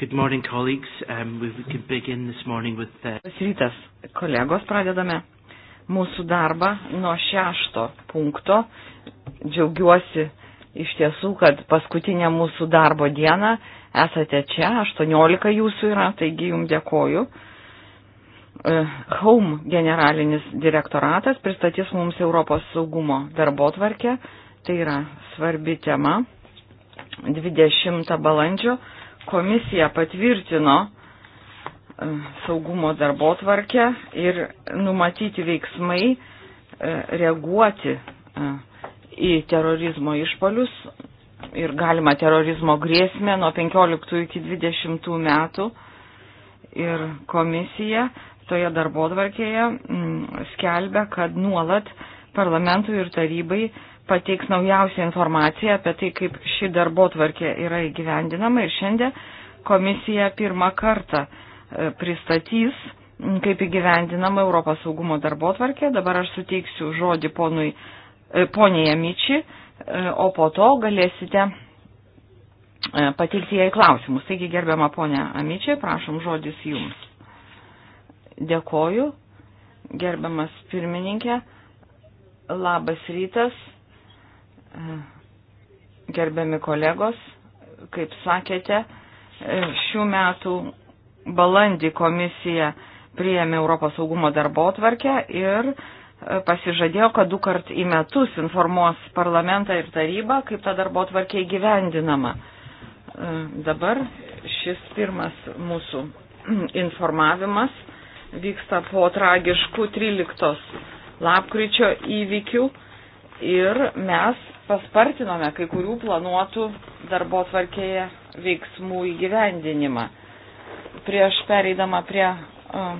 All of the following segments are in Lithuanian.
Good morning, colleagues. Um, we, we can begin this morning with the... Uh, rytas, kolegos, pradedame mūsų darbą nuo šešto punkto. Džiaugiuosi iš tiesų, kad paskutinę mūsų darbo dieną esate čia, 18 jūsų yra, taigi jums dėkoju. E, Home generalinis direktoratas pristatys mums Europos saugumo darbo tvarkę, tai yra svarbi tema, 20 balandžio komisija patvirtino e, saugumo darbo tvarkę ir numatyti veiksmai e, reaguoti e, į terorizmo išpolius ir galima terorizmo grėsmę nuo 15 iki 20 metų. Ir komisija toje darbo tvarkėje mm, skelbia, kad nuolat parlamentui ir tarybai pateiks naujausią informaciją apie tai, kaip ši darbo tvarkė yra įgyvendinama ir šiandien komisija pirmą kartą e, pristatys, kaip įgyvendinama Europos saugumo darbo tvarkė. Dabar aš suteiksiu žodį ponui, e, poniai Amičiai, e, o po to galėsite pateikti jai klausimus. Taigi, gerbiama ponia Amičiai, prašom žodis jums. Dėkoju, gerbiamas pirmininkė. Labas rytas. Gerbiami kolegos, kaip sakėte, šių metų balandį komisija priėmė Europos saugumo darbo tvarkę ir pasižadėjo, kad du kart į metus informuos parlamentą ir tarybą, kaip ta darbo tvarkė įgyvendinama. Dabar šis pirmas mūsų informavimas vyksta po tragiškų 13 lapkričio įvykių ir mes paspartinome kai kurių planuotų darbo tvarkėje veiksmų įgyvendinimą. Prieš pereidama prie uh,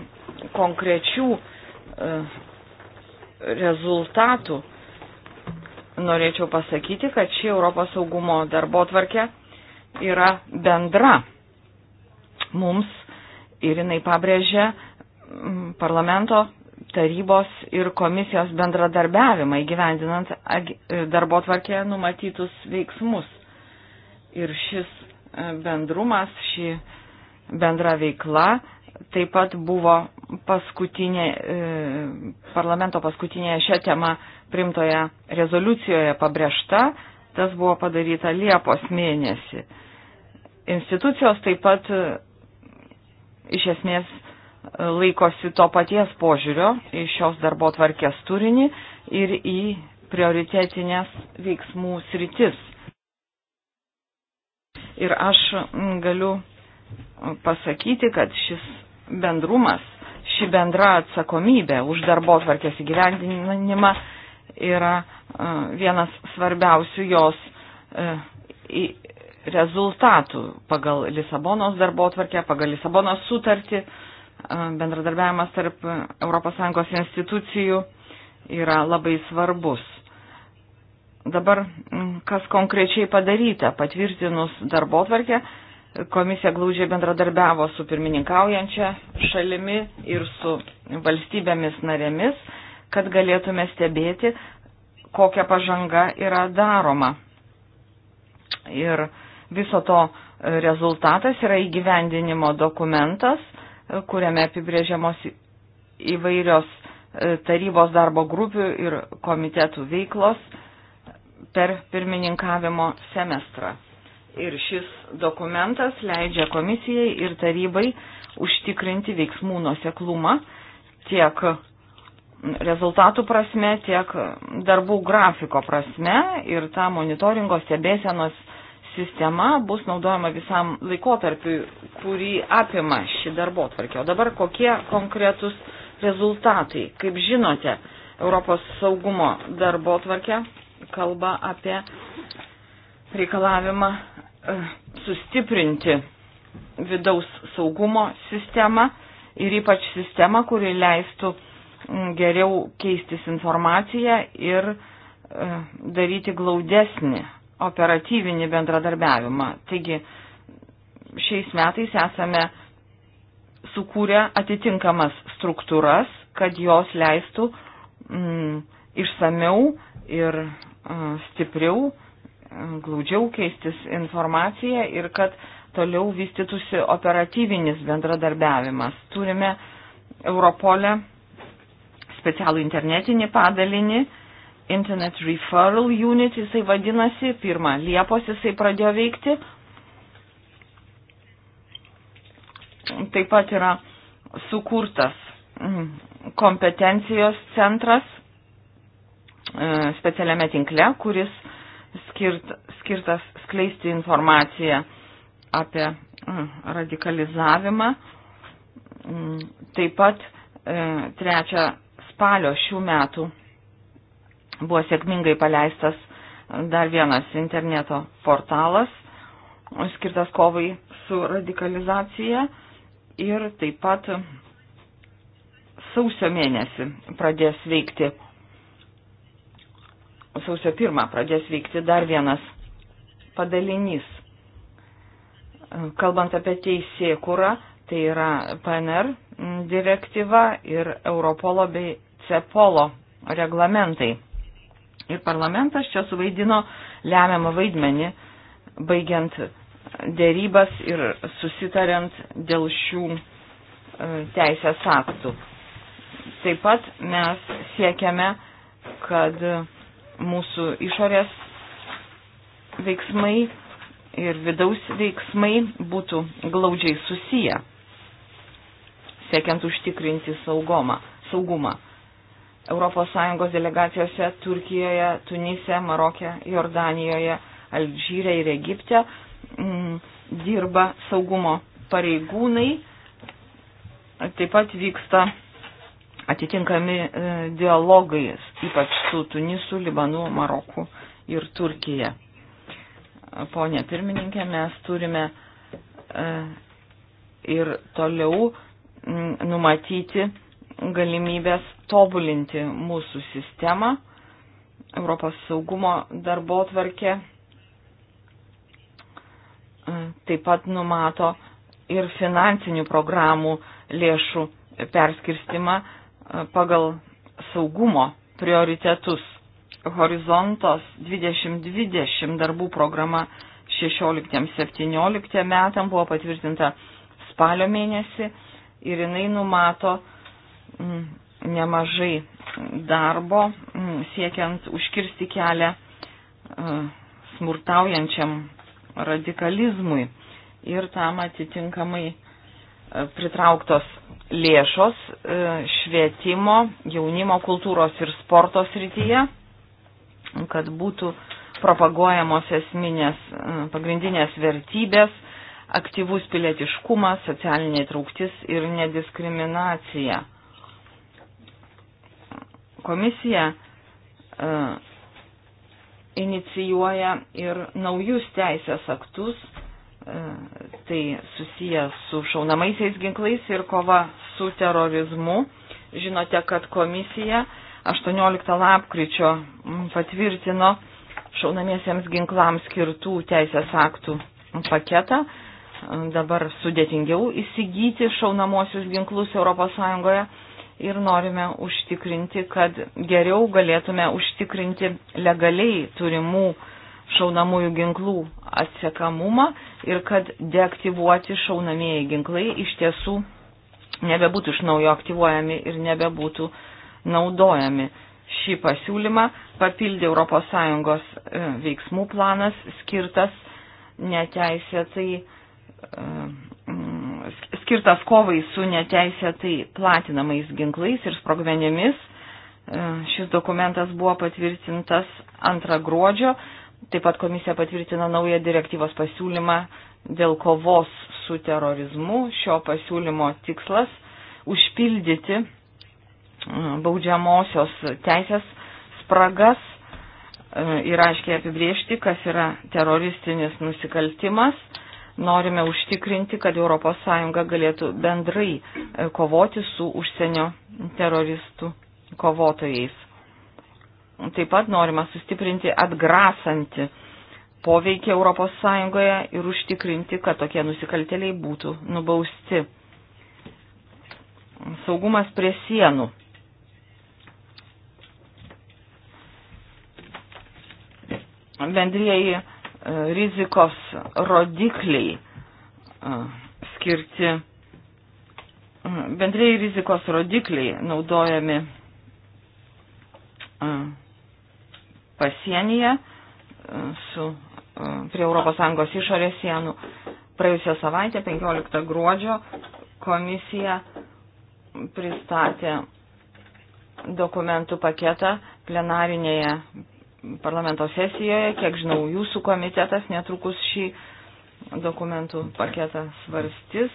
konkrečių uh, rezultatų, norėčiau pasakyti, kad ši Europos saugumo darbo tvarkė yra bendra mums ir jinai pabrėžia mm, parlamento tarybos ir komisijos bendradarbiavimą įgyvendinant darbo tvarkėje numatytus veiksmus. Ir šis e, bendrumas, ši bendra veikla taip pat buvo paskutinė, e, parlamento paskutinėje šią temą primtoje rezoliucijoje pabrėžta, tas buvo padaryta Liepos mėnesį. Institucijos taip pat e, iš esmės laikosi to paties požiūrio į šios darbo tvarkės turinį ir į prioritetinės veiksmų sritis. Ir aš galiu pasakyti, kad šis bendrumas, ši bendra atsakomybė už darbo tvarkės įgyvendinimą yra e, vienas svarbiausių jos e, rezultatų pagal Lisabonos darbo tvarkę, pagal Lisabonos sutartį bendradarbiavimas tarp ES institucijų yra labai svarbus. Dabar, kas konkrečiai padaryta, patvirtinus darbo tvarkę, komisija glaudžiai bendradarbiavo su pirmininkaujančia šalimi ir su valstybėmis narėmis, kad galėtume stebėti, kokia pažanga yra daroma. Ir viso to rezultatas yra įgyvendinimo dokumentas, kuriame apibrėžiamos įvairios e, tarybos darbo grupių ir komitetų veiklos per pirmininkavimo semestrą. Ir šis dokumentas leidžia komisijai ir tarybai užtikrinti veiksmų nuoseklumą tiek rezultatų prasme, tiek darbų grafiko prasme ir tą monitoringo stebėsenos sistema bus naudojama visam laikotarpiu, kurį apima ši darbo tvarkė. O dabar kokie konkretus rezultatai? Kaip žinote, Europos saugumo darbo tvarkė kalba apie reikalavimą e, sustiprinti vidaus saugumo sistemą ir ypač sistemą, kuri leistų geriau keistis informaciją ir e, daryti glaudesnį operatyvinį bendradarbiavimą. Taigi šiais metais esame sukūrę atitinkamas struktūras, kad jos leistų mm, išsameu ir mm, stipriau, mm, glaudžiau keistis informaciją ir kad toliau vystytųsi operatyvinis bendradarbiavimas. Turime Europolę specialų internetinį padalinį, mm, Internet Referral Unit, jisai vadinasi, pirmą Liepos jisai pradėjo veikti. Taip pat yra sukurtas mhm, kompetencijos centras e, specialiame tinkle, kuris skirt, skirtas skleisti informaciją apie mhm, radikalizavimą. Mm, taip pat e, trečią spalio šių metų Buvo sėkmingai paleistas dar vienas interneto portalas skirtas kovai su radikalizacija ir taip pat sausio mėnesį pradės veikti, sausio pirmą pradės veikti dar vienas padalinys. Kalbant apie teisėkurą, tai yra PNR direktyva ir Europolo bei CEPOLO reglamentai. Ir parlamentas čia suvaidino lemiamą vaidmenį, baigiant dėrybas ir susitariant dėl šių e, teisės aktų. Taip pat mes siekiame, kad mūsų išorės veiksmai ir vidaus veiksmai būtų glaudžiai susiję, siekiant užtikrinti saugomą, saugumą. ES delegacijose Turkijoje, Tunise, Marokė, Jordanijoje, Alžyre ir Egipte mm, dirba saugumo pareigūnai. Taip pat vyksta atitinkami e, dialogai, ypač su Tunisu, Libanu, Maroku ir Turkija. Pone pirmininkė, mes turime e, ir toliau mm, numatyti galimybės tobulinti mūsų sistemą, Europos saugumo darbo tvarkė e, taip pat numato ir finansinių programų lėšų perskirstimą e, pagal saugumo prioritetus. Horizontos 2020 darbų programa 16-17 metam buvo patvirtinta spalio mėnesį ir jinai numato Mm, nemažai darbo mm, siekiant užkirsti kelią e, smurtaujančiam radikalizmui ir tam atitinkamai e, pritrauktos lėšos e, švietimo, jaunimo kultūros ir sporto srityje, kad būtų propaguojamos esminės pagrindinės vertybės, aktyvus pilietiškumas, socialinė trauktis ir nediskriminacija komisija e, inicijuoja ir naujus teisės aktus, e, tai susiję su šaunamaisiais ginklais ir kova su terorizmu. Žinote, kad komisija 18 lapkričio patvirtino šaunamiesiems ginklams skirtų teisės aktų paketą. Dabar sudėtingiau įsigyti šaunamosius ginklus ES ir norime užtikrinti, kad geriau galėtume užtikrinti legaliai turimų šaunamųjų ginklų atsiekamumą ir kad deaktyvuoti šaunamieji ginklai iš tiesų nebebūtų iš naujo aktyvuojami ir nebebūtų naudojami. Šį pasiūlymą papildė ES e, veiksmų planas skirtas neteisėtai e, skirtas kovai su neteisėtai platinamais ginklais ir sprogmenimis. E, šis dokumentas buvo patvirtintas 2 gruodžio. Taip pat komisija patvirtina naują direktyvos pasiūlymą dėl kovos su terorizmu. Šio pasiūlymo tikslas - užpildyti e, baudžiamosios teisės spragas e, ir aiškiai apibriežti, kas yra teroristinis nusikaltimas norime užtikrinti, kad ES galėtų bendrai e, kovoti su užsienio teroristų kovotojais. Taip pat norima sustiprinti atgrasantį poveikį ES ir užtikrinti, kad tokie nusikaltėliai būtų nubausti. Saugumas prie sienų. Bendrieji E, rizikos rodikliai e, skirti, e, bendrėjai rizikos rodikliai naudojami pasienyje su, prie ES išorės sienų. Praėjusią savaitę, 15 gruodžio, komisija pristatė dokumentų paketą plenarinėje parlamento sesijoje. Kiek žinau, jūsų komitetas netrukus šį dokumentų paketą svarstys.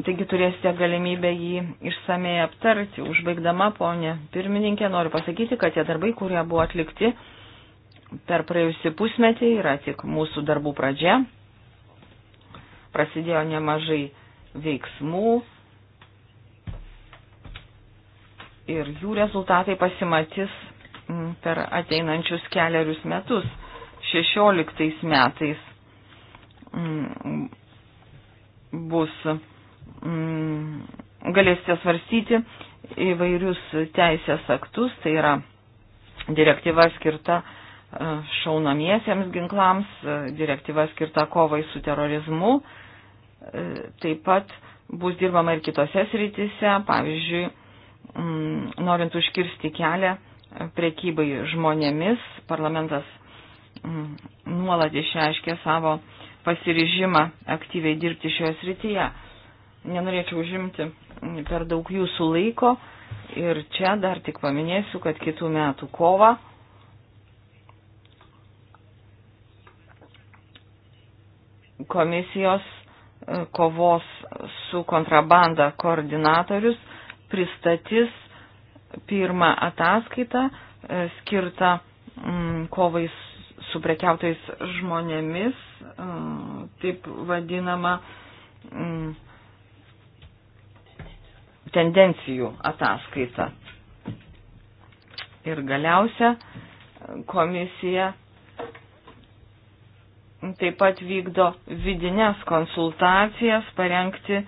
Taigi turėsite galimybę jį išsamei aptarti. Užbaigdama, ponė pirmininkė, noriu pasakyti, kad tie darbai, kurie buvo atlikti per praėjusį pusmetį, yra tik mūsų darbų pradžia. Prasidėjo nemažai veiksmų, ir jų rezultatai pasimatys mm, per ateinančius keliarius metus. 16 metais mm, bus, mm, galėsite svarstyti įvairius teisės aktus, tai yra direktyva skirta e, šaunamiesiems ginklams, e, direktyva skirta kovai su terorizmu, e, taip pat bus dirbama ir kitose srityse, pavyzdžiui, Mm, norint užkirsti kelią prekybai žmonėmis, parlamentas mm, nuolat išreiškė savo pasirižimą aktyviai dirbti šioje srityje. Nenorėčiau užimti per daug jūsų laiko ir čia dar tik paminėsiu, kad kitų metų kova komisijos e, kovos su kontrabanda koordinatorius pristatys pirmą ataskaitą e, skirtą mm, kovai su prekiautais žmonėmis, e, taip vadinama mm, tendencijų ataskaita. Ir galiausia komisija taip pat vykdo vidinės konsultacijas parengti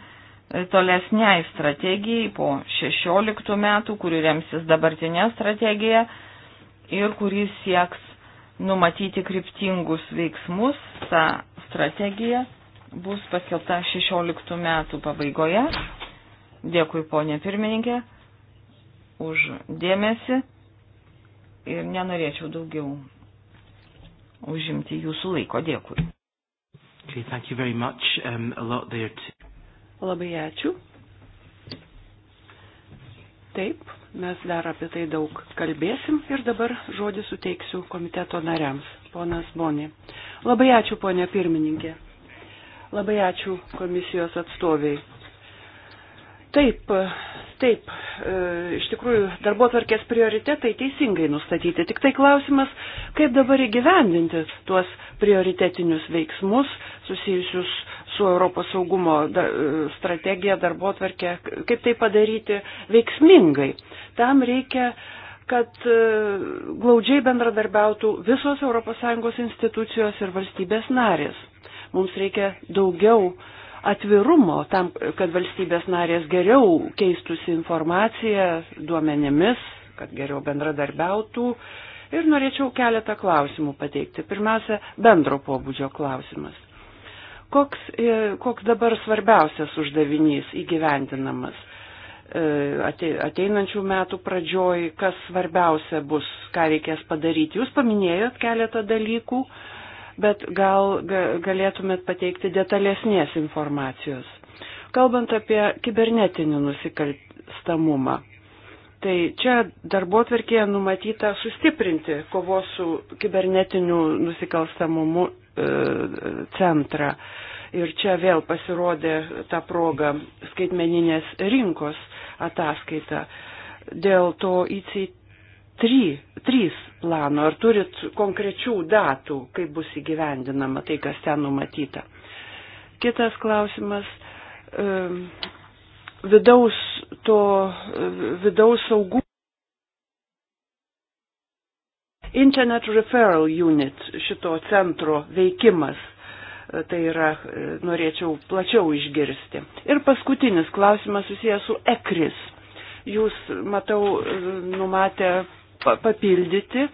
tolesniai strategijai po 16 metų, kuri remsis dabartinė strategija ir kuri sieks numatyti kryptingus veiksmus. Ta strategija bus paskelbta 16 metų pabaigoje. Dėkui, ponė pirmininkė, už dėmesį ir nenorėčiau daugiau užimti jūsų laiko. Dėkui. Okay, thank you very much. Um, a lot there to Labai ačiū. Taip, mes dar apie tai daug kalbėsim ir dabar žodį suteiksiu komiteto nariams. Ponas Boni. Labai ačiū, ponė pirmininkė. Labai ačiū komisijos atstoviai. Taip, taip, e, iš tikrųjų darbo tvarkės prioritetai teisingai nustatyti. Tik tai klausimas, kaip dabar įgyvendinti tuos prioritetinius veiksmus susijusius su Europos saugumo da, e, strategija, darbo tvarkė, kaip tai padaryti veiksmingai. Tam reikia kad e, glaudžiai bendradarbiautų visos ES institucijos ir valstybės narės. Mums reikia daugiau atvirumo tam, kad valstybės narės geriau keistųsi informaciją, duomenimis, kad geriau bendradarbiautų. Ir norėčiau keletą klausimų pateikti. Pirmiausia, bendro pobūdžio klausimas. Koks, e, koks dabar svarbiausias uždavinys įgyvendinamas e, ateinančių metų pradžioj, kas svarbiausia bus, ką reikės padaryti? Jūs paminėjot keletą dalykų, bet gal galėtumėt pateikti detalesnės informacijos. Kalbant apie kibernetinį nusikalstamumą, Tai čia darbo tvarkėje numatyta sustiprinti kovos su kibernetiniu nusikalstamumu E, centrą. Ir čia vėl pasirodė tą progą skaitmeninės rinkos ataskaita. Dėl to ICT 3, 3 plano, ar turit konkrečių datų, kaip bus įgyvendinama tai, kas ten numatyta. Kitas klausimas. E, vidaus to, vidaus saugų Internet Referral Unit šito centro veikimas. Tai yra, e, norėčiau plačiau išgirsti. Ir paskutinis klausimas susijęs su ECRIS. Jūs, matau, e, numatę papildyti e,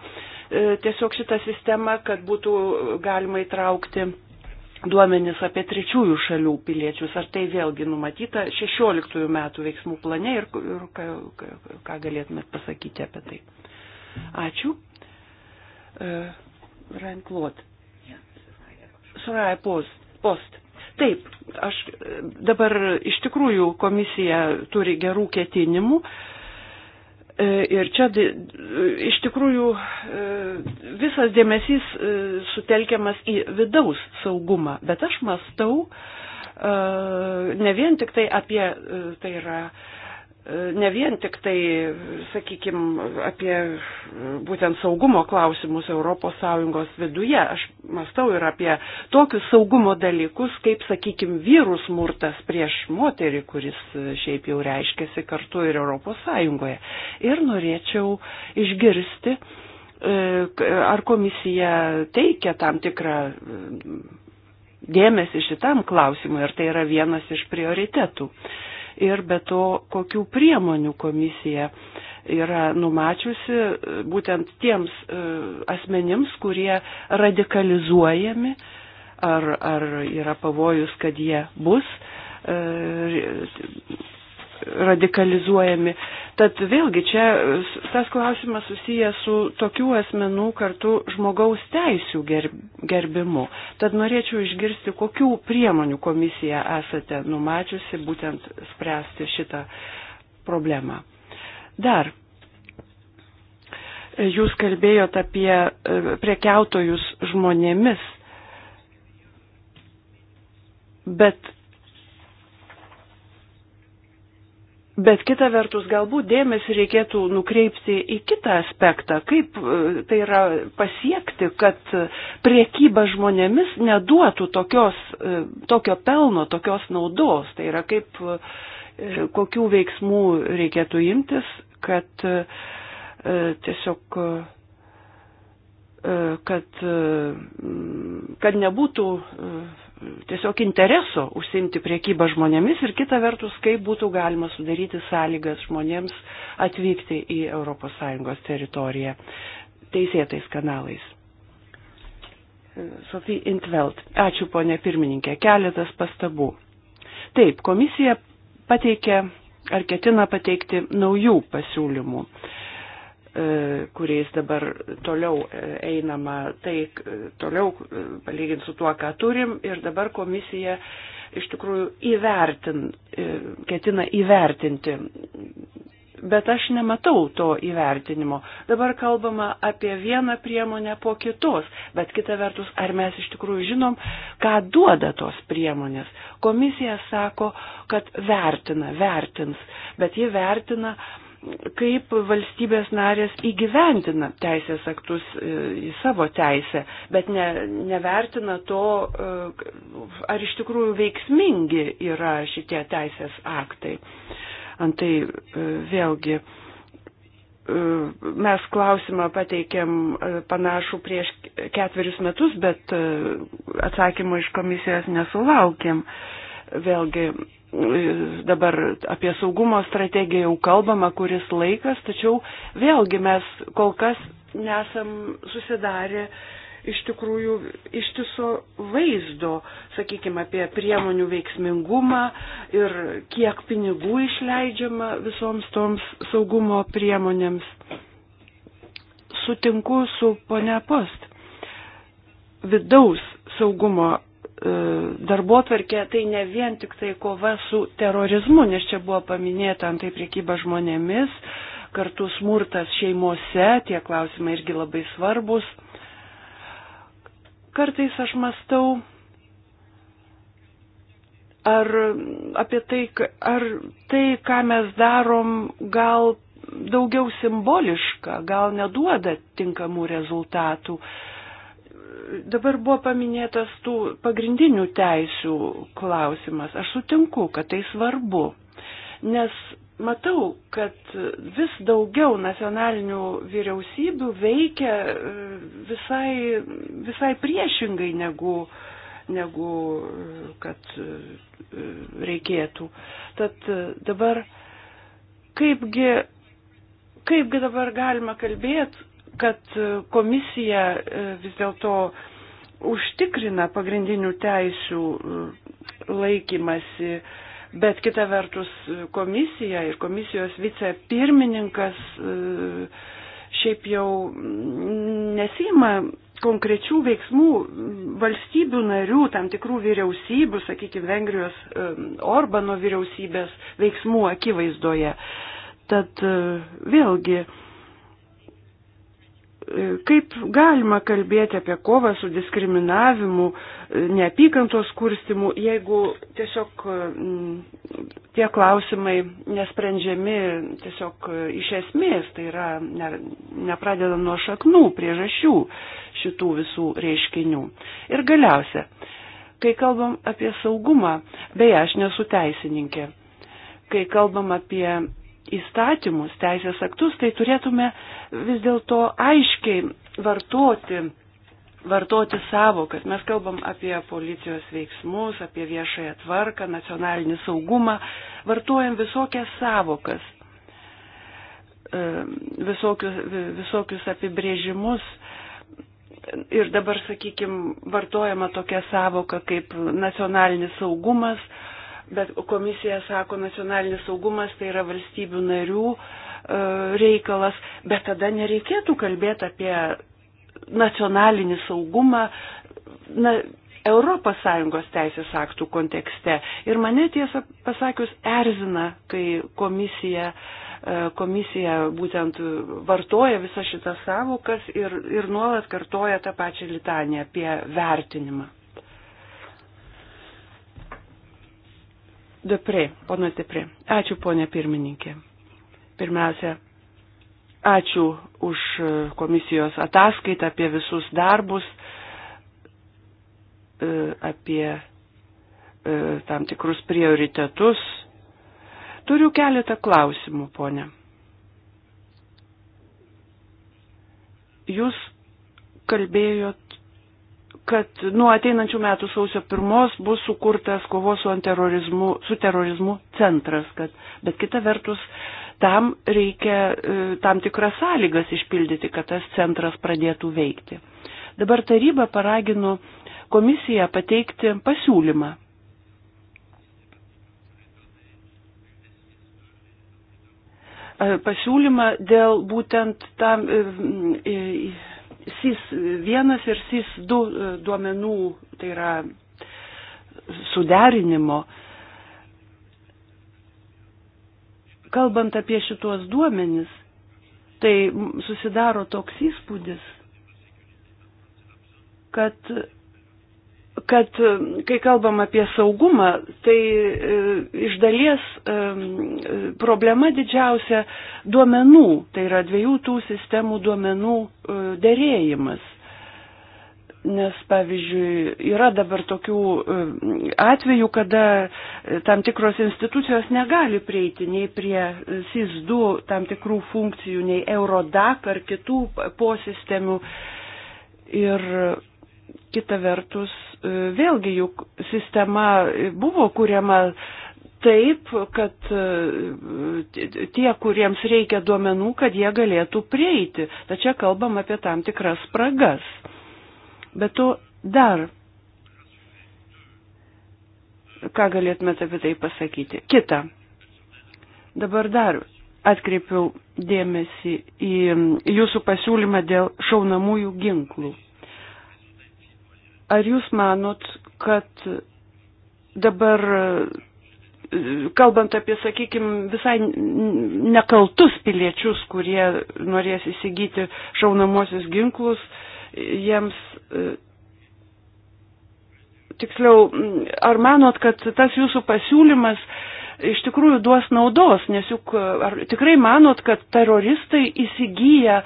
tiesiog šitą sistemą, kad būtų galima įtraukti duomenis apie trečiųjų šalių piliečius. Ar tai vėlgi numatyta 16 metų veiksmų plane ir, ir ką, ką galėtumėt pasakyti apie tai? Ačiū uh, Ranklot. Soraya Post. Post. Taip, aš uh, dabar iš tikrųjų komisija turi gerų ketinimų. Uh, ir čia iš tikrųjų uh, visas dėmesys sutelkiamas į vidaus saugumą, bet aš mastau ne vien tik tai apie, tai yra, ne vien tik tai, sakykime, apie būtent saugumo klausimus ES viduje. Aš mastau ir apie tokius saugumo dalykus, kaip, sakykime, vyrų smurtas prieš moterį, kuris šiaip jau reiškiasi kartu ir ES. Ir norėčiau išgirsti, e, ar komisija teikia tam tikrą e, dėmesį šitam klausimui, ar tai yra vienas iš prioritetų ir be to, kokių priemonių komisija yra numačiusi e, būtent tiems e, asmenims, kurie radikalizuojami ar, ar yra pavojus, kad jie bus e, radikalizuojami. Tad vėlgi čia tas klausimas susijęs su tokių asmenų kartu žmogaus teisų gerbimu. Tad norėčiau išgirsti, kokių priemonių komisija esate numačiusi būtent spręsti šitą problemą. Dar jūs kalbėjote apie prekiautojus žmonėmis, bet Bet kita vertus, galbūt dėmesį reikėtų nukreipti į kitą aspektą, kaip e, tai yra pasiekti, kad priekyba žmonėmis neduotų tokios, e, tokio pelno, tokios naudos. Tai yra, kaip, e, kokių veiksmų reikėtų imtis, kad tiesiog kad, kad nebūtų tiesiog intereso užsimti priekybą žmonėmis ir kita vertus, kaip būtų galima sudaryti sąlygas žmonėms atvykti į ES teritoriją teisėtais kanalais. Sofija Intveld. Ačiū, ponė pirmininkė. Keletas pastabų. Taip, komisija pateikė ar ketina pateikti naujų pasiūlymų. Uh, E, kuriais dabar toliau e, einama, tai e, toliau palyginti su tuo, ką turim ir dabar komisija iš tikrųjų įvertin, ketina įvertinti. Bet aš nematau to įvertinimo. Dabar kalbama apie vieną priemonę po kitos, bet kita vertus, ar mes iš tikrųjų žinom, ką duoda tos priemonės. Komisija sako, kad vertina, vertins, bet ji vertina uh, kaip valstybės narės įgyvendina teisės aktus e, į savo teisę, bet ne, nevertina to, e, ar iš tikrųjų veiksmingi yra šitie teisės aktai. Antai e, vėlgi mes klausimą pateikėm panašų prieš ketverius metus, bet atsakymo iš komisijos nesulaukėm. Vėlgi dabar apie saugumo strategiją jau kalbama kuris laikas, tačiau vėlgi mes kol kas nesam susidarę iš tikrųjų ištiso vaizdo, sakykime, apie priemonių veiksmingumą ir kiek pinigų išleidžiama visoms toms saugumo priemonėms. Sutinku su ponia Post. Vidaus saugumo E, darbo tvarkė tai ne vien tik tai kova su terorizmu, nes čia buvo paminėta antai priekyba žmonėmis, kartu smurtas šeimose, tie klausimai irgi labai svarbus. Kartais aš mastau, ar apie tai, ar tai, ką mes darom, gal daugiau simboliška, gal neduoda tinkamų rezultatų. Uh, dabar buvo paminėtas tų pagrindinių teisių klausimas. Aš sutinku, kad tai svarbu, nes matau, kad vis daugiau nacionalinių vyriausybių veikia e, visai, visai priešingai negu, negu e, kad e, reikėtų. Tad dabar kaipgi, kaipgi dabar galima kalbėti, kad komisija e, vis dėlto užtikrina pagrindinių teisių e, laikymasi, bet kita vertus komisija ir komisijos vicepirmininkas e, šiaip jau nesima konkrečių veiksmų valstybių narių, tam tikrų vyriausybių, sakykime, Vengrijos Orbano vyriausybės veiksmų akivaizdoje. Tad vėlgi, E, kaip galima kalbėti apie kovą su diskriminavimu, e, neapykantos kurstimu, jeigu tiesiog e, tie klausimai nesprendžiami tiesiog iš esmės, tai yra ne, nepradeda nuo šaknų priežasčių šitų visų reiškinių. Ir galiausia, kai kalbam apie saugumą, beje, aš nesu teisininkė, kai kalbam apie įstatymus, teisės aktus, tai turėtume vis dėlto aiškiai vartoti, vartoti savo, kad mes kalbam apie policijos veiksmus, apie viešąją tvarką, nacionalinį saugumą, vartojam visokias savokas, e, visokius, visokius apibrėžimus. Ir dabar, sakykime, vartojama tokia savoka kaip nacionalinis saugumas, Bet komisija sako, nacionalinis saugumas tai yra valstybių narių e, reikalas, bet tada nereikėtų kalbėti apie nacionalinį saugumą na, ES teisės aktų kontekste. Ir mane tiesą pasakius erzina, kai komisija, e, komisija būtent vartoja visą šitą savokas ir, ir nuolat kartoja tą pačią litaniją apie vertinimą. Depri, ponas Depri. Ačiū, ponė pirmininkė. Pirmiausia, ačiū už e, komisijos ataskaitą apie visus darbus, e, apie e, tam tikrus prioritetus. Turiu keletą klausimų, ponė. Jūs kalbėjot kad nuo ateinančių metų sausio pirmos bus sukurtas kovos su terorizmu, su terorizmu centras, kad, bet kita vertus tam reikia e, tam tikras sąlygas išpildyti, kad tas centras pradėtų veikti. Dabar taryba paragino komisiją pateikti pasiūlymą. E, pasiūlymą dėl būtent tam e, SIS-1 ir SIS-2 e, duomenų, tai yra suderinimo. Kalbant apie šitos duomenis, tai susidaro toks įspūdis, kad kad e, kai kalbam apie saugumą, tai e, iš dalies e, problema didžiausia duomenų, tai yra dviejų tų sistemų duomenų dėrėjimas. Nes, pavyzdžiui, yra dabar tokių atvejų, kada tam tikros institucijos negali prieiti nei prie SIS2 tam tikrų funkcijų, nei Eurodac ar kitų posistemių. Ir kita vertus, e, vėlgi juk sistema buvo kuriama taip, kad e, tie, kuriems reikia duomenų, kad jie galėtų prieiti. Tačiau kalbam apie tam tikras spragas. Bet to dar. Ką galėtumėte apie tai pasakyti? Kita. Dabar dar atkreipiau dėmesį į jūsų pasiūlymą dėl šaunamųjų ginklų. Ar jūs manot, kad dabar, kalbant apie, sakykime, visai nekaltus piliečius, kurie norės įsigyti šaunamosius ginklus, jiems e, tiksliau, ar manot, kad tas jūsų pasiūlymas iš tikrųjų duos naudos, nes juk e, ar tikrai manot, kad teroristai įsigyja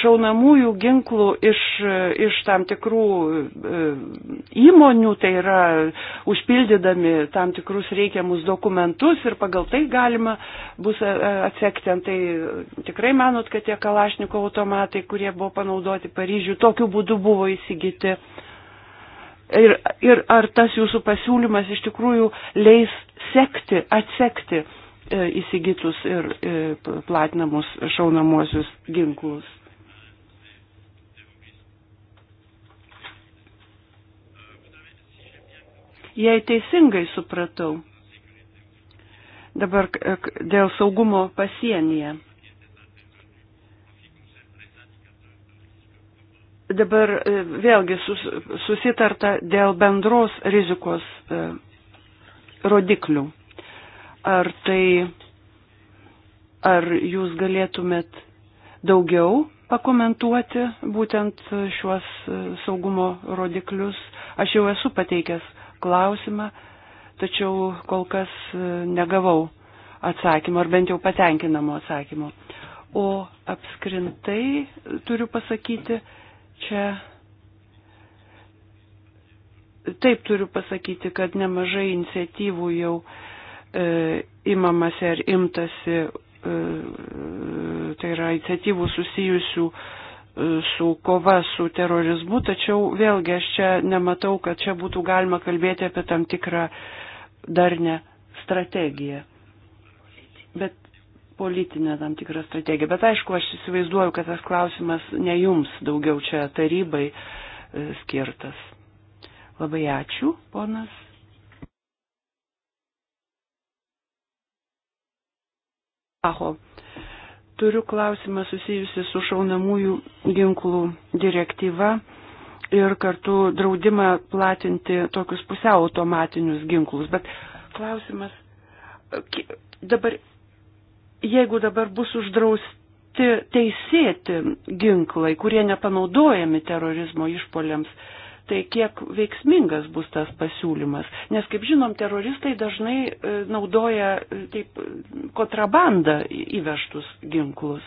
šaunamųjų ginklų iš, e, iš tam tikrų e, įmonių, tai yra užpildydami tam tikrus reikiamus dokumentus ir pagal tai galima bus atsekti, tai tikrai manot, kad tie kalašnikų automatai, kurie buvo panaudoti Paryžių, tokiu būdu buvo įsigyti ir, ir ar tas jūsų pasiūlymas iš tikrųjų leis sekti, atsekti e, įsigytus ir e, platinamus šaunamuosius ginklus. Jei teisingai supratau, dabar dėl saugumo pasienyje. Dabar e, vėlgi sus, susitarta dėl bendros rizikos e, rodiklių. Ar tai, ar jūs galėtumėt daugiau pakomentuoti būtent šiuos e, saugumo rodiklius? Aš jau esu pateikęs klausimą, tačiau kol kas negavau atsakymo, ar bent jau patenkinamo atsakymo. O apskrintai turiu pasakyti, Čia taip turiu pasakyti, kad nemažai iniciatyvų jau e, imamasi ar imtasi, e, tai yra iniciatyvų susijusių e, su kova su terorizmu, tačiau vėlgi aš čia nematau, kad čia būtų galima kalbėti apie tam tikrą darnę strategiją. Bet politinę tam tikrą strategiją. Bet aišku, aš įsivaizduoju, kad tas klausimas ne jums daugiau čia tarybai e, skirtas. Labai ačiū, ponas. Aho. Turiu klausimą susijusi su šaunamųjų ginklų direktyva ir kartu draudimą platinti tokius pusiau automatinius ginklus. Bet klausimas, dabar jeigu dabar bus uždrausti teisėti ginklai, kurie nepanaudojami terorizmo išpoliams, tai kiek veiksmingas bus tas pasiūlymas. Nes, kaip žinom, teroristai dažnai e, naudoja e, taip kontrabandą įvežtus ginklus.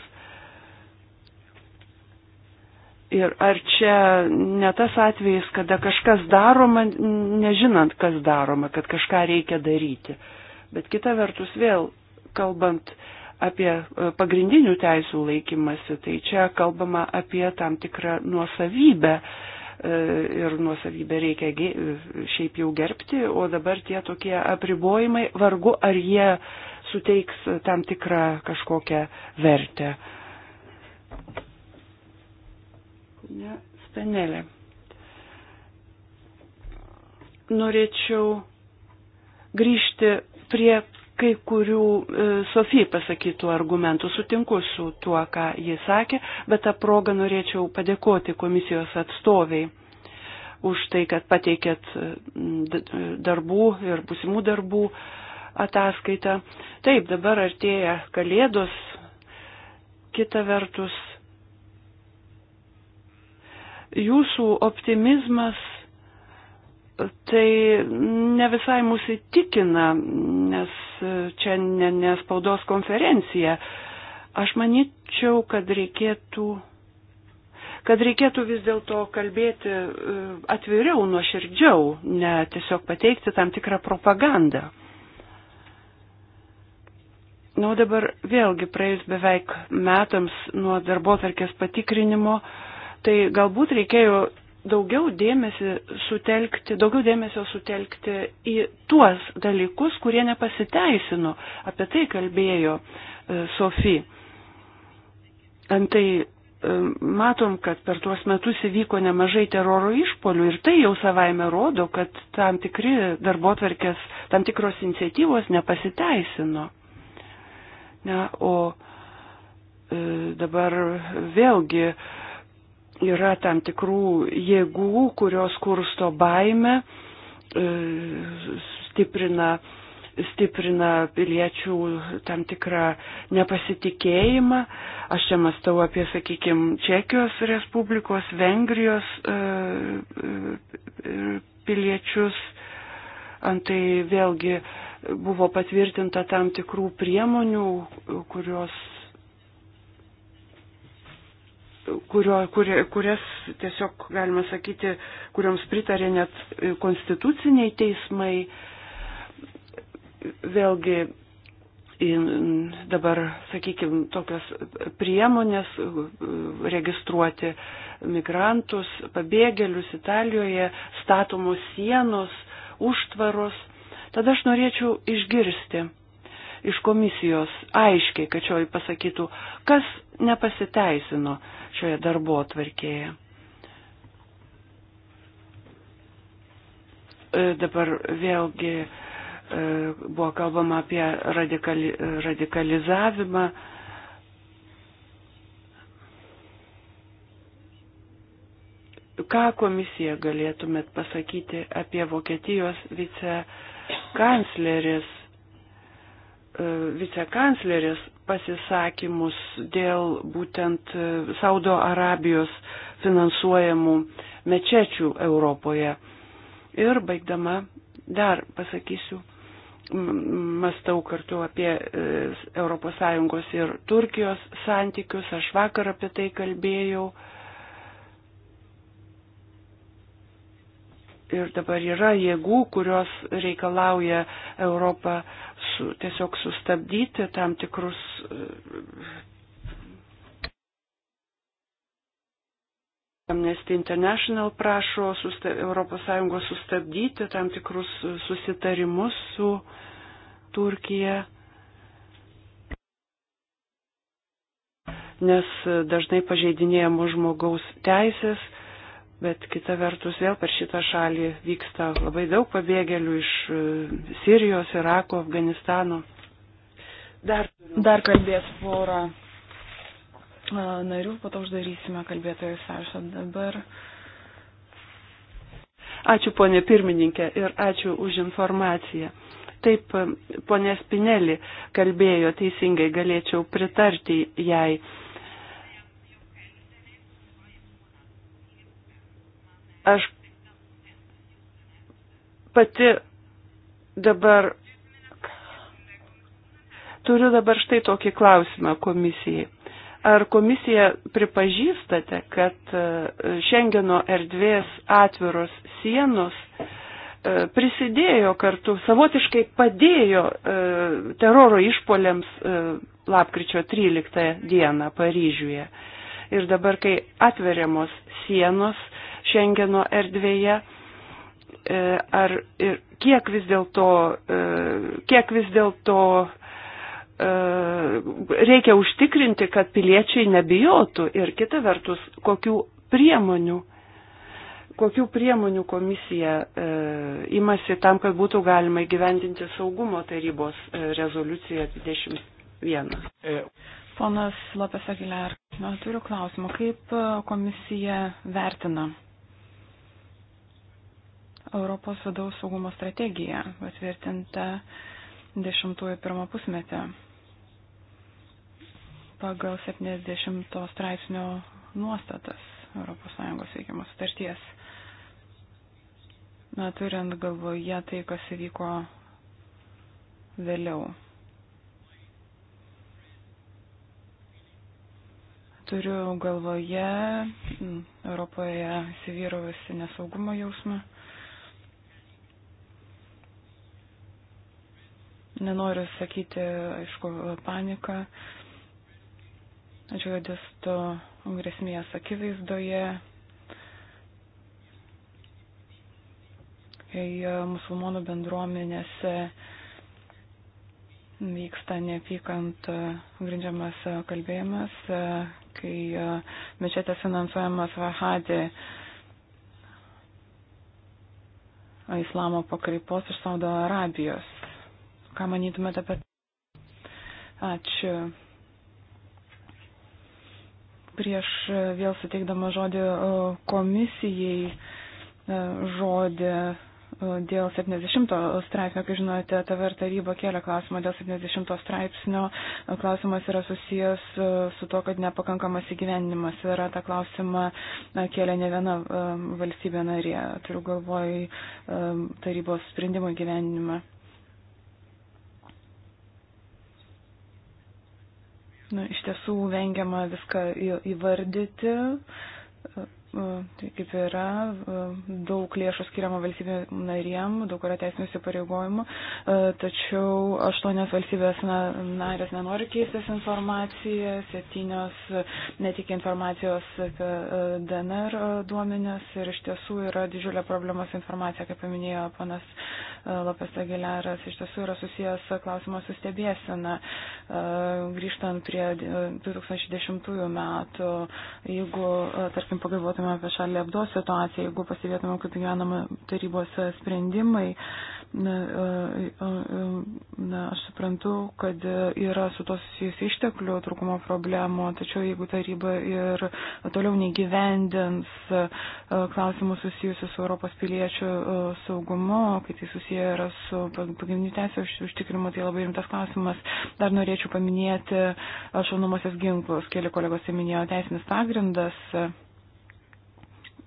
Ir ar čia ne tas atvejis, kada kažkas daroma, nežinant, kas daroma, kad kažką reikia daryti. Bet kita vertus vėl, kalbant apie e, pagrindinių teisų laikymasi, tai čia kalbama apie tam tikrą nuosavybę e, ir nuosavybę reikia šiaip jau gerbti, o dabar tie tokie apribojimai, vargu ar jie suteiks tam tikrą kažkokią vertę. Ne, spenelė. Norėčiau grįžti prie kai kurių e, Sofija pasakytų argumentų. Sutinku su tuo, ką jis sakė, bet tą progą norėčiau padėkoti komisijos atstoviai už tai, kad pateikėt e, e, darbų ir busimų darbų ataskaitą. Taip, dabar artėja Kalėdos, kita vertus. Jūsų optimizmas tai ne visai mūsų įtikina, nes čia ne, ne spaudos konferencija. Aš manyčiau, kad reikėtų kad reikėtų vis dėlto kalbėti e, atviriau, nuoširdžiau, ne tiesiog pateikti tam tikrą propagandą. Na, o dabar vėlgi praėjus beveik metams nuo darbo tarkės patikrinimo, tai galbūt reikėjo daugiau, dėmesį sutelkti, daugiau dėmesio sutelkti į tuos dalykus, kurie nepasiteisino. Apie tai kalbėjo e, Sofi. Antai e, matom, kad per tuos metus įvyko nemažai teroro išpolių ir tai jau savaime rodo, kad tam tikri darbotvarkės, tam tikros iniciatyvos nepasiteisino. Ne, o e, dabar vėlgi e, yra tam tikrų jėgų, kurios kursto baimę, e, stiprina, stiprina piliečių tam tikrą nepasitikėjimą. Aš čia mastau apie, sakykime, Čekijos Respublikos, Vengrijos e, e, piliečius. Antai vėlgi buvo patvirtinta tam tikrų priemonių, kurios kurio, kur, kurias tiesiog galima sakyti, kuriams pritarė net konstituciniai teismai. Vėlgi dabar, sakykime, tokios priemonės e, registruoti migrantus, pabėgėlius Italijoje, statomos sienos, užtvaros. Tada aš norėčiau išgirsti iš komisijos aiškiai, kad šioji pasakytų, kas nepasiteisino šioje darbo atvarkėje. E, dabar vėlgi e, buvo kalbama apie radikali, radikalizavimą. Ką komisija galėtumėt pasakyti apie Vokietijos vicekanclerės E, vicekanclerės pasisakymus dėl būtent e, Saudo Arabijos finansuojamų mečečių Europoje. Ir baigdama dar pasakysiu, mastau kartu apie ES ir Turkijos santykius, aš vakar apie tai kalbėjau. ir dabar yra jėgų, kurios reikalauja Europą su, tiesiog sustabdyti tam tikrus e, Amnesty International prašo susta, ES sustabdyti tam tikrus e, susitarimus su Turkija, nes e, dažnai pažeidinėjamos žmogaus teisės, bet kita vertus vėl per šitą šalį vyksta labai daug pabėgėlių iš e, Sirijos, Irako, Afganistano. Dar, Dar kalbės porą e, narių, po to uždarysime kalbėtojų sąrašą dabar. Ačiū ponė pirmininkė ir ačiū už informaciją. Taip, e, ponė Spinelį kalbėjo teisingai, galėčiau pritarti jai Aš pati dabar turiu dabar štai tokį klausimą komisijai. Ar komisija pripažįstate, kad Šengeno e, erdvės atviros sienos e, prisidėjo kartu, savotiškai padėjo e, teroro išpoliams lapkričio 13 dieną Paryžiuje? Ir dabar, kai atveriamos sienos Šengeno erdvėje, e, ar ir kiek vis dėlto, e, kiek vis dėlto e, reikia užtikrinti, kad piliečiai nebijotų ir kita vertus, kokių priemonių, kokių priemonių komisija e, imasi tam, kad būtų galima įgyvendinti saugumo tarybos rezoliuciją 21. Ponas Lopes Aguilar, na, turiu klausimą, kaip e, komisija vertina Europos vidaus saugumo strategiją patvirtinta dešimtųjų pirmą pusmetį pagal 70 straipsnio nuostatas ES veikimo sutarties. Na, turint galvoje tai, kas įvyko vėliau. Turiu galvoje Europoje įsivyravusi nesaugumo jausmą. Nenoriu sakyti, aišku, paniką, džihadisto grėsmės akivaizdoje, kai e, musulmonų bendruomenėse vyksta neapykant e, grindžiamas e, kalbėjimas, kai mečetė finansuojamas Vahadė e, islamo pakraipos iš Saudo Arabijos. Ką manytumėte apie tai? Ačiū. Prieš e, vėl suteikdama žodį e, komisijai žodį dėl 70 straipsnio, kaip žinote, TVR taryba kėlė klausimą dėl 70 straipsnio. Klausimas yra susijęs e, su to, kad nepakankamas įgyvenimas yra. Ta klausimą e, kėlė ne viena e, valstybė narė. Turiu galvoj tarybos sprendimo įgyvenimą. Nu, iš tiesų vengiama viską įvardyti E, tai kaip yra, e, daug lėšų skiriama valstybė narėm, daug yra teisinių įsipareigojimų, e, tačiau aštuonios valstybės narės nenori keistis informaciją, septynios netikė informacijos apie DNR duomenės ir iš tiesų yra didžiulė problema su informacija, kaip paminėjo panas Lopes Aguilaras, iš tiesų yra susijęs klausimas su stebėsena. Grįžtant prie 2010 metų, jeigu, tarkim, pagalvotume, kalbėtume apie šalį apdos situaciją, jeigu pasivietume, kaip gyvenama tarybos sprendimai, na, e, e, e, na, aš suprantu, kad yra su to susijusi išteklių trūkumo problemo, tačiau jeigu taryba ir toliau negyvendins klausimų susijusių su Europos piliečių saugumu, kai tai susiję yra su pagrindinių teisė užtikrimu, tai labai rimtas klausimas. Dar norėčiau paminėti šaunamosios ginklus. Keli kolegos minėjo teisinis pagrindas.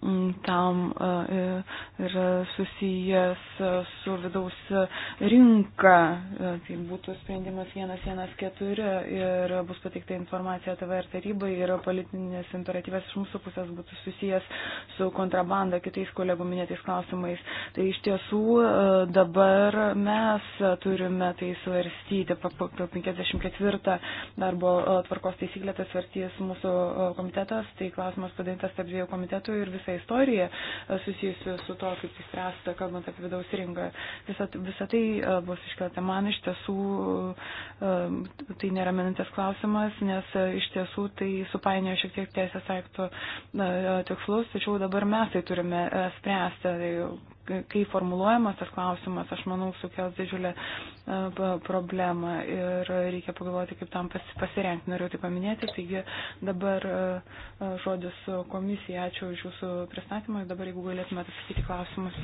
Mm, tam e, e, yra susijęs e, su vidaus rinka. Tai būtų sprendimas 114 ir bus pateikta informacija TVR tarybai ir politinės imperatyvės iš mūsų pusės būtų susijęs su kontrabanda kitais kolegų minėtais klausimais. Tai iš tiesų dabar mes turime tai svarstyti. 54 darbo tvarkos taisyklė tai svarstys mūsų komitetas. Tai klausimas padarytas tarp dviejų komitetų ir vis visą istoriją e, susijusiu su to, kaip jis spręsta, kalbant apie vidaus rinką. Visa, visa tai e, bus iškelta. Man iš tiesų e, tai neraminantis klausimas, nes iš tiesų tai supainiojo šiek tiek teisės aktų tikslus, tačiau dabar mes tai turime spręsti. Tai kai formuluojamas tas klausimas, aš manau, sukels didžiulę e, problemą ir reikia pagalvoti, kaip tam pasirengti. Noriu tai paminėti. Taigi dabar e, e, žodis komisija, ačiū už jūsų pristatymą ir dabar, jeigu galėtumėte atsakyti klausimus.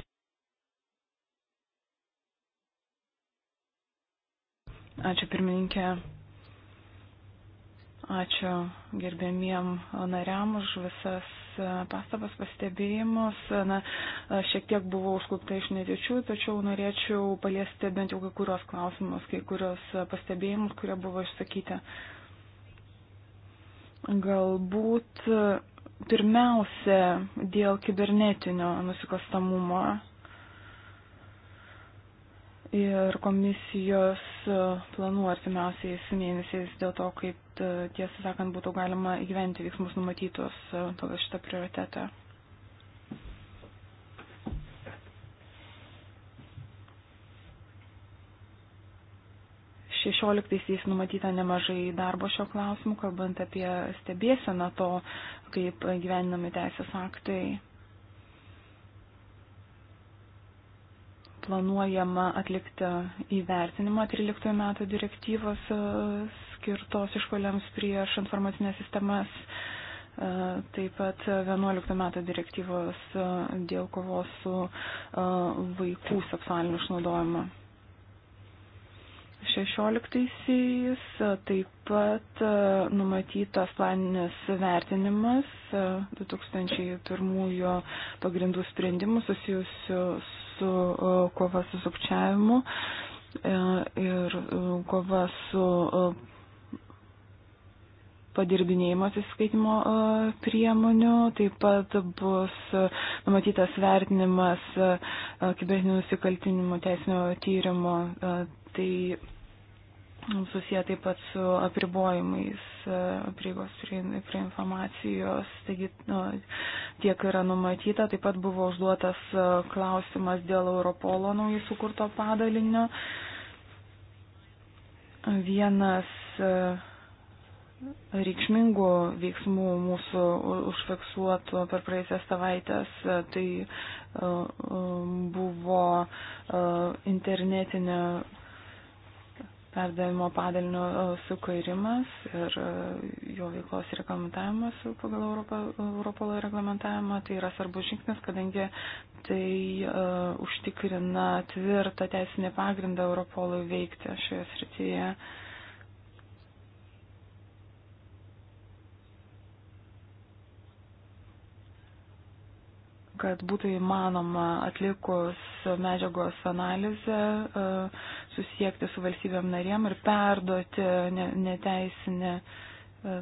Ačiū pirmininkė. Ačiū gerbėmiem nariam už visas E, pastabas, pastebėjimus. Na, e, šiek tiek buvau užklupta iš netyčių, tačiau norėčiau paliesti bent jau kai kurios klausimus, kai kurios e, pastebėjimus, kurie buvo išsakyti. Galbūt pirmiausia dėl kibernetinio nusikalstamumo ir komisijos planų artimiausiais mėnesiais dėl to, kaip kad e, tiesą sakant būtų galima įgyventi veiksmus numatytus e, pagal šitą prioritetą. Šešioliktaisiais numatyta nemažai darbo šio klausimu, kalbant apie stebėseną to, kaip gyveninami teisės aktai. planuojama atlikti įvertinimą 13 metų direktyvos e, skirtos išpoliams prieš informacinės sistemas, e, taip pat 11 metų direktyvos e, dėl kovos su e, vaikų seksualiniu išnaudojimu. 16-aisiais taip pat numatytas planinis vertinimas 2001 pagrindų sprendimų susijusių su kova su sukčiavimu ir kova su padirbinėjimo atsiskaitimo e, priemonių, taip pat bus e, numatytas vertinimas e, kibernetinių nusikaltinimų teisinio tyrimo, tai susiję taip pat su apribojimais prieigos prie, prie informacijos, taigi nu, tiek yra numatyta, taip pat buvo užduotas klausimas dėl Europolo naujai sukurto padalinio. Vienas uh, reikšmingų veiksmų mūsų užfiksuotų per praeisęs savaitės. Tai e, e, buvo e, internetinio perdavimo padalinio sukūrimas ir jo veiklos reglamentavimas pagal Europą, Europolo reglamentavimą. Tai yra svarbus žingsnis, kadangi tai uh, užtikrina tvirtą teisinį pagrindą Europolui veikti šioje srityje. Uh, kad būtų įmanoma atlikus medžiagos analizę e, susiekti su valstybėm narėm ir perduoti neteisinę e,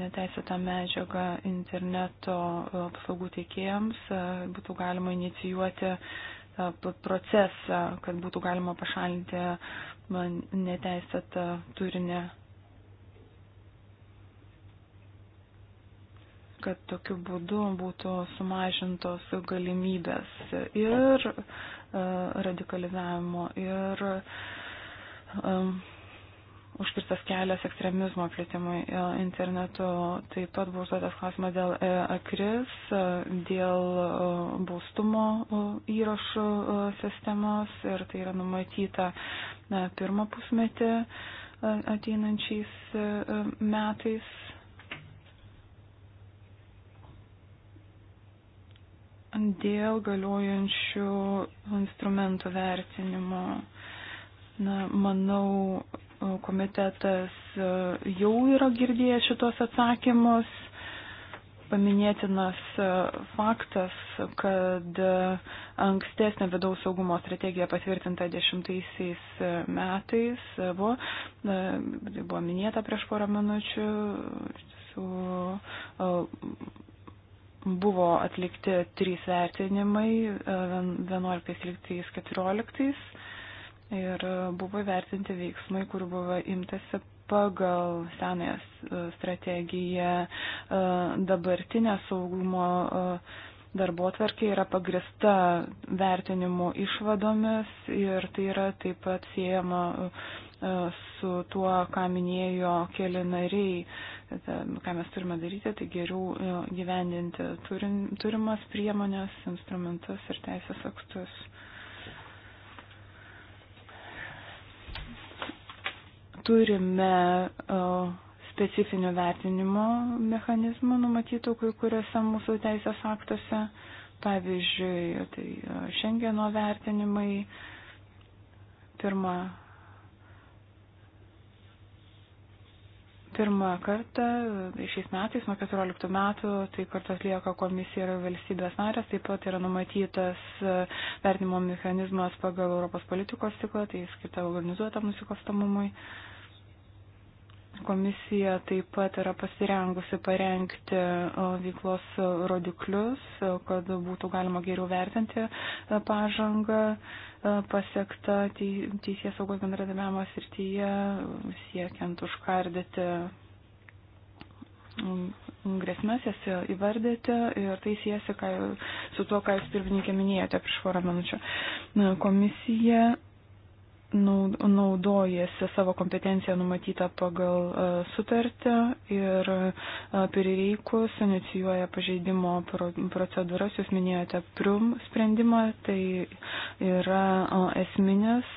neteisėtą medžiagą interneto e, apsaugų teikėjams, būtų galima inicijuoti procesą, kad būtų galima pašalinti neteisėtą turinį kad tokiu būdu būtų sumažintos galimybės ir e, radikalizavimo, ir um, užkirstas kelias ekstremizmo plėtimui e, internetu. Taip pat buvo užduotas klausimas dėl akris, dėl būstumo įrašų sistemos ir tai yra numatyta pirmą pusmetį ateinančiais metais dėl galiojančių instrumentų vertinimo. Na, manau, komitetas jau yra girdėjęs šitos atsakymus. Paminėtinas faktas, kad ankstesnė vidaus saugumo strategija patvirtinta dešimtaisiais metais buvo, tai buvo minėta prieš porą minučių, su Buvo atlikti trys vertinimai 11-13 e, ir e, buvo vertinti veiksmai, kur buvo imtasi pagal senąją e, strategiją dabartinę saugumo darbo tvarkė yra pagrista vertinimo išvadomis ir tai yra taip pat siejama E, su tuo, ką minėjo keli nariai, e, ką mes turime daryti, tai geriau e, gyvendinti turimas priemonės, instrumentus ir teisės aktus. Turime uh, specifinio vertinimo mechanizmų numatytų kai kuriuose mūsų teisės aktuose, pavyzdžiui, tai šengeno vertinimai, pirma Pirmą kartą e, šiais metais, nuo 14 metų, tai kartu atlieka komisija ir valstybės narės, taip pat yra numatytas e, vertinimo mechanizmas pagal Europos politikos ciklą, tai skirta organizuotam nusikalstamumui. Uh, Komisija taip pat yra pasirengusi parengti veiklos rodiklius, kad būtų galima geriau vertinti e, pažangą e, pasiektą teisės saugos bendradarbiavimo srityje, siekiant užkardyti mm, grėsmės, jas įvardyti ir tai siejasi su tuo, ką jūs pirmininkė minėjote prieš porą minučių. Komisija naudojasi savo kompetenciją numatytą pagal e, sutartį ir e, prireikus inicijuoja pažeidimo procedūras. Jūs minėjote prium sprendimą, tai yra esminis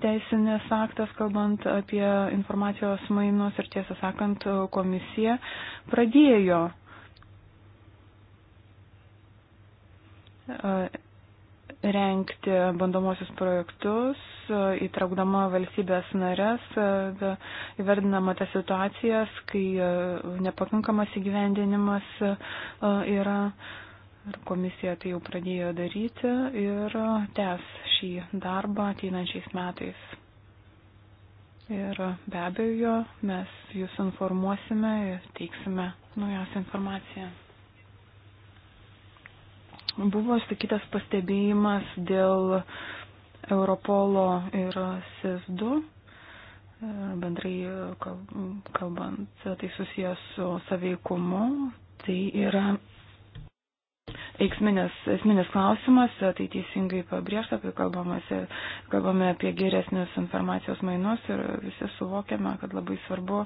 teisinės aktas, kalbant apie informacijos mainus ir tiesą sakant, komisija pradėjo e, renkti bandomosius projektus, įtraukdama valstybės narės, e, įvardinama tas situacijas, kai e, nepakankamas įgyvendinimas e, yra. Ir komisija tai jau pradėjo daryti ir tęs šį darbą ateinančiais metais. Ir be abejo, mes jūs informuosime ir teiksime naujausią informaciją. Buvo sakytas pastebėjimas dėl Europolo ir SIS2 e, bendrai kalbant, tai susijęs su saveikumu, tai yra Eiksminės, esminės klausimas, tai teisingai pabrėžta, kai kalbame apie geresnius informacijos mainus ir visi suvokiame, kad labai svarbu,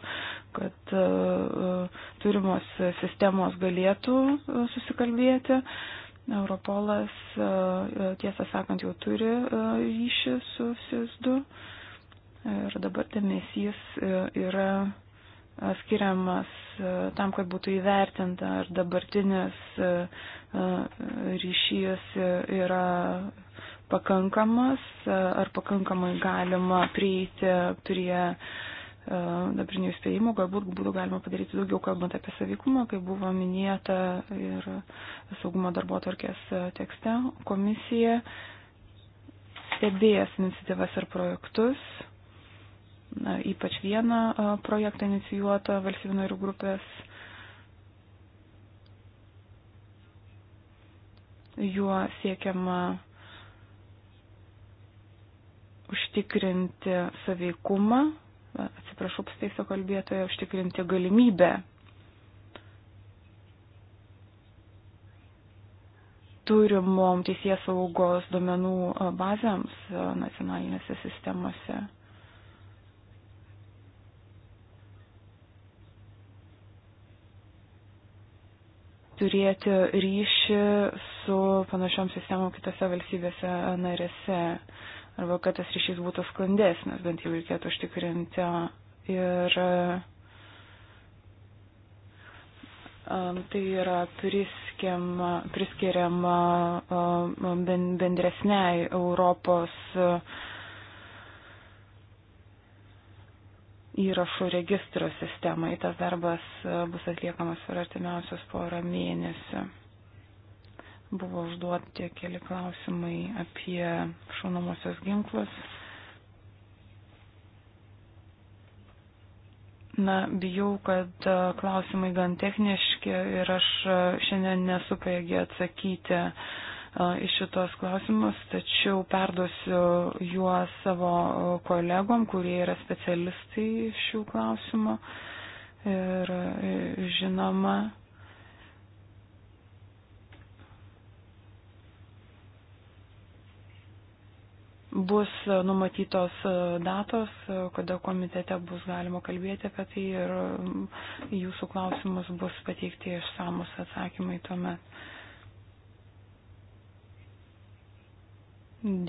kad uh, turimos sistemos galėtų e, susikalbėti. Uh, Europolas, e, e, tiesą sakant, jau turi e, ryšį su SIS2 ir dabar dėmesys yra skiriamas tam, kad būtų įvertinta, ar dabartinis ryšys yra pakankamas, ar pakankamai galima prieiti prie E, dabartinių įspėjimų galbūt būtų galima padaryti daugiau, kalbant apie savykumą, kaip buvo minėta ir saugumo darbo tvarkės e, tekste. Komisija stebėjęs iniciatyvas ir projektus, na, ypač vieną e, projektą inicijuotą valstybių narių grupės. Juo siekiama užtikrinti saveikumą atsiprašau, pasteiso kalbėtojo, užtikrinti galimybę turimom teisės saugos duomenų bazėms nacionalinėse sistemose. turėti ryšį su panašiom sistemom kitose valstybėse narėse arba kad tas ryšys būtų sklandesnis, bent jau reikėtų užtikrinti. Ir um, tai yra priskiriama, priskiriama um, bendresniai Europos įrašų registro sistemai. Tas darbas uh, bus atliekamas per artimiausius porą mėnesių. Buvo užduoti keli klausimai apie šaunamosios ginklus. Na, bijau, kad e, klausimai gan techniški ir aš e, šiandien nesu pajėgi atsakyti iš e, šitos klausimus, tačiau perduosiu juos savo kolegom, kurie yra specialistai šių klausimų. Ir žinoma, bus numatytos e, datos, e, kada komitete bus galima kalbėti apie tai ir jūsų klausimus bus pateikti išsamus atsakymai tuomet.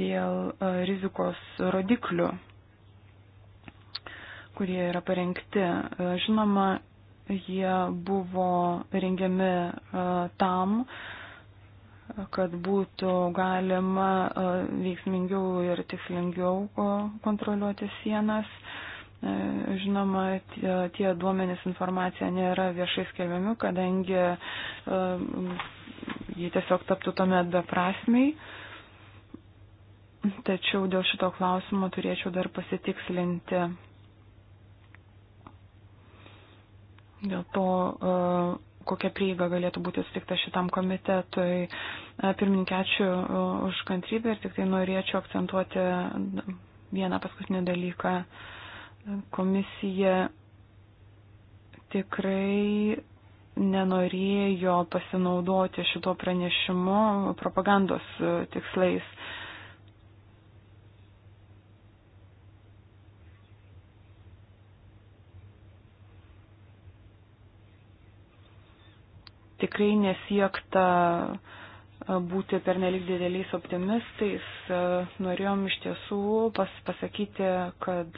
Dėl e, rizikos rodiklių, kurie yra parengti, žinoma, jie buvo rengiami tam, kad būtų galima e, veiksmingiau ir tikslingiau e, kontroliuoti sienas. E, žinoma, tie, tie duomenys informacija nėra viešai skelbiami, kadangi jie tiesiog taptų tuomet beprasmiai. Tačiau dėl šito klausimo turėčiau dar pasitikslinti. Dėl to, kokia prieiga galėtų būti sutikta šitam komitetui. E, pirmininkė, ačiū e, už kantrybę ir tik tai norėčiau akcentuoti vieną paskutinį dalyką. Komisija tikrai nenorėjo pasinaudoti šituo pranešimu propagandos e, tikslais. tikrai nesiekta būti pernelik dideliais optimistais. Norėjom iš tiesų pas, pasakyti, kad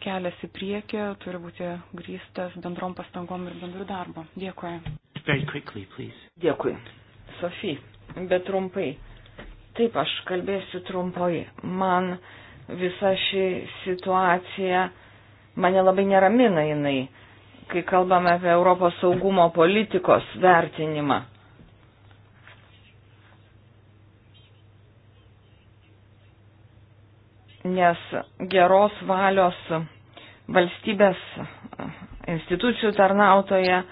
kelias į priekį turi būti grįstas bendrom pastangom ir bendru darbu. Dėkui. Quickly, Dėkui. Sofija, bet trumpai. Taip, aš kalbėsiu trumpai. Man visa ši situacija mane labai neramina jinai kai kalbame apie Europos saugumo politikos vertinimą. Nes geros valios valstybės institucijų tarnautoje,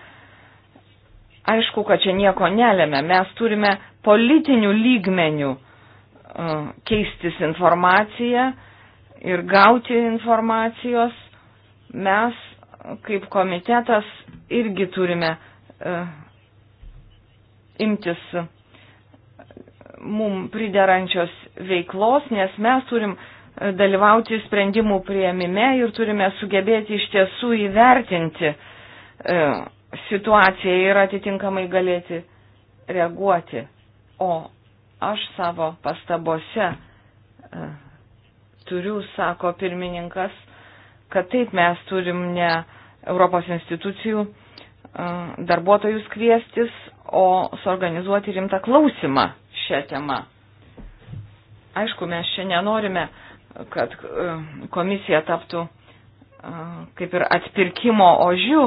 aišku, kad čia nieko nelėmė. Mes turime politinių lygmenių e, keistis informaciją ir gauti informacijos. Mes kaip komitetas irgi turime uh, imtis e, mum priderančios veiklos, nes mes turim e, dalyvauti sprendimų prieimime ir turime sugebėti iš tiesų įvertinti uh, situaciją ir atitinkamai galėti reaguoti. O aš savo pastabose uh, turiu, sako pirmininkas, kad taip mes turim ne Europos institucijų darbuotojus kviestis, o suorganizuoti rimtą klausimą šią temą. Aišku, mes čia nenorime, kad komisija taptų kaip ir atpirkimo ožių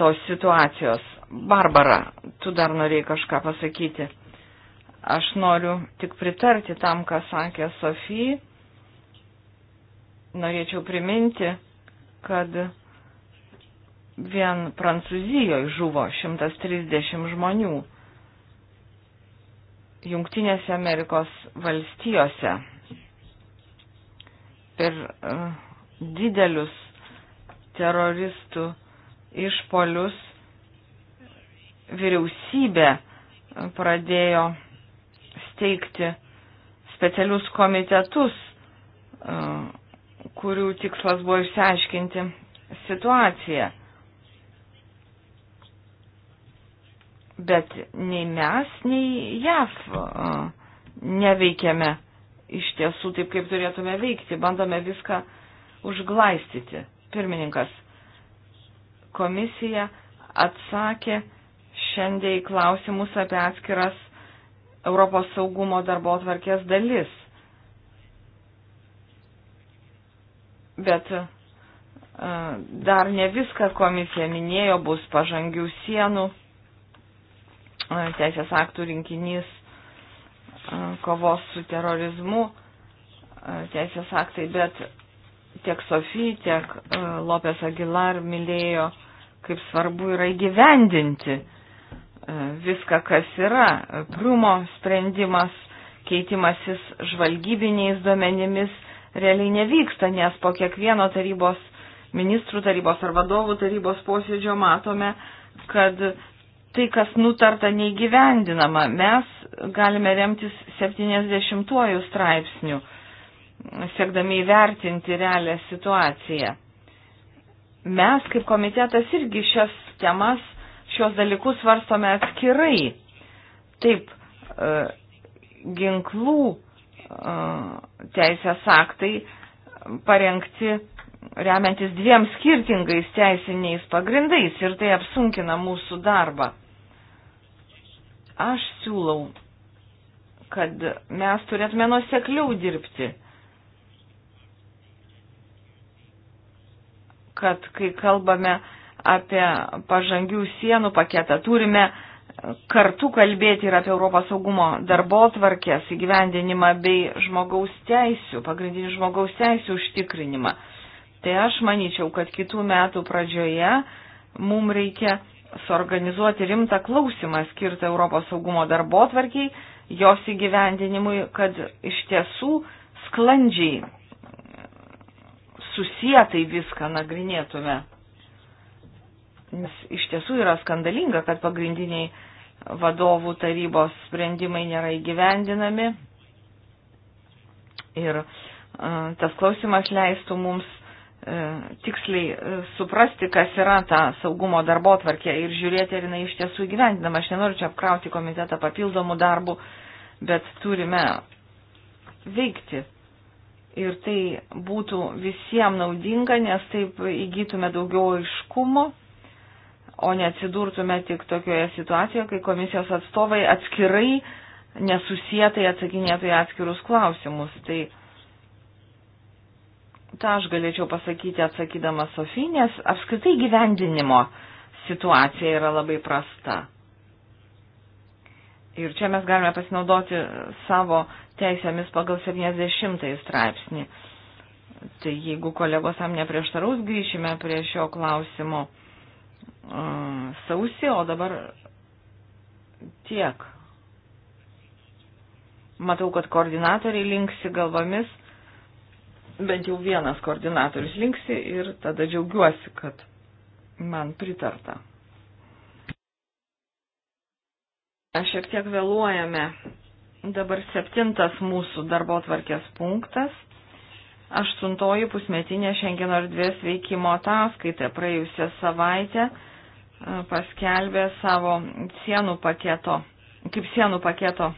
tos situacijos. Barbara, tu dar norėjai kažką pasakyti. Aš noriu tik pritarti tam, ką sakė Sofija norėčiau priminti, kad vien Prancūzijoje žuvo 130 žmonių. Junktinėse Amerikos valstijose per uh, e, didelius teroristų išpolius vyriausybė pradėjo steigti specialius komitetus uh, kurių tikslas buvo išsiaiškinti situaciją. Bet nei mes, nei JAF neveikiame iš tiesų taip, kaip turėtume veikti. Bandome viską užglaistyti. Pirmininkas, komisija atsakė šiandien į klausimus apie atskiras Europos saugumo darbo atvarkės dalis. bet e, dar ne viską komisija minėjo, bus pažangių sienų, e, teisės aktų rinkinys e, kovos su terorizmu, teisės aktai, bet tiek Sofija, tiek Lopes Aguilar mylėjo, kaip svarbu yra įgyvendinti viską, kas yra. Prumo sprendimas, keitimasis žvalgybiniais duomenimis, realiai nevyksta, nes po kiekvieno tarybos, ministrų tarybos ar vadovų tarybos posėdžio matome, kad tai, kas nutarta, neįgyvendinama. Mes galime remtis 70 straipsnių, siekdami įvertinti realią situaciją. Mes kaip komitetas irgi šias temas, šios dalykus svarstome atskirai. Taip, e, ginklų teisės aktai parengti remiantis dviem skirtingais teisiniais pagrindais ir tai apsunkina mūsų darbą. Aš siūlau, kad mes turėtume nusekliau dirbti, kad kai kalbame apie pažangių sienų paketą, turime uh, kartu kalbėti ir apie Europos saugumo darbo tvarkės įgyvendinimą bei žmogaus teisų, pagrindinių žmogaus teisų užtikrinimą. Tai aš manyčiau, kad kitų metų pradžioje mums reikia suorganizuoti rimtą klausimą skirtą Europos saugumo darbo tvarkiai, jos įgyvendinimui, kad iš tiesų sklandžiai susietai viską nagrinėtume. Nes iš tiesų yra skandalinga, kad pagrindiniai vadovų tarybos sprendimai nėra įgyvendinami. Ir e, tas klausimas leistų mums e, tiksliai e, suprasti, kas yra ta saugumo darbo tvarkė ir žiūrėti, ar jinai iš tiesų įgyvendinama. Aš nenoriu čia apkrauti komitetą papildomų darbų, bet turime veikti. Ir tai būtų visiems naudinga, nes taip įgytume daugiau aiškumo o neatsidurtume tik tokioje situacijoje, kai komisijos atstovai atskirai nesusietai atsakinėtų į atskirus klausimus. Tai tą aš galėčiau pasakyti atsakydama Sofinės, apskritai gyvendinimo situacija yra labai prasta. Ir čia mes galime pasinaudoti savo teisėmis pagal 70 straipsnį. Tai jeigu kolegos tam neprieštaraus, grįšime prie šio klausimo sausį, o dabar tiek. Matau, kad koordinatoriai linksi galvomis, bent jau vienas koordinatorius linksi ir tada džiaugiuosi, kad man pritarta. Aš šiek tiek vėluojame. Dabar septintas mūsų darbo tvarkės punktas. Aštuntoji pusmetinė Šengeno erdvės veikimo ataskaita praėjusią savaitę paskelbė savo sienų paketo, kaip sienų paketo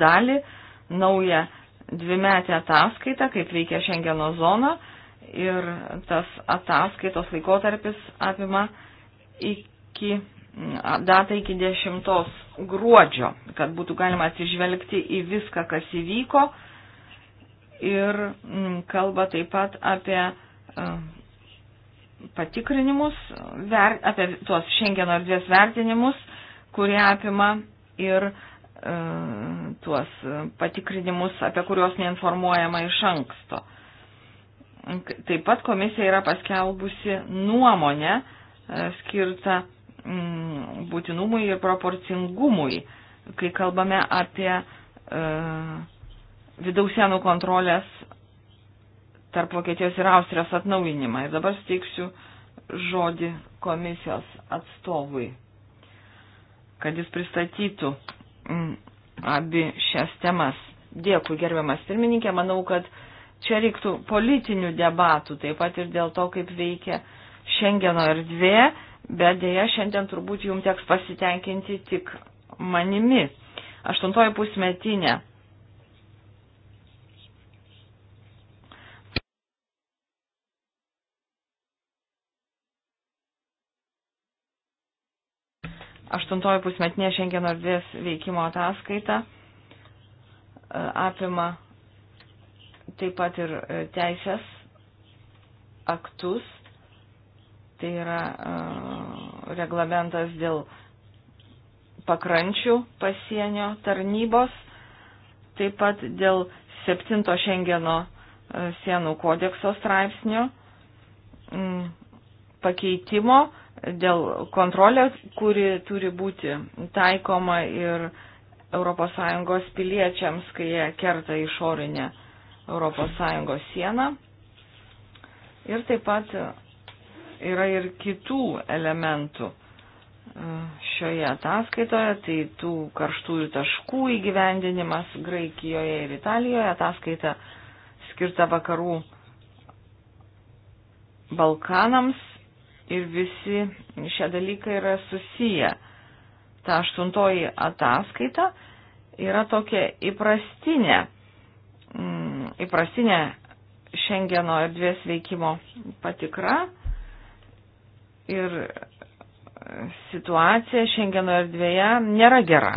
dalį, naują dvimetę ataskaitą, kaip veikia Šengeno zona ir tas ataskaitos laikotarpis apima iki datą iki 10 gruodžio, kad būtų galima atsižvelgti į viską, kas įvyko ir mm, kalba taip pat apie e, patikrinimus, ver, apie tuos Schengeno erdvės vertinimus, kurie apima ir e, tuos patikrinimus, apie kuriuos neinformuojama iš anksto. Taip pat komisija yra paskelbusi nuomonę e, skirtą m, mm, būtinumui ir proporcingumui, kai kalbame apie e, vidaus sienų kontrolės tarp Vokietijos ir Austrijos atnaujinimą. Ir dabar steiksiu žodį komisijos atstovui, kad jis pristatytų mm, abi šias temas. Dėkui, gerbiamas pirmininkė, manau, kad čia reiktų politinių debatų, taip pat ir dėl to, kaip veikia Šengeno erdvė, bet dėja šiandien turbūt jums teks pasitenkinti tik manimi. Aštuntoji pusmetinė Aštuntoji pusmetinė Šengeno erdvės veikimo ataskaita e, apima taip pat ir e, teisės aktus, tai yra e, reglamentas dėl pakrančių pasienio tarnybos, taip pat dėl septinto Šengeno sienų kodekso straipsnio pakeitimo dėl kontrolės, kuri turi būti taikoma ir ES piliečiams, kai jie kerta išorinę ES sieną. Ir taip pat yra ir kitų elementų e, šioje ataskaitoje, tai tų karštųjų taškų įgyvendinimas Graikijoje ir Italijoje, ataskaita skirta vakarų Balkanams ir visi šie dalykai yra susiję. Ta aštuntoji ataskaita yra tokia įprastinė, mm, įprastinė Šengeno erdvės veikimo patikra ir e, situacija Šengeno erdvėje nėra gera.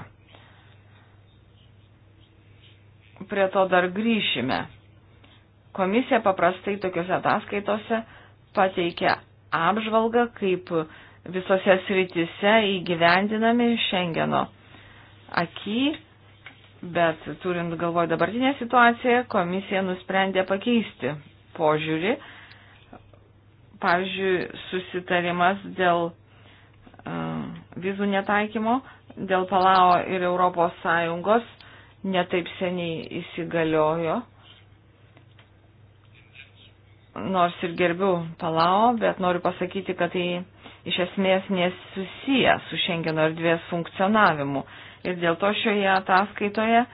Prie to dar grįšime. Komisija paprastai tokiuose ataskaitose pateikia apžvalgą, kaip visose sritise įgyvendinami Šengeno aky, bet turint galvoj dabartinę situaciją, komisija nusprendė pakeisti požiūrį. Pavyzdžiui, susitarimas dėl uh, vizų netaikymo, dėl Palao ir ES netaip seniai įsigaliojo. Uh, nors ir gerbiu Palau, bet noriu pasakyti, kad tai iš esmės nesusiję su Šengeno erdvės funkcionavimu. Ir dėl to šioje ataskaitoje e,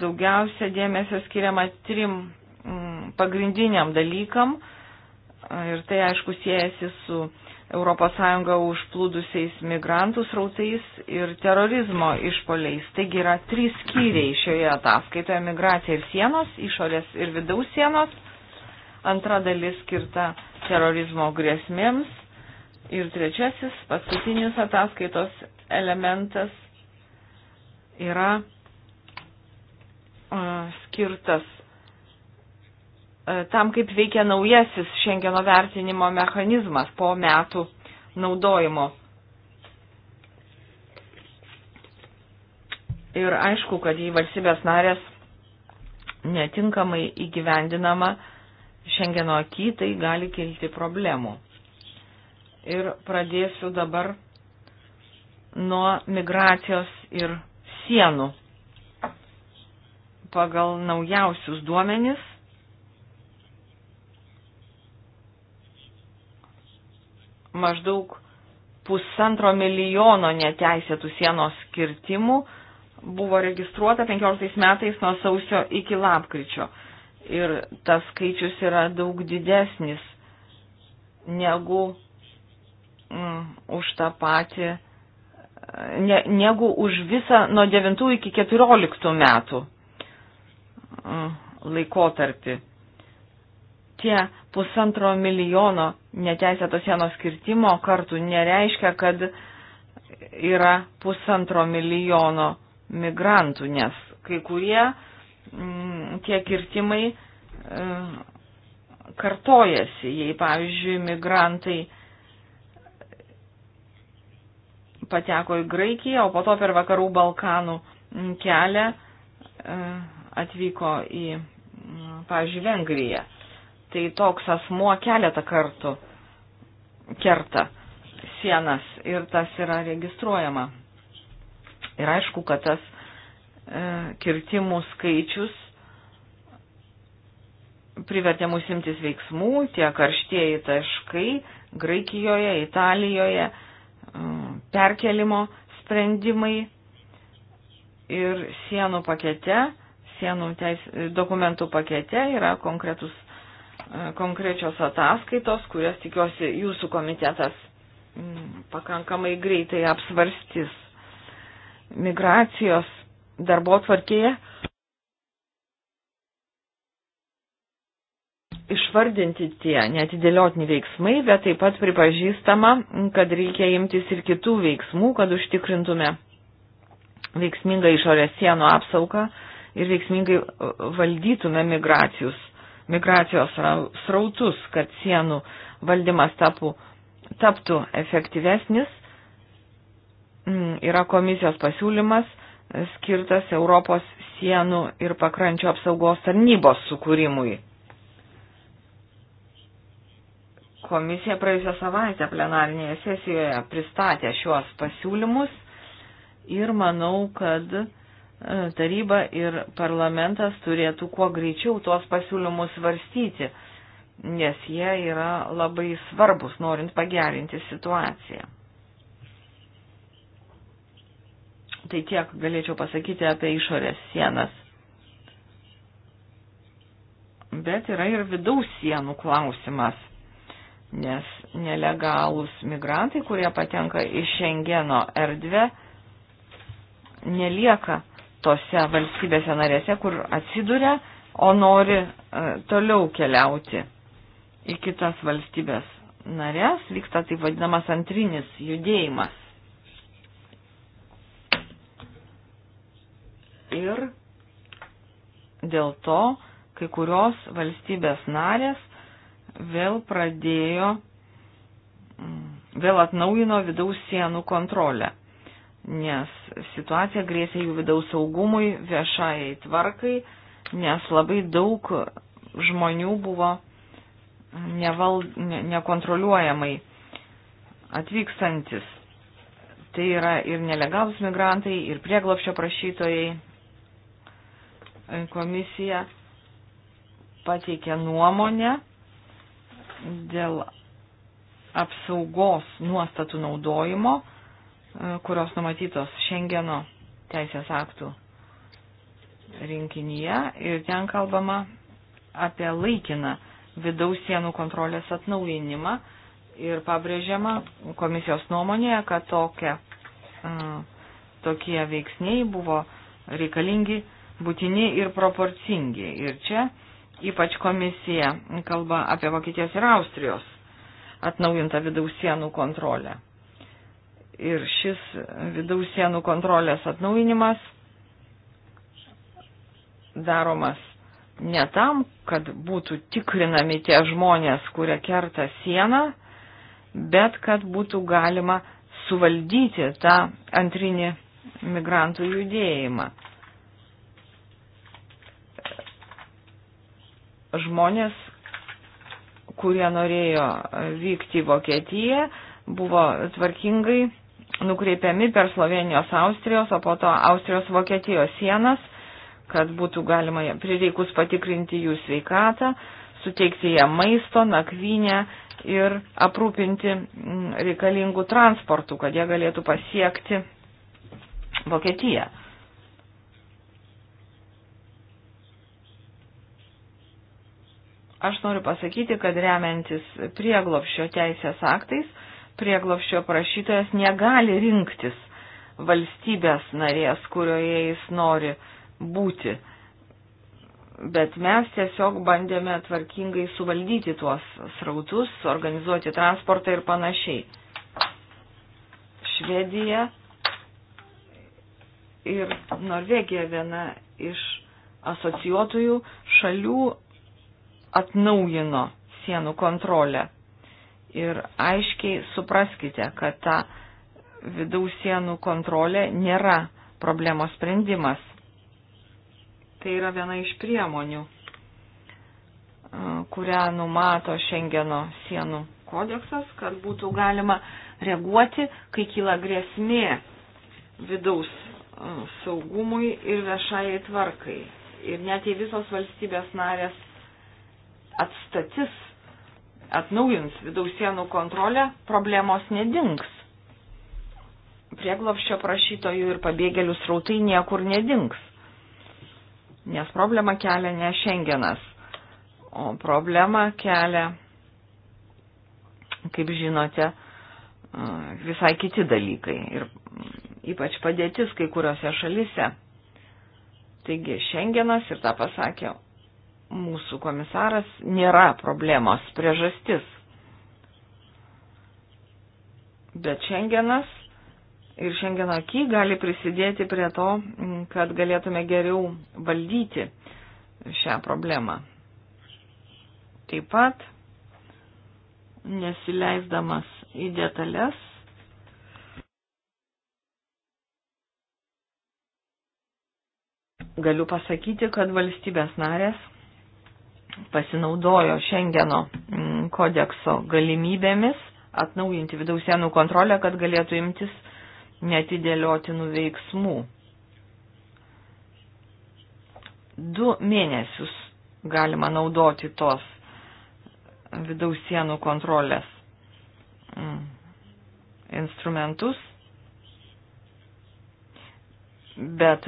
daugiausia dėmesio skiriama trim m, mm, pagrindiniam dalykam. E, ir tai aišku siejasi su ES užplūdusiais migrantų srautais ir terorizmo išpoliais. Taigi yra trys skyriai šioje ataskaitoje - migracija ir sienos, išorės ir vidaus sienos antra dalis skirta terorizmo grėsmėms ir trečiasis, paskutinis ataskaitos elementas yra uh, skirtas uh, tam, kaip veikia naujasis Šengeno vertinimo mechanizmas po metų naudojimo. Ir aišku, kad jei valstybės narės netinkamai įgyvendinama, uh, Šengeno akytai gali kilti problemų. Ir pradėsiu dabar nuo migracijos ir sienų. Pagal naujausius duomenis maždaug pusantro milijono neteisėtų sienos kirtimų buvo registruota 15 metais nuo sausio iki lapkričio ir tas skaičius yra daug didesnis negu mm, už tą patį, ne, negu už visą nuo 9 iki 14 metų mm, laikotarpį. Tie pusantro milijono neteisėto sienos kirtimo kartų nereiškia, kad yra pusantro milijono migrantų, nes kai kurie mm, tie kirtimai e, kartojasi, jei, pavyzdžiui, migrantai pateko į Graikiją, o po to per vakarų Balkanų kelią e, atvyko į, pavyzdžiui, Vengriją. Tai toks asmuo keletą kartų kerta sienas ir tas yra registruojama. Ir aišku, kad tas e, kirtimų skaičius privertė mus imtis veiksmų, tie karštieji taškai Graikijoje, Italijoje, mm, perkelimo sprendimai ir sienų pakete, sienų teis, dokumentų pakete yra konkretus, e, konkrečios ataskaitos, kurias tikiuosi jūsų komitetas mm, pakankamai greitai apsvarstys. Migracijos darbo tvarkėje išvardinti tie netidėliotini veiksmai, bet taip pat pripažįstama, kad reikia imtis ir kitų veiksmų, kad užtikrintume veiksmingą išorės sienų apsaugą ir veiksmingai uh, valdytume migracijos, migracijos srautus, kad sienų valdymas tapų, taptų efektyvesnis. Mm, yra komisijos pasiūlymas skirtas Europos sienų ir pakrančio apsaugos tarnybos sukūrimui Komisija praėjusią savaitę plenarinėje sesijoje pristatė šiuos pasiūlymus ir manau, kad e, taryba ir parlamentas turėtų kuo greičiau tuos pasiūlymus svarstyti, nes jie yra labai svarbus, norint pagerinti situaciją. Tai tiek galėčiau pasakyti apie išorės sienas. Bet yra ir vidaus sienų klausimas nes nelegalūs migrantai, kurie patenka į Šengeno erdvę, nelieka tose valstybėse narėse, kur atsiduria, o nori e, toliau keliauti į kitas valstybės narės, vyksta taip vadinamas antrinis judėjimas. Ir dėl to kai kurios valstybės narės vėl pradėjo, vėl atnaujino vidaus sienų kontrolę, nes situacija grėsė jų vidaus saugumui, viešai tvarkai, nes labai daug žmonių buvo neval, ne, nekontroliuojamai atvykstantis. Tai yra ir nelegalus migrantai, ir prieglopščio prašytojai. Komisija pateikė nuomonę dėl apsaugos nuostatų naudojimo, e, kurios numatytos Šengeno teisės aktų rinkinyje ir ten kalbama apie laikiną vidaus sienų kontrolės atnaujinimą ir pabrėžiama komisijos nuomonėje, kad tokia, e, tokie veiksniai buvo reikalingi, būtini ir proporcingi. Ir čia Ypač komisija kalba apie Vokietijos ir Austrijos atnaujintą vidaus sienų kontrolę. Ir šis vidaus sienų kontrolės atnaujinimas daromas ne tam, kad būtų tikrinami tie žmonės, kurie kerta sieną, bet kad būtų galima suvaldyti tą antrinį migrantų judėjimą. žmonės, kurie norėjo vykti į Vokietiją, buvo tvarkingai nukreipiami per Slovenijos Austrijos, o po to Austrijos Vokietijos sienas, kad būtų galima prireikus patikrinti jų sveikatą, suteikti jie maisto, nakvynę ir aprūpinti mm, reikalingų transportų, kad jie galėtų pasiekti Vokietiją. Aš noriu pasakyti, kad remiantis prieglopščio teisės aktais, prieglopščio prašytojas negali rinktis valstybės narės, kurioje jis nori būti. Bet mes tiesiog bandėme tvarkingai suvaldyti tuos srautus, organizuoti transportą ir panašiai. Švedija ir Norvegija viena iš asociuotųjų šalių atnaujino sienų kontrolę. Ir aiškiai supraskite, kad ta vidaus sienų kontrolė nėra problemos sprendimas. Tai yra viena iš priemonių, kurią numato Šengeno sienų kodeksas, kad būtų galima reaguoti, kai kyla grėsmė vidaus saugumui ir viešai tvarkai. Ir net jei visos valstybės narės atstatys, atnaujins vidaus sienų kontrolę, problemos nedings. Prieglopščio prašytojų ir pabėgėlių srautai niekur nedings, nes problema kelia ne Šengenas, o problema kelia, kaip žinote, visai kiti dalykai ir ypač padėtis kai kuriuose šalise. Taigi Šengenas ir tą pasakė mūsų komisaras nėra problemos priežastis. Bet šiandienas ir šiandieno aky gali prisidėti prie to, kad galėtume geriau valdyti šią problemą. Taip pat, nesileisdamas į detalės, galiu pasakyti, kad valstybės narės pasinaudojo Šengeno mm, kodekso galimybėmis atnaujinti vidaus sienų kontrolę, kad galėtų imtis netidėliotinų veiksmų. Du mėnesius galima naudoti tos vidaus sienų kontrolės mm, instrumentus, bet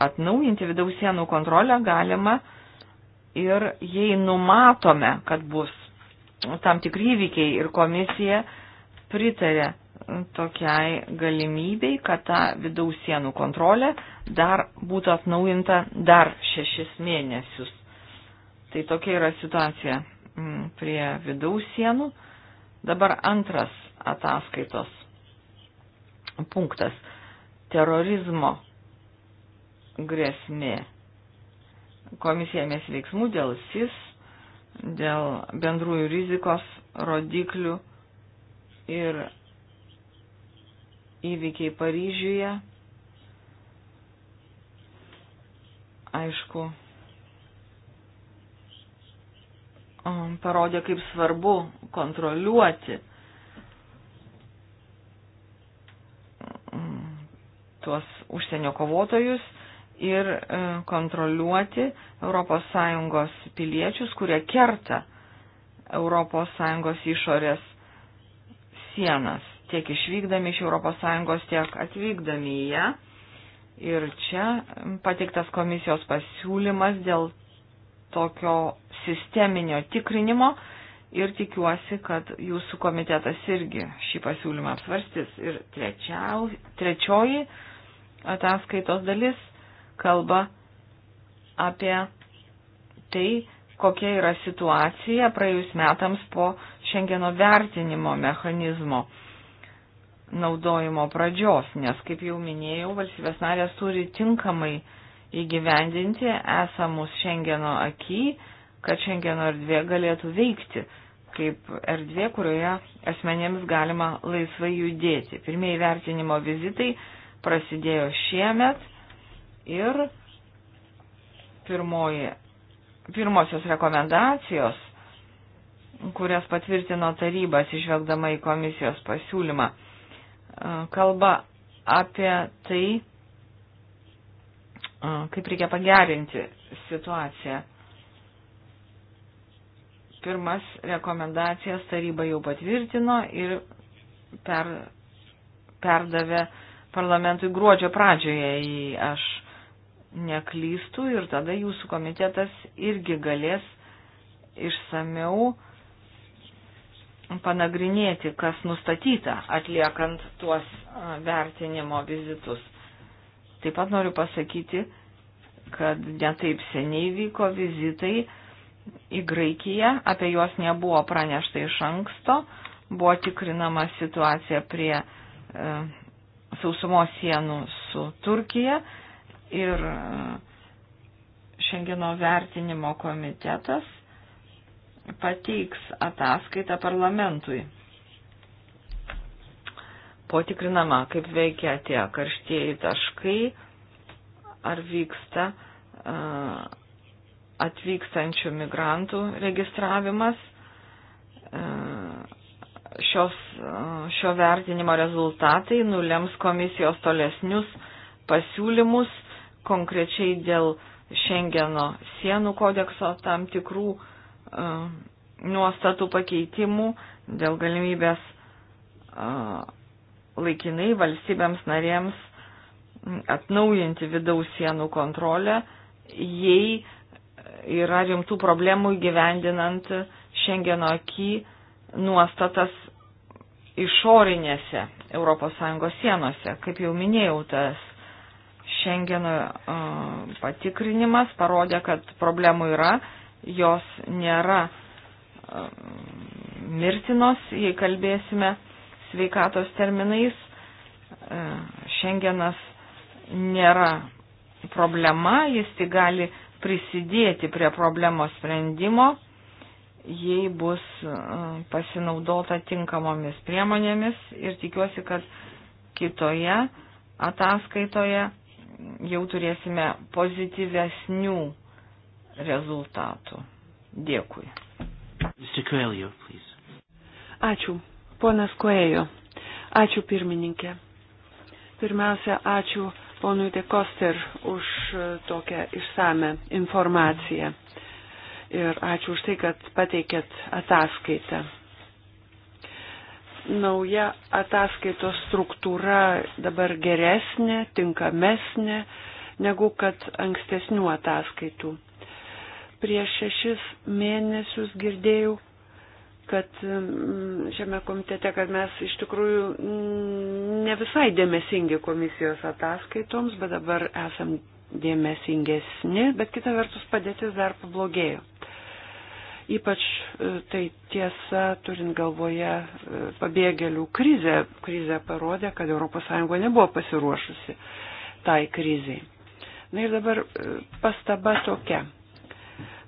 atnaujinti vidaus sienų kontrolę galima ir jei numatome, kad bus tam tikri įvykiai ir komisija pritarė tokiai galimybei, kad ta vidaus sienų kontrolė dar būtų atnaujinta dar šešis mėnesius. Tai tokia yra situacija mm, prie vidaus sienų. Dabar antras ataskaitos punktas - terorizmo grėsmė komisija mes veiksmų dėl SIS, dėl bendrųjų rizikos rodiklių ir įvykiai Paryžiuje. Aišku, um, parodė, kaip svarbu kontroliuoti um, tuos užsienio kovotojus ir e, kontroliuoti ES piliečius, kurie kerta ES išorės sienas, tiek išvykdami iš ES, tiek atvykdami į ją. Ir čia pateiktas komisijos pasiūlymas dėl tokio sisteminio tikrinimo ir tikiuosi, kad jūsų komitetas irgi šį pasiūlymą apsvarstys. Ir trečiau, trečioji ataskaitos dalis kalba apie tai, kokia yra situacija praėjus metams po Šengeno vertinimo mechanizmo naudojimo pradžios, nes, kaip jau minėjau, valstybės narės turi tinkamai įgyvendinti esamus Šengeno aky, kad Šengeno erdvė galėtų veikti kaip erdvė, kurioje asmenėms galima laisvai judėti. Pirmieji vertinimo vizitai prasidėjo šiemet ir pirmoji, pirmosios rekomendacijos, kurias patvirtino tarybas išvelgdama į komisijos pasiūlymą, e, kalba apie tai, e, kaip reikia pagerinti situaciją. Pirmas rekomendacijas taryba jau patvirtino ir per, perdavė parlamentui gruodžio pradžioje, jei aš neklystų ir tada jūsų komitetas irgi galės išsameu panagrinėti, kas nustatyta atliekant tuos vertinimo vizitus. Taip pat noriu pasakyti, kad netaip seniai vyko vizitai į Graikiją, apie juos nebuvo pranešta iš anksto, buvo tikrinama situacija prie e, sausumos sienų su Turkija ir e, Šengeno vertinimo komitetas pateiks ataskaitą parlamentui. Potikrinama, kaip veikia tie karštieji taškai, ar vyksta e, atvykstančių migrantų registravimas. E, šios, šio vertinimo rezultatai nulems komisijos tolesnius pasiūlymus konkrečiai dėl Šengeno sienų kodekso tam tikrų uh, nuostatų pakeitimų, dėl galimybės uh, laikinai valstybėms narėms atnaujinti vidaus sienų kontrolę, jei yra rimtų problemų įgyvendinant Šengeno akį nuostatas išorinėse ES sienose. Kaip jau minėjau, tas Šengeno patikrinimas parodė, kad problemų yra, jos nėra mirtinos, jei kalbėsime sveikatos terminais. Šengenas nėra problema, jis tik gali prisidėti prie problemos sprendimo, jei bus pasinaudota tinkamomis priemonėmis ir tikiuosi, kad kitoje ataskaitoje jau turėsime pozityvesnių rezultatų. Dėkui. Coelho, ačiū, ponas Koejo. Ačiū pirmininkė. Pirmiausia, ačiū ponui Dekoster už tokią išsame informaciją. Ir ačiū už tai, kad pateikėt ataskaitą nauja ataskaitos struktūra dabar geresnė, tinkamesnė negu kad ankstesnių ataskaitų. Prieš šešis mėnesius girdėjau, kad mm, šiame komitete, kad mes iš tikrųjų mm, ne visai dėmesingi komisijos ataskaitoms, bet dabar esam dėmesingesni, bet kita vertus padėtis dar pablogėjo. Ypač e, tai tiesa, turint galvoje e, pabėgėlių krizę, krizė parodė, kad ES nebuvo pasiruošusi tai kriziai. Na ir dabar e, pastaba tokia.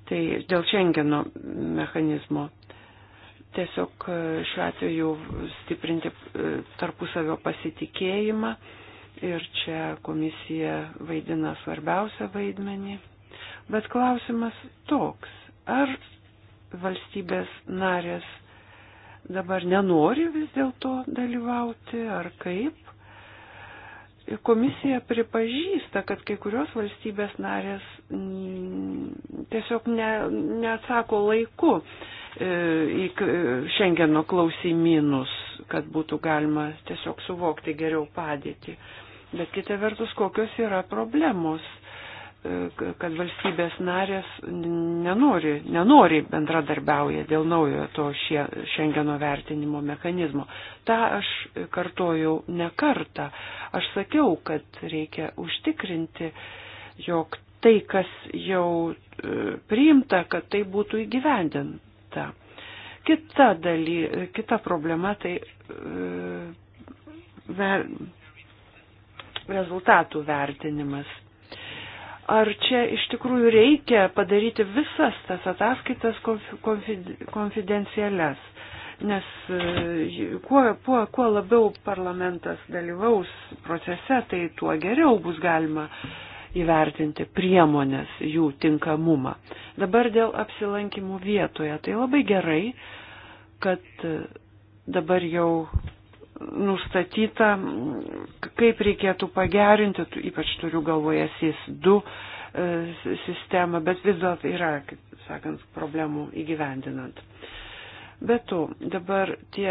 Tai dėl Šengeno mechanizmo. Tiesiog šiuo atveju stiprinti tarpusavio pasitikėjimą ir čia komisija vaidina svarbiausią vaidmenį. Bet klausimas toks, ar valstybės narės dabar nenori vis dėlto dalyvauti ar kaip. Komisija pripažįsta, kad kai kurios valstybės narės mm, tiesiog ne, neatsako laiku e, į Šengeno e, klausimynus, kad būtų galima tiesiog suvokti geriau padėtį. Bet kita vertus, kokios yra problemos kad valstybės narės nenori, nenori bendradarbiauja dėl naujo to šie, šengeno vertinimo mechanizmo. Ta aš kartojau ne kartą. Aš sakiau, kad reikia užtikrinti, jog tai, kas jau e, priimta, kad tai būtų įgyvendinta. Kita, daly, kita problema tai e, ver, rezultatų vertinimas ar čia iš tikrųjų reikia padaryti visas tas ataskaitas konfidencialias. Nes e, kuo, kuo, kuo labiau parlamentas dalyvaus procese, tai tuo geriau bus galima įvertinti priemonės jų tinkamumą. Dabar dėl apsilankimų vietoje. Tai labai gerai, kad e, dabar jau nustatyta, kaip reikėtų pagerinti, ypač turiu galvoje SIS 2 e, sistemą, bet vis dėlto tai yra, kaip sakant, problemų įgyvendinant. Bet to dabar tie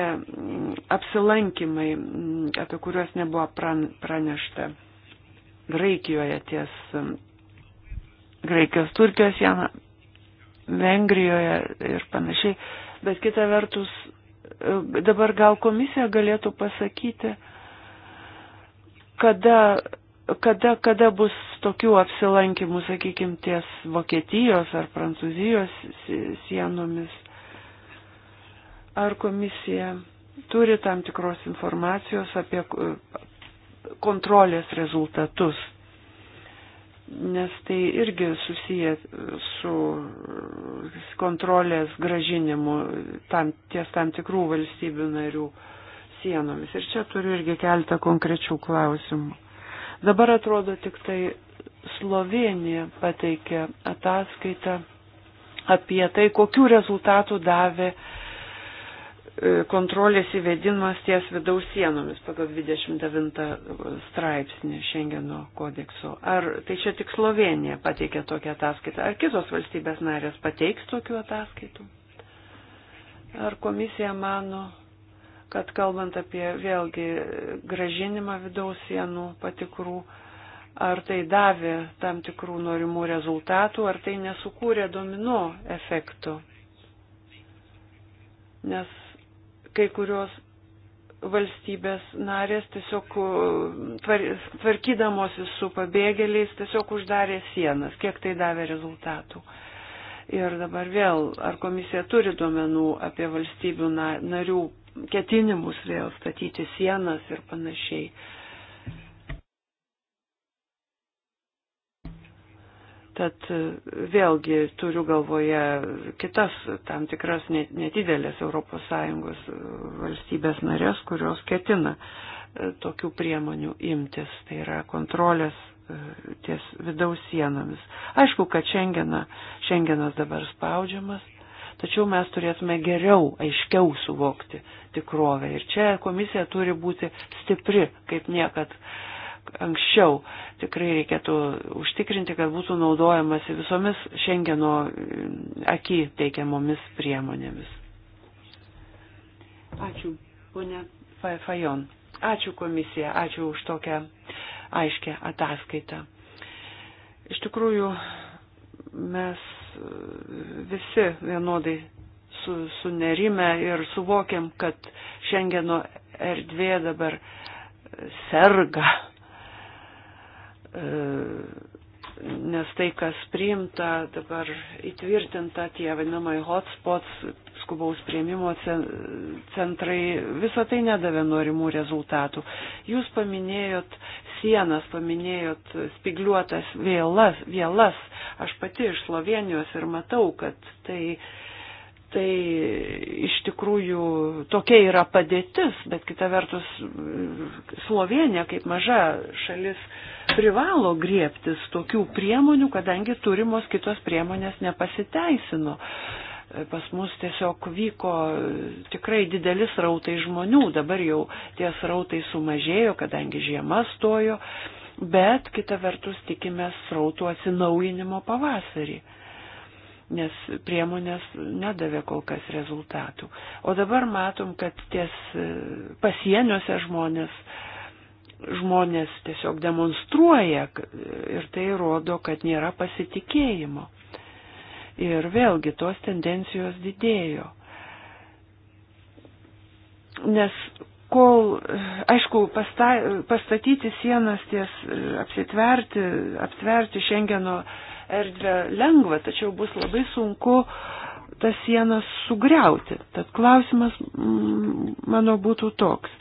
apsilankimai, apie kuriuos nebuvo pranešta Graikijoje ties Graikijos Turkijos sieną, Vengrijoje ir panašiai, bet kita vertus E, dabar gal komisija galėtų pasakyti, kada, kada, kada bus tokių apsilankimų, sakykime, ties Vokietijos ar Prancūzijos sienomis. Ar komisija turi tam tikros informacijos apie kontrolės rezultatus nes tai irgi susiję su kontrolės gražinimu tam, ties tam tikrų valstybių narių sienomis. Ir čia turiu irgi keltą konkrečių klausimų. Dabar atrodo tik tai Slovenija pateikė ataskaitą apie tai, kokių rezultatų davė uh, E, kontrolės įvedimas ties vidaus sienomis pagal 29 straipsnį Šengeno kodekso. Ar tai čia tik Slovenija pateikė tokią ataskaitą, ar kitos valstybės narės pateiks tokių ataskaitų? Ar komisija mano, kad kalbant apie vėlgi gražinimą vidaus sienų patikrų, ar tai davė tam tikrų norimų rezultatų, ar tai nesukūrė domino efektų? Nes kai kurios valstybės narės tiesiog uh, tvarkydamosi su pabėgėliais tiesiog uždarė sienas, kiek tai davė rezultatų. Ir dabar vėl, ar komisija turi duomenų apie valstybių narių ketinimus vėl statyti sienas ir panašiai. Uh, Tad e, vėlgi turiu galvoje kitas tam tikras nedidelės ES e, valstybės narės, kurios ketina e, tokių priemonių imtis, tai yra kontrolės ties vidaus sienomis. Aišku, kad šengena, šengenas dabar spaudžiamas, tačiau mes turėtume geriau, aiškiau suvokti tikrovę ir čia komisija turi būti stipri, kaip niekad. Uh, anksčiau. Tikrai reikėtų užtikrinti, kad būtų naudojamasi visomis Šengeno mm, akį teikiamomis priemonėmis. Ačiū, ponia Fajon. Ačiū komisija, ačiū už tokią aiškę ataskaitą. Iš tikrųjų, mes visi vienodai su, sunerime ir suvokiam, kad Šengeno erdvė dabar serga E, nes tai, kas priimta dabar įtvirtinta, tie vadinamai hotspots, skubaus prieimimo centrai, visa tai nedavė norimų rezultatų. Jūs paminėjot sienas, paminėjot spigliuotas vėlas, vėlas. Aš pati iš Slovenijos ir matau, kad tai Tai iš tikrųjų tokia yra padėtis, bet kita vertus Slovenija kaip maža šalis privalo griebtis tokių priemonių, kadangi turimos kitos priemonės nepasiteisino pas mus tiesiog vyko tikrai didelis rautai žmonių, dabar jau tie rautai sumažėjo, kadangi žiema stojo, bet kita vertus tikimės rautų atsinaujinimo pavasarį nes priemonės nedavė kol kas rezultatų. O dabar matom, kad ties e, pasieniuose žmonės, žmonės tiesiog demonstruoja ir tai rodo, kad nėra pasitikėjimo. Ir vėlgi tos tendencijos didėjo. Nes kol, aišku, pasta, pastatyti sienas ties, e, apsitverti, aptverti Šengeno uh, erdvę lengva, tačiau bus labai sunku tas sienas sugriauti. Tad klausimas mm, mano būtų toks.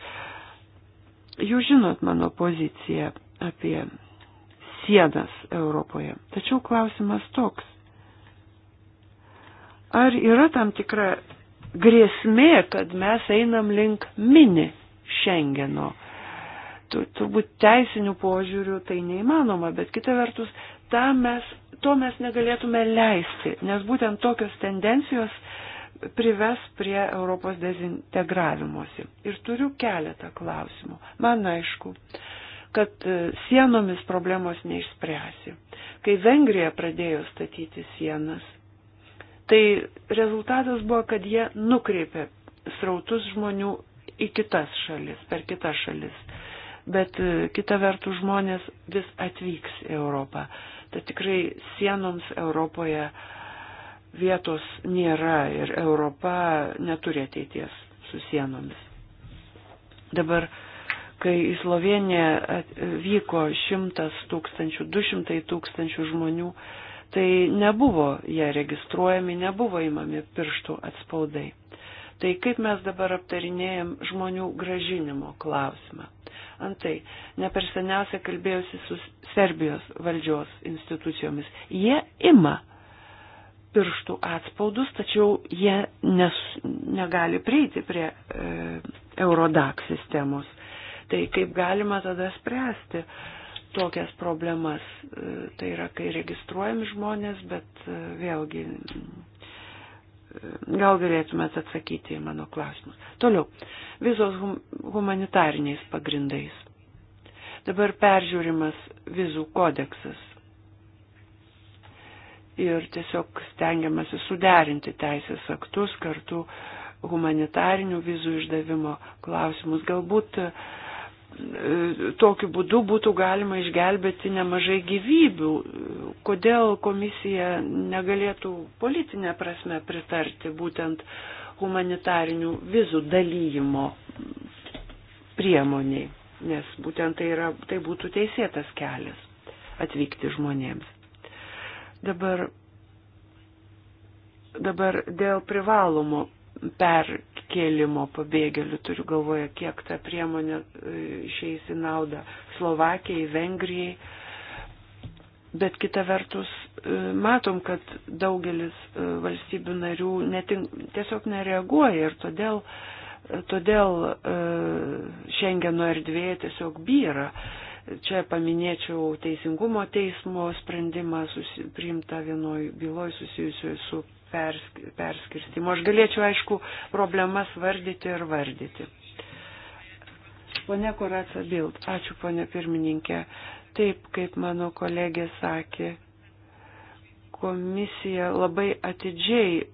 Jūs žinot mano poziciją apie sienas Europoje. Tačiau klausimas toks. Ar yra tam tikra grėsmė, kad mes einam link mini Šengeno? Turbūt teisinių požiūrių tai neįmanoma, bet kita vertus, tam mes to mes negalėtume leisti, nes būtent tokios tendencijos prives prie Europos dezintegravimuose. Ir turiu keletą klausimų. Man aišku, kad e, sienomis problemos neišspręsi. Kai Vengrija pradėjo statyti sienas, tai rezultatas buvo, kad jie nukreipė srautus žmonių į kitas šalis, per kitas šalis. Bet e, kita vertus žmonės vis atvyks į Europą. Tad tikrai sienoms Europoje vietos nėra ir Europa neturi ateities su sienomis. Dabar, kai į Sloveniją vyko 100 tūkstančių, 200 tūkstančių žmonių, tai nebuvo jie registruojami, nebuvo įmami pirštų atspaudai. Tai kaip mes dabar aptarinėjom žmonių gražinimo klausimą. Antai, ne per seniausia kalbėjosi su Serbijos valdžios institucijomis. Jie ima pirštų atspaudus, tačiau jie nes, negali prieiti prie e, Eurodac sistemos. Tai kaip galima tada spręsti tokias problemas? E, tai yra, kai registruojami žmonės, bet e, vėlgi Gal galėtumėt atsakyti į mano klausimus. Toliau, vizos hum, humanitariniais pagrindais. Dabar peržiūrimas vizų kodeksas. Ir tiesiog stengiamasi suderinti teisės aktus kartu humanitarinių vizų išdavimo klausimus. Galbūt uh, E, tokiu būdu būtų galima išgelbėti nemažai gyvybių. Kodėl komisija negalėtų politinė prasme pritarti būtent humanitarinių vizų dalyjimo priemoniai, nes būtent tai, yra, tai būtų teisėtas kelias atvykti žmonėms. Dabar, dabar dėl privalomo per kėlimo pabėgėlių, turiu galvoje, kiek ta priemonė e, išeis į naudą Slovakijai, Vengrijai. Bet kita vertus, e, matom, kad daugelis e, valstybių narių netink, tiesiog nereaguoja ir todėl, todėl Šengeno erdvė tiesiog byra. Čia paminėčiau Teisingumo teismo sprendimą susi, priimtą vienoj byloj susijusioj su perskirstimo. Aš galėčiau, aišku, problemas vardyti ir vardyti. Pone Kuratsa Bild, ačiū pone pirmininkė. Taip, kaip mano kolegė sakė, komisija labai atidžiai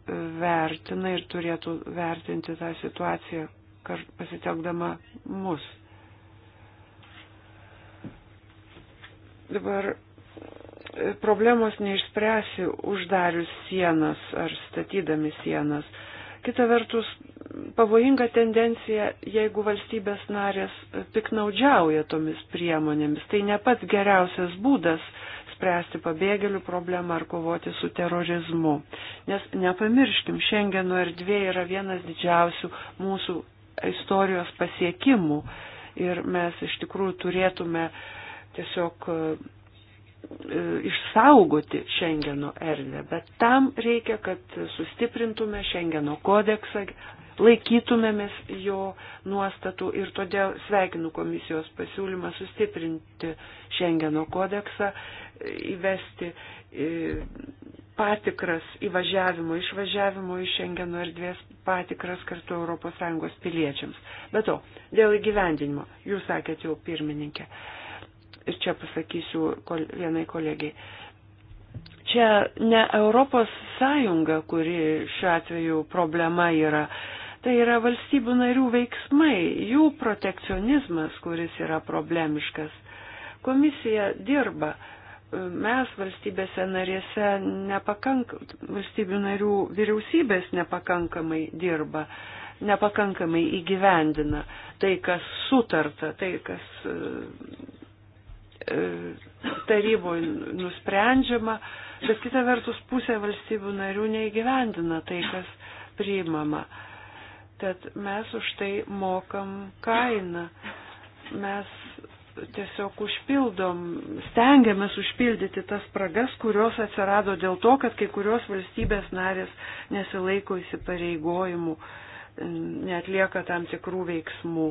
vertina ir turėtų vertinti tą situaciją, pasitelkdama mus. Dabar problemos neišspręsi uždarius sienas ar statydami sienas. Kita vertus, pavojinga tendencija, jeigu valstybės narės piknaudžiauja tomis priemonėmis. Tai ne pats geriausias būdas spręsti pabėgėlių problemą ar kovoti su terorizmu. Nes nepamirškim, Šengeno erdvė yra vienas didžiausių mūsų istorijos pasiekimų ir mes iš tikrųjų turėtume tiesiog E, išsaugoti Šengeno erdvę, bet tam reikia, kad sustiprintume Šengeno kodeksą, laikytumėmės jo nuostatų ir todėl sveikinu komisijos pasiūlymą sustiprinti Šengeno kodeksą, įvesti e, patikras įvažiavimo, išvažiavimo iš Šengeno erdvės patikras kartu ES piliečiams. Be to, dėl įgyvendinimo, jūs sakėt jau pirmininkė, ir čia pasakysiu kol, vienai kolegiai. Čia ne Europos Sąjunga, kuri šiuo atveju problema yra, tai yra valstybių narių veiksmai, jų protekcionizmas, kuris yra problemiškas. Komisija dirba, mes valstybėse narėse nepakank, valstybių narių vyriausybės nepakankamai dirba nepakankamai įgyvendina tai, kas sutarta, tai, kas E, taryboje nusprendžiama, bet kita vertus pusė valstybių narių neįgyvendina tai, kas priimama. Tad mes už tai mokam kainą. Mes tiesiog užpildom, stengiamės užpildyti tas spragas, kurios atsirado dėl to, kad kai kurios valstybės narės nesilaiko įsipareigojimų, e, netlieka tam tikrų veiksmų.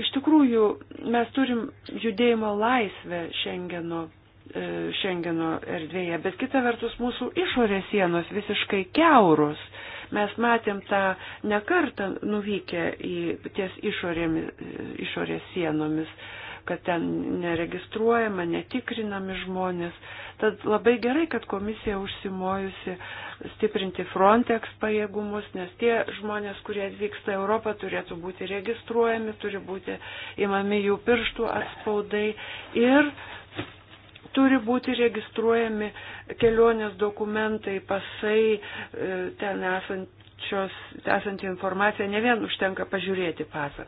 Iš tikrųjų, mes turim judėjimo laisvę Šengeno, Šengeno e, erdvėje, bet kita vertus mūsų išorės sienos visiškai keurus. Mes matėm tą nekartą nuvykę į ties išorėmis, e, išorės sienomis kad ten neregistruojama, netikrinami žmonės. Tad labai gerai, kad komisija užsimojusi stiprinti Frontex pajėgumus, nes tie žmonės, kurie atvyksta į Europą, turėtų būti registruojami, turi būti imami jų pirštų atspaudai ir turi būti registruojami kelionės dokumentai, pasai, e, ten esant esanti informacija, ne vien užtenka pažiūrėti pasą.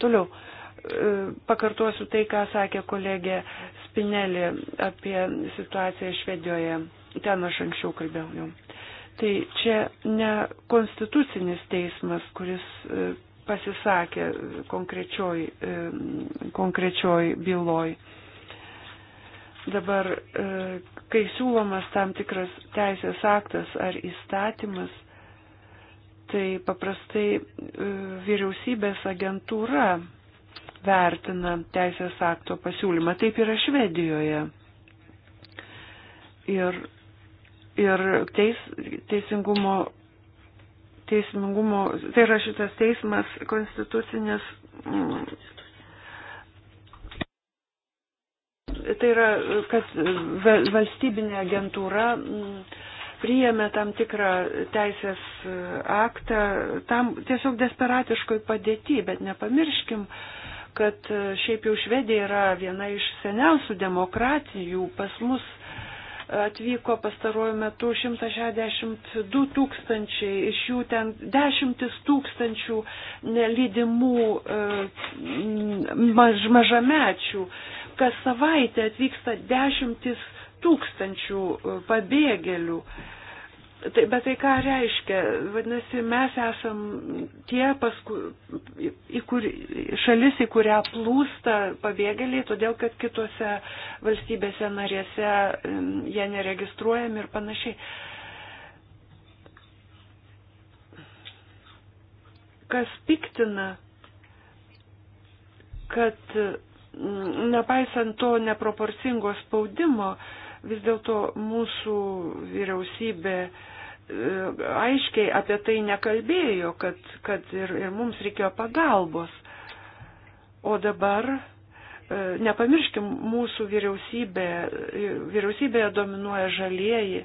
Toliau, E, pakartosiu tai, ką sakė kolegė Spinelė apie situaciją Švedijoje. Ten aš anksčiau kalbėjau jau. Tai čia ne konstitucinis teismas, kuris e, pasisakė konkrečioj, e, konkrečioj byloj. Dabar, kai siūlomas tam tikras teisės aktas ar įstatymas, tai paprastai vyriausybės agentūra vertina teisės akto pasiūlymą. Taip yra Švedijoje. Ir, ir teis, teisingumo, teisingumo, tai yra šitas teismas konstitucinės. Mm, tai yra, kad valstybinė agentūra mm, priėmė tam tikrą teisės aktą, tam tiesiog desperatiškoj padėti, bet nepamirškim, kad e, šiaip jau Švedija yra viena iš seniausių demokratijų. Pas mus atvyko pastaruoju metu 162 tūkstančiai, iš jų ten dešimtis tūkstančių nelydimų e, maž, mažamečių. Kas savaitę atvyksta dešimtis tūkstančių e, pabėgėlių. Tai, bet tai ką reiškia? Vadinasi, mes esam tie, pasku, į kur, šalis, į kurią plūsta pabėgėliai, todėl kad kitose valstybėse narėse jie neregistruojami ir panašiai. Kas piktina, kad mm, nepaisant to neproporcingo spaudimo, vis dėlto mūsų vyriausybė uh, aiškiai apie tai nekalbėjo, kad, kad ir, ir mums reikėjo pagalbos. O dabar e, nepamirškim, mūsų vyriausybė, e, vyriausybėje dominuoja žalieji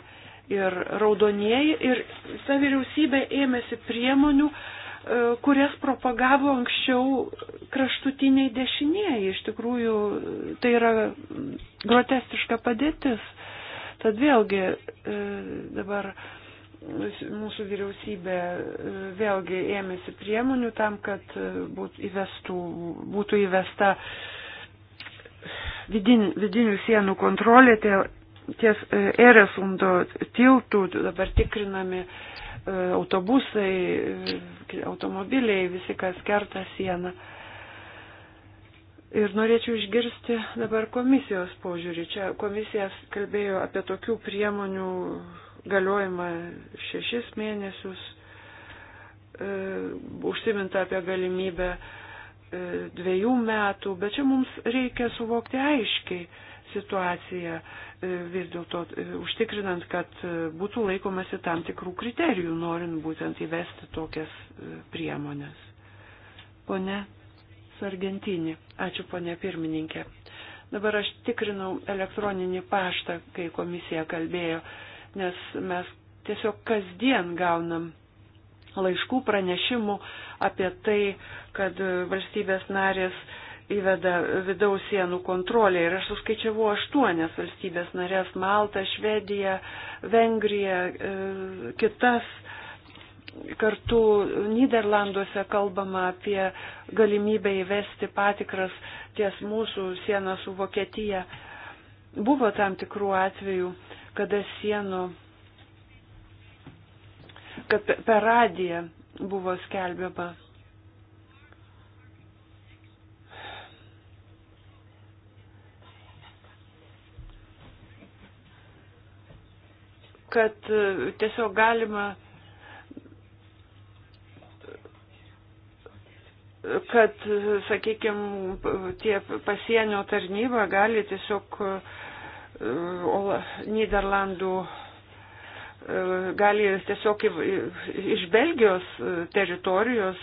ir raudonieji ir ta vyriausybė ėmėsi priemonių, e, kurias propagavo anksčiau kraštutiniai dešinieji. Iš tikrųjų, tai yra grotestiška padėtis. Tad vėlgi dabar mūsų vyriausybė e, vėlgi ėmėsi priemonių tam, kad e, būtų, įvestų, būtų įvesta vidin, vidinių sienų kontrolė ties e, Eresundo tiltų, dabar tikrinami autobusai, automobiliai, visi, kas kerta sieną. Ir norėčiau išgirsti dabar komisijos požiūrį. Čia komisija kalbėjo apie tokių priemonių galiojimą šešis mėnesius, e, užsiminta apie galimybę e, dviejų metų, bet čia mums reikia suvokti aiškiai situaciją e, vis dėlto e, užtikrinant, kad e, būtų laikomasi tam tikrų kriterijų, norint būtent įvesti tokias priemonės. Pone Sargentinį, ačiū pone pirmininkė. Dabar aš tikrinau elektroninį paštą, kai komisija kalbėjo nes mes tiesiog kasdien gaunam laiškų pranešimų apie tai, kad valstybės narės įveda vidaus sienų kontrolę ir aš suskaičiavau aštuonias valstybės narės - Maltą, Švediją, Vengriją, e, kitas. Kartu Niderlanduose kalbama apie galimybę įvesti patikras ties mūsų sieną su Vokietija. Buvo tam tikrų atvejų, kada sienų, kad per radiją buvo skelbiama. kad e, tiesiog galima kad, e, sakykime, tie pasienio tarnyba gali tiesiog uh, Niderlandų gali tiesiog iš Belgijos teritorijos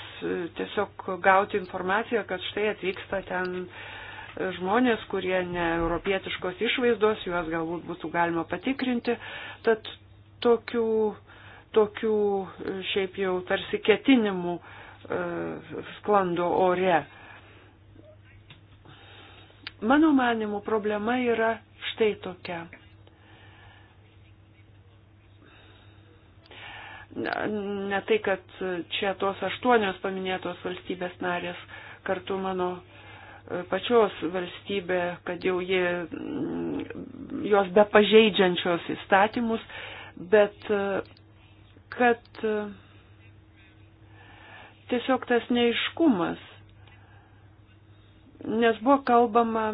tiesiog gauti informaciją, kad štai atvyksta ten žmonės, kurie ne europietiškos išvaizdos, juos galbūt būtų galima patikrinti. Tad tokių, tokių šiaip jau tarsi ketinimų sklando ore. Mano manimų problema yra štai tokia. Ne tai, kad čia tos aštuonios paminėtos valstybės narės, kartu mano e, pačios valstybė, kad jau jie, mm, jos be pažeidžiančios įstatymus, bet e, kad e, tiesiog tas neiškumas, nes buvo kalbama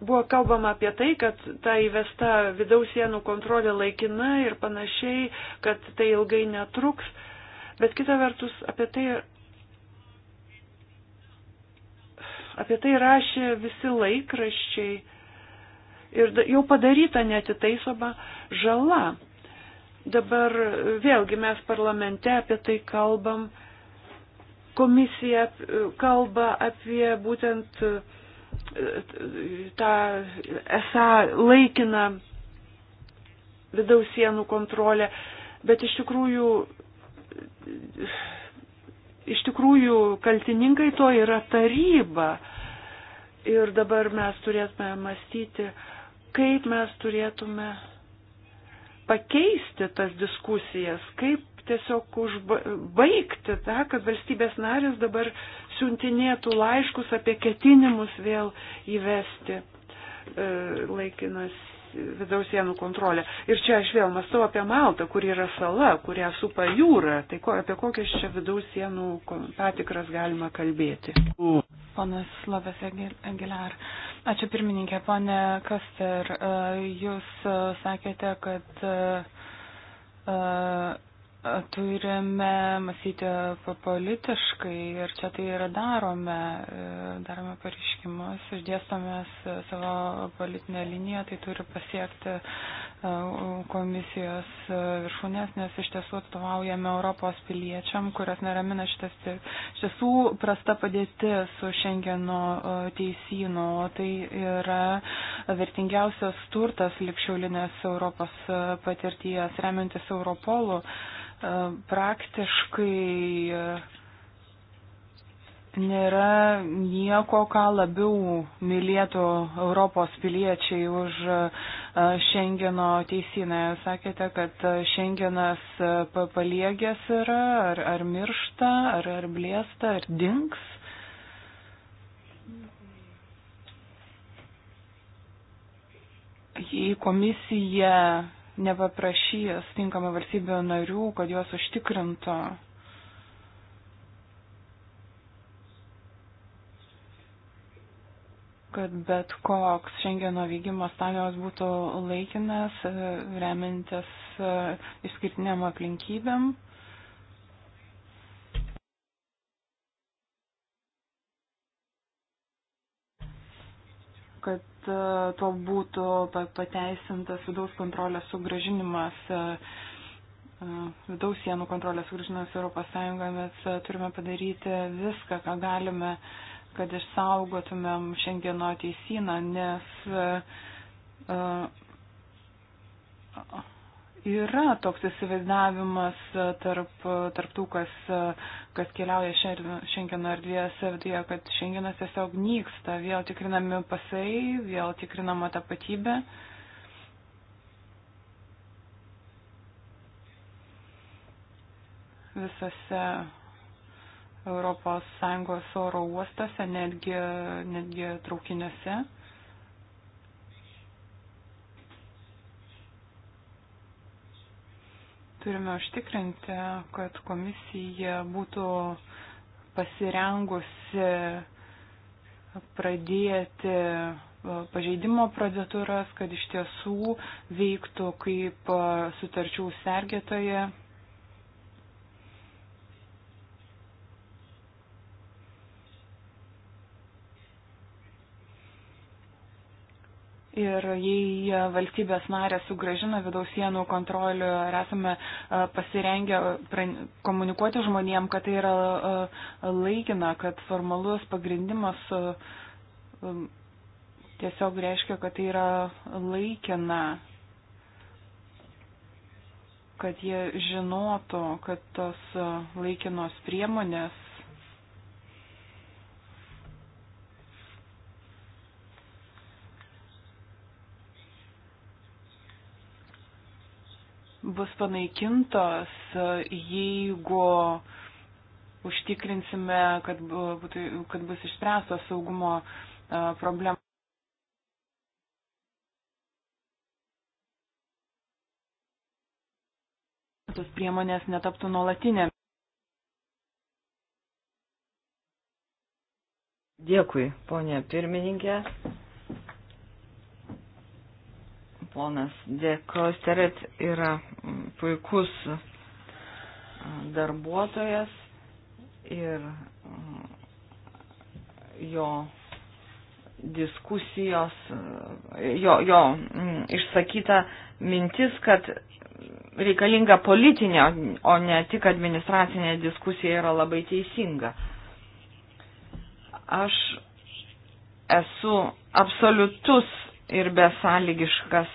buvo kalbama apie tai, kad ta įvesta vidaus sienų kontrolė laikina ir panašiai, kad tai ilgai netruks. Bet kita vertus, apie tai, apie tai rašė visi laikraščiai ir jau padaryta netitaisoma žala. Dabar vėlgi mes parlamente apie tai kalbam, komisija kalba apie būtent uh, tą esą laikiną vidaus sienų kontrolę, bet iš tikrųjų, iš tikrųjų kaltininkai to yra taryba. Ir dabar mes turėtume mąstyti, kaip mes turėtume pakeisti tas diskusijas, kaip tiesiog užbaigti tą, kad valstybės narės dabar siuntinėtų laiškus apie ketinimus vėl įvesti e, laikinas vidaus sienų kontrolę. Ir čia aš vėl mastau apie Maltą, kur yra sala, kurią supa jūra. Tai ko, apie kokias čia vidaus sienų patikras galima kalbėti? Ponas Labas Aguilar. Ačiū pirmininkė, ponė Kaster. E, jūs e, sakėte, kad turime mąstyti politiškai ir čia tai yra darome, e, darome pareiškimus, išdėstome savo politinę liniją, tai turi pasiekti e, komisijos viršūnės, nes iš tiesų atstovaujame Europos piliečiam, kurios neramina šitas iš tiesų prasta padėtis su Šengeno e, teisynu, o tai yra vertingiausias turtas likščiaulinės Europos patirties, remiantis Europolu. Uh, praktiškai e, nėra nieko, ką labiau mylėtų Europos piliečiai už Šengeno e, teisiną. Sakėte, kad Šengenas e, paliegęs yra, ar, ar miršta, ar, ar blėsta, ar dinks. Jei komisija nepaprašys tinkamą valstybių narių, kad juos užtikrintų. kad bet koks šengeno vykimo stadijos būtų laikinas, e, remintis e, išskirtiniam aplinkybėm. kad E, tuo būtų pateisintas vidaus kontrolės sugražinimas, e, e, vidaus sienų kontrolės sugražinimas Europos Sąjungoje, mes turime padaryti viską, ką galime, kad išsaugotumėm šiandieno teisyną, nes yra toks įsivaizdavimas e, tarp, e, tarp tų, kas, e, kas keliauja Šengeno erdvės erdvėje, kad Šengenas tiesiog nyksta, vėl tikrinami pasai, vėl tikrinama tapatybė. Visose ES oro uostose, netgi, netgi traukiniuose. Turime užtikrinti, kad komisija būtų pasirengusi pradėti e, pažeidimo procedūras, kad iš tiesų veiktų kaip e, sutarčių sergėtoje Ir jei valstybės narė sugražina vidaus sienų kontrolę ir esame e, pasirengę komunikuoti žmonėm, kad tai yra e, laikina, kad formalus pagrindimas e, tiesiog reiškia, kad tai yra laikina, kad jie žinotų, kad tos laikinos priemonės bus panaikintos, jeigu užtikrinsime, kad, būtų, kad bus išspręstos saugumo problemos. tos priemonės netaptų nuolatinė. Dėkui, ponė pirmininkė. Ponas Dekosteret yra puikus darbuotojas ir jo diskusijos, jo, jo išsakyta mintis, kad reikalinga politinė, o ne tik administracinė diskusija yra labai teisinga. Aš esu absoliutus ir besąlygiškas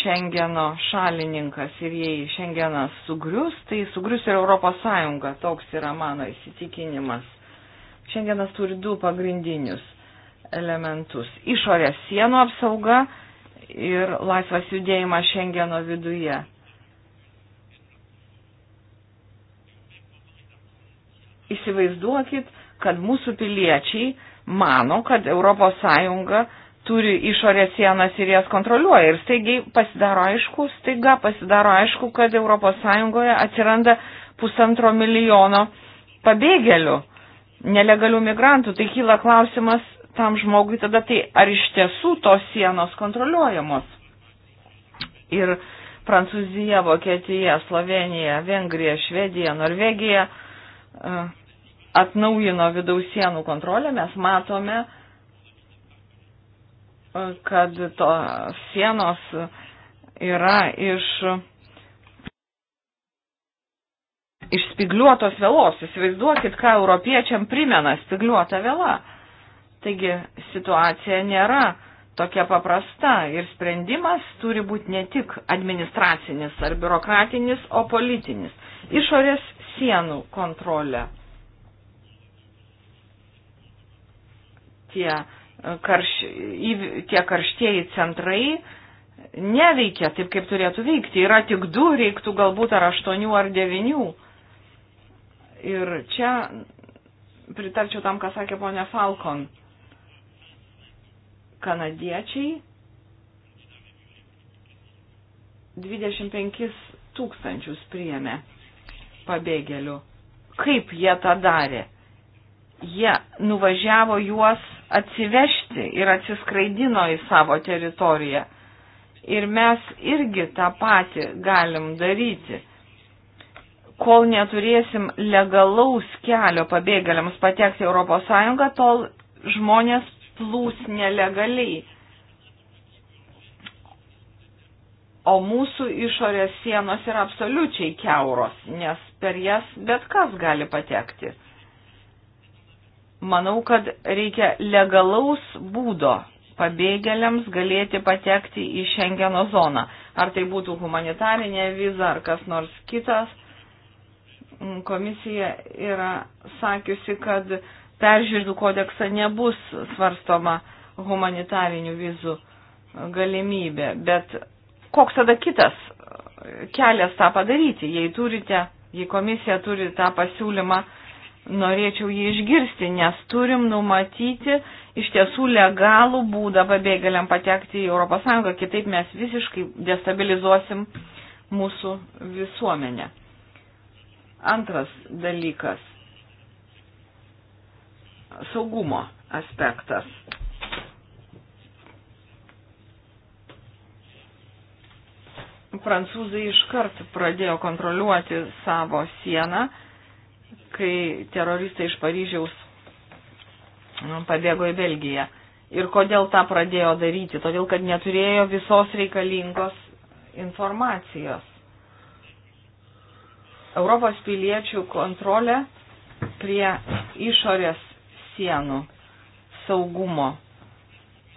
Šengeno šalininkas ir jei Šengenas sugrius, tai sugrius ir Europos Sąjunga, toks yra mano įsitikinimas. Šengenas turi du pagrindinius elementus - išorės sienų apsauga ir laisvas judėjimas Šengeno viduje. Įsivaizduokit, kad mūsų piliečiai mano, kad Europos Sąjunga turi išorės sienas ir jas kontroliuoja. Ir staigiai pasidaro aišku, staiga pasidaro aišku, kad ES atsiranda pusantro milijono pabėgėlių, nelegalių migrantų. Tai kyla klausimas tam žmogui tada, tai ar iš tiesų tos sienos kontroliuojamos. Ir Prancūzija, Vokietija, Slovenija, Vengrija, Švedija, Norvegija e, atnaujino vidaus sienų kontrolę, mes matome, kad to sienos yra iš, iš spigliuotos vėlos. Įsivaizduokit, ką europiečiam primena spigliuota vėla. Taigi situacija nėra tokia paprasta ir sprendimas turi būti ne tik administracinis ar biurokratinis, o politinis. Išorės sienų kontrolė. Tie karš, į, tie karštieji centrai neveikia taip, kaip turėtų veikti. Yra tik du, reiktų galbūt ar aštuonių, ar devinių. Ir čia pritarčiau tam, ką sakė ponė Falkon. Kanadiečiai 25 tūkstančius priėmė pabėgėlių. Kaip jie tą darė? Jie nuvažiavo juos atsivežti ir atsiskraidino į savo teritoriją. Ir mes irgi tą patį galim daryti. Kol neturėsim legalaus kelio pabėgėliams patekti ES, tol žmonės plūs nelegaliai. O mūsų išorės sienos yra absoliučiai keuros, nes per jas bet kas gali patekti. Manau, kad reikia legalaus būdo pabėgėliams galėti patekti į Šengeno zoną. Ar tai būtų humanitarinė viza ar kas nors kitas. Mm, komisija yra sakiusi, kad peržiūrų kodeksą nebus svarstoma humanitarinių vizų galimybė. Bet koks tada kitas kelias tą padaryti, jei turite, jei komisija turi tą pasiūlymą norėčiau jį išgirsti, nes turim numatyti iš tiesų legalų būdą pabėgėliam patekti į ES, kitaip mes visiškai destabilizuosim mūsų visuomenę. Antras dalykas - saugumo aspektas. Prancūzai iškart pradėjo kontroliuoti savo sieną kai teroristai iš Paryžiaus nu, pabėgo į Belgiją. Ir kodėl tą pradėjo daryti? Todėl, kad neturėjo visos reikalingos informacijos. Europos piliečių kontrolė prie išorės sienų saugumo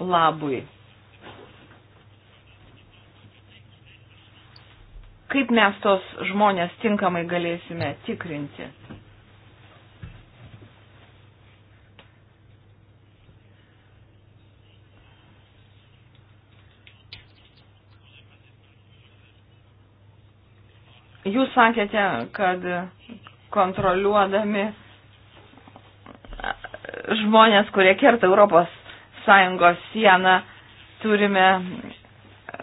labui. Kaip mes tos žmonės tinkamai galėsime tikrinti? Jūs sakėte, kad kontroliuodami žmonės, kurie kerta Europos Sąjungos sieną, turime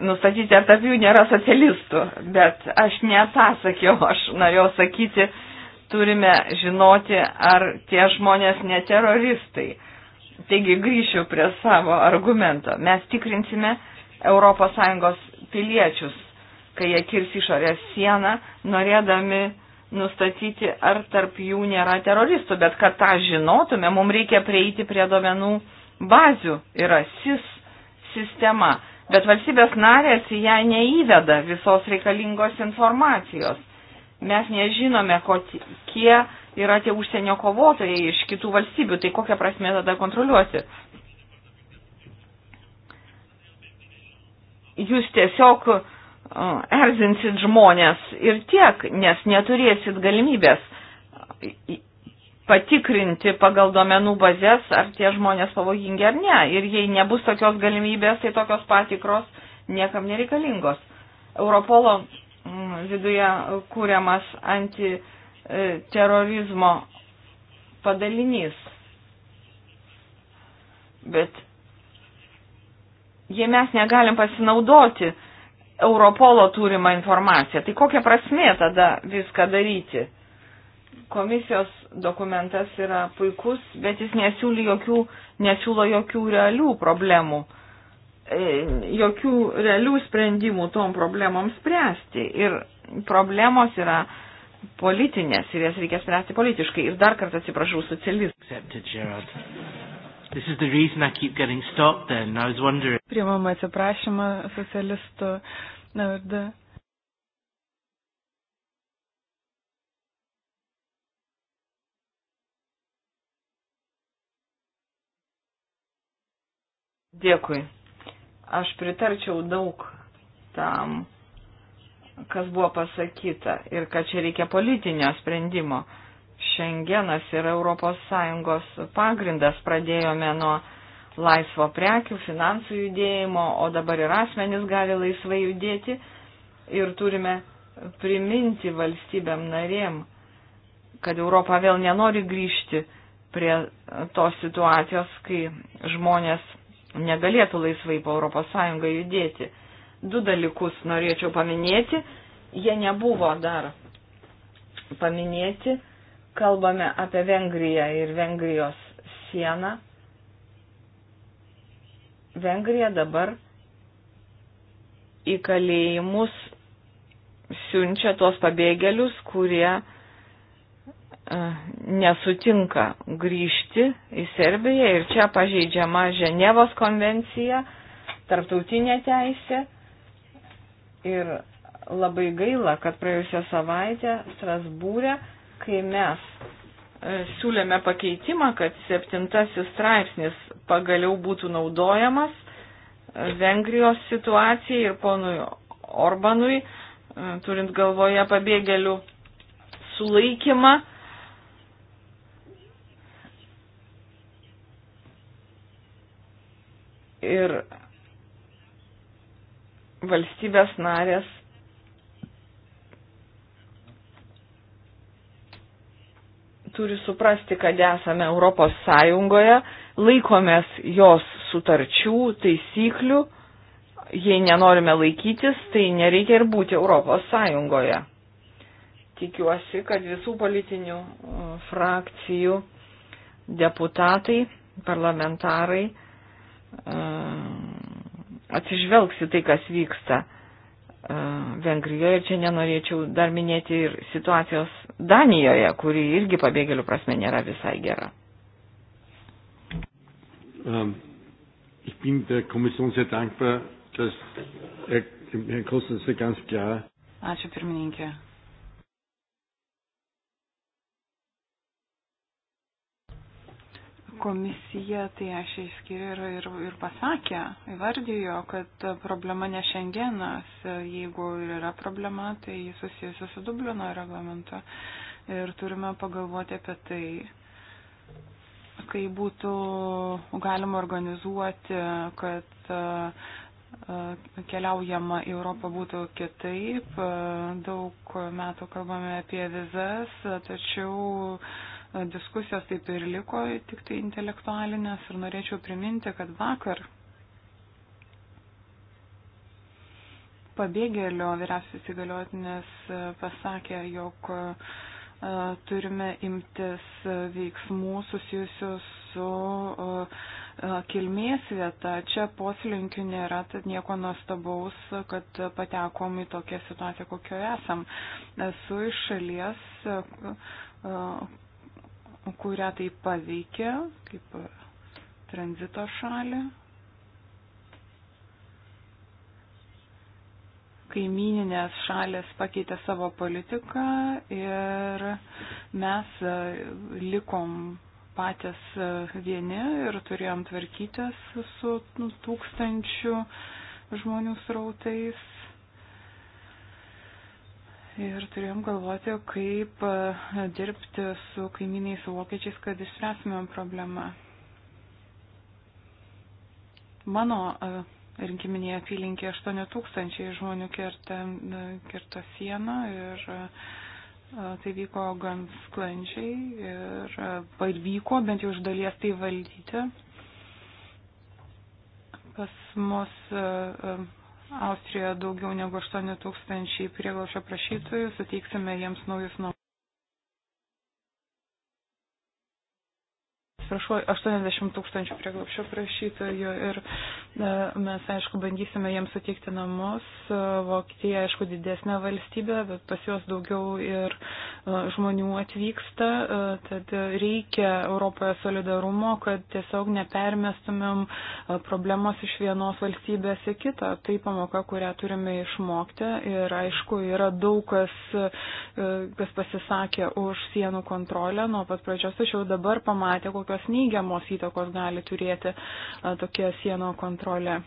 nustatyti, ar tarp jų nėra socialistų. Bet aš ne tą sakiau, aš norėjau sakyti, turime žinoti, ar tie žmonės ne teroristai. Taigi grįšiu prie savo argumento. Mes tikrinsime ES piliečius kai jie kirs išorės sieną, norėdami nustatyti, ar tarp jų nėra teroristų. Bet kad tą žinotume, mums reikia prieiti prie domenų bazių. Yra SIS sistema. Bet valstybės narės į ją neįveda visos reikalingos informacijos. Mes nežinome, kokie yra tie užsienio kovotojai iš kitų valstybių, tai kokią prasme tada kontroliuosi. Jūs tiesiog uh, erzinsit žmonės ir tiek, nes neturėsit galimybės patikrinti pagal duomenų bazės, ar tie žmonės pavojingi ar ne. Ir jei nebus tokios galimybės, tai tokios patikros niekam nereikalingos. Europolo mm, viduje kūriamas antiterorizmo padalinys. Bet jei mes negalim pasinaudoti, Europolo turimą informaciją. Tai kokia prasmė tada viską daryti? Komisijos dokumentas yra puikus, bet jis nesiūlo jokių, nesiūlo jokių realių problemų, e, jokių realių sprendimų tom problemom spręsti. Ir problemos yra politinės ir jas reikia spręsti politiškai. Ir dar kartą atsiprašau socialistų. This is the reason I keep getting stopped then. I was wondering. Priimam atsiprašymą socialistų vardu. Dėkui. Aš pritarčiau daug tam, kas buvo pasakyta ir kad čia reikia politinio sprendimo. Uh, Šengenas yra ES pagrindas. Pradėjome nuo laisvo prekių, finansų judėjimo, o dabar ir asmenys gali laisvai judėti ir turime priminti valstybėm narėm, kad Europa vėl nenori grįžti prie tos situacijos, kai žmonės negalėtų laisvai po ES judėti. Du dalykus norėčiau paminėti, jie nebuvo dar paminėti kalbame apie Vengriją ir Vengrijos sieną, Vengrija dabar į kalėjimus siunčia tuos pabėgėlius, kurie e, nesutinka grįžti į Serbiją ir čia pažeidžiama Ženevos konvencija, tarptautinė teisė. Ir labai gaila, kad praėjusią savaitę Strasbūrė e kai mes e, siūlėme pakeitimą, kad septintasis straipsnis pagaliau būtų naudojamas e, Vengrijos situacijai ir ponui Orbanui, e, turint galvoje pabėgėlių sulaikymą. Ir valstybės narės turi suprasti, kad esame Europos Sąjungoje, laikomės jos sutarčių, taisyklių. Jei nenorime laikytis, tai nereikia ir būti Europos Sąjungoje. Tikiuosi, kad visų politinių frakcijų deputatai, parlamentarai e, atsižvelgsi tai, kas vyksta e, Vengrijoje. Čia nenorėčiau dar minėti ir situacijos Danijoje, kuri irgi pabėgėlių prasme nėra visai gera. Um, ich bin der Kommission sehr dankbar, dass Herr Kostner ganz klar. Ačiū pirmininkė. Komisija tai aš įskiria ir, ir, ir pasakė, įvardijo, kad problema ne šiandienas, jeigu yra problema, tai jis susijusi su Dublino reglamento ir turime pagalvoti apie tai, kai būtų galima organizuoti, kad keliaujama į Europą būtų kitaip. Daug metų kalbame apie vizas, tačiau diskusijos taip ir liko tik tai intelektualinės ir norėčiau priminti, kad vakar pabėgėlio vyriausiasis įgaliotinės pasakė, jog e, turime imtis veiksmų susijusių su e, e, kilmės vieta. Čia poslinkių nėra, tad nieko nuostabaus, kad patekom į tokią situaciją, kokioje esam. Esu iš šalies, kurią tai paveikė kaip tranzito šalį. Kaimininės šalės pakeitė savo politiką ir mes e, likom patys e, vieni ir turėjom tvarkytis su nu, tūkstančių žmonių srautais Ir turėjom galvoti, kaip e, dirbti su kaiminiais vokiečiais, kad išspręstumėm problemą. Mano e, rinkiminėje apylinkė 8 tūkstančiai žmonių kerta, e, kerta sieną ir tai vyko gan sklandžiai ir pavyko bent jau iš dalies tai valdyti. Pas mus Austrijoje daugiau negu 8 tūkstančiai prieglaušio prašytojų, suteiksime jiems naujus namus. atsiprašau, 80 tūkstančių prieglapšio prašytojų ir e, mes, aišku, bandysime jiems suteikti namus. E, Vokietija, aišku, didesnė valstybė, bet pas juos daugiau ir e, žmonių atvyksta, tad reikia Europoje solidarumo, kad tiesiog nepermestumėm problemos iš vienos valstybės į kitą. Tai pamoka, kurią turime išmokti ir, aišku, yra daug kas, kas pasisakė už sienų kontrolę nuo pat pradžios, tačiau dabar pamatė, kokios kokios neigiamos įtakos gali turėti tokia sieno kontrolė.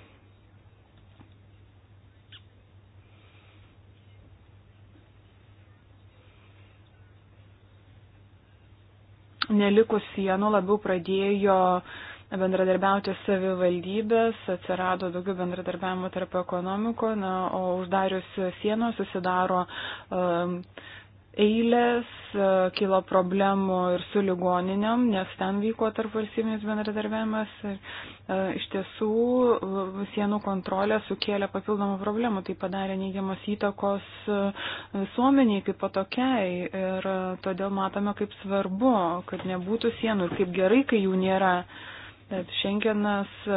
Nelikus sienų labiau pradėjo bendradarbiauti savivaldybės, atsirado daugiau bendradarbiavimo tarp ekonomikų, na, o uždarius sieną susidaro um, uh, eilės, e, kilo problemų ir su ligoniniam, nes ten vyko tarp valstybinis bendradarbiavimas. E, iš tiesų, sienų kontrolė sukėlė papildomų problemų, tai padarė neigiamas įtakos e, visuomeniai kaip patokiai. Ir todėl matome, kaip svarbu, kad nebūtų sienų ir kaip gerai, kai jų nėra. Uh, Šengenas e,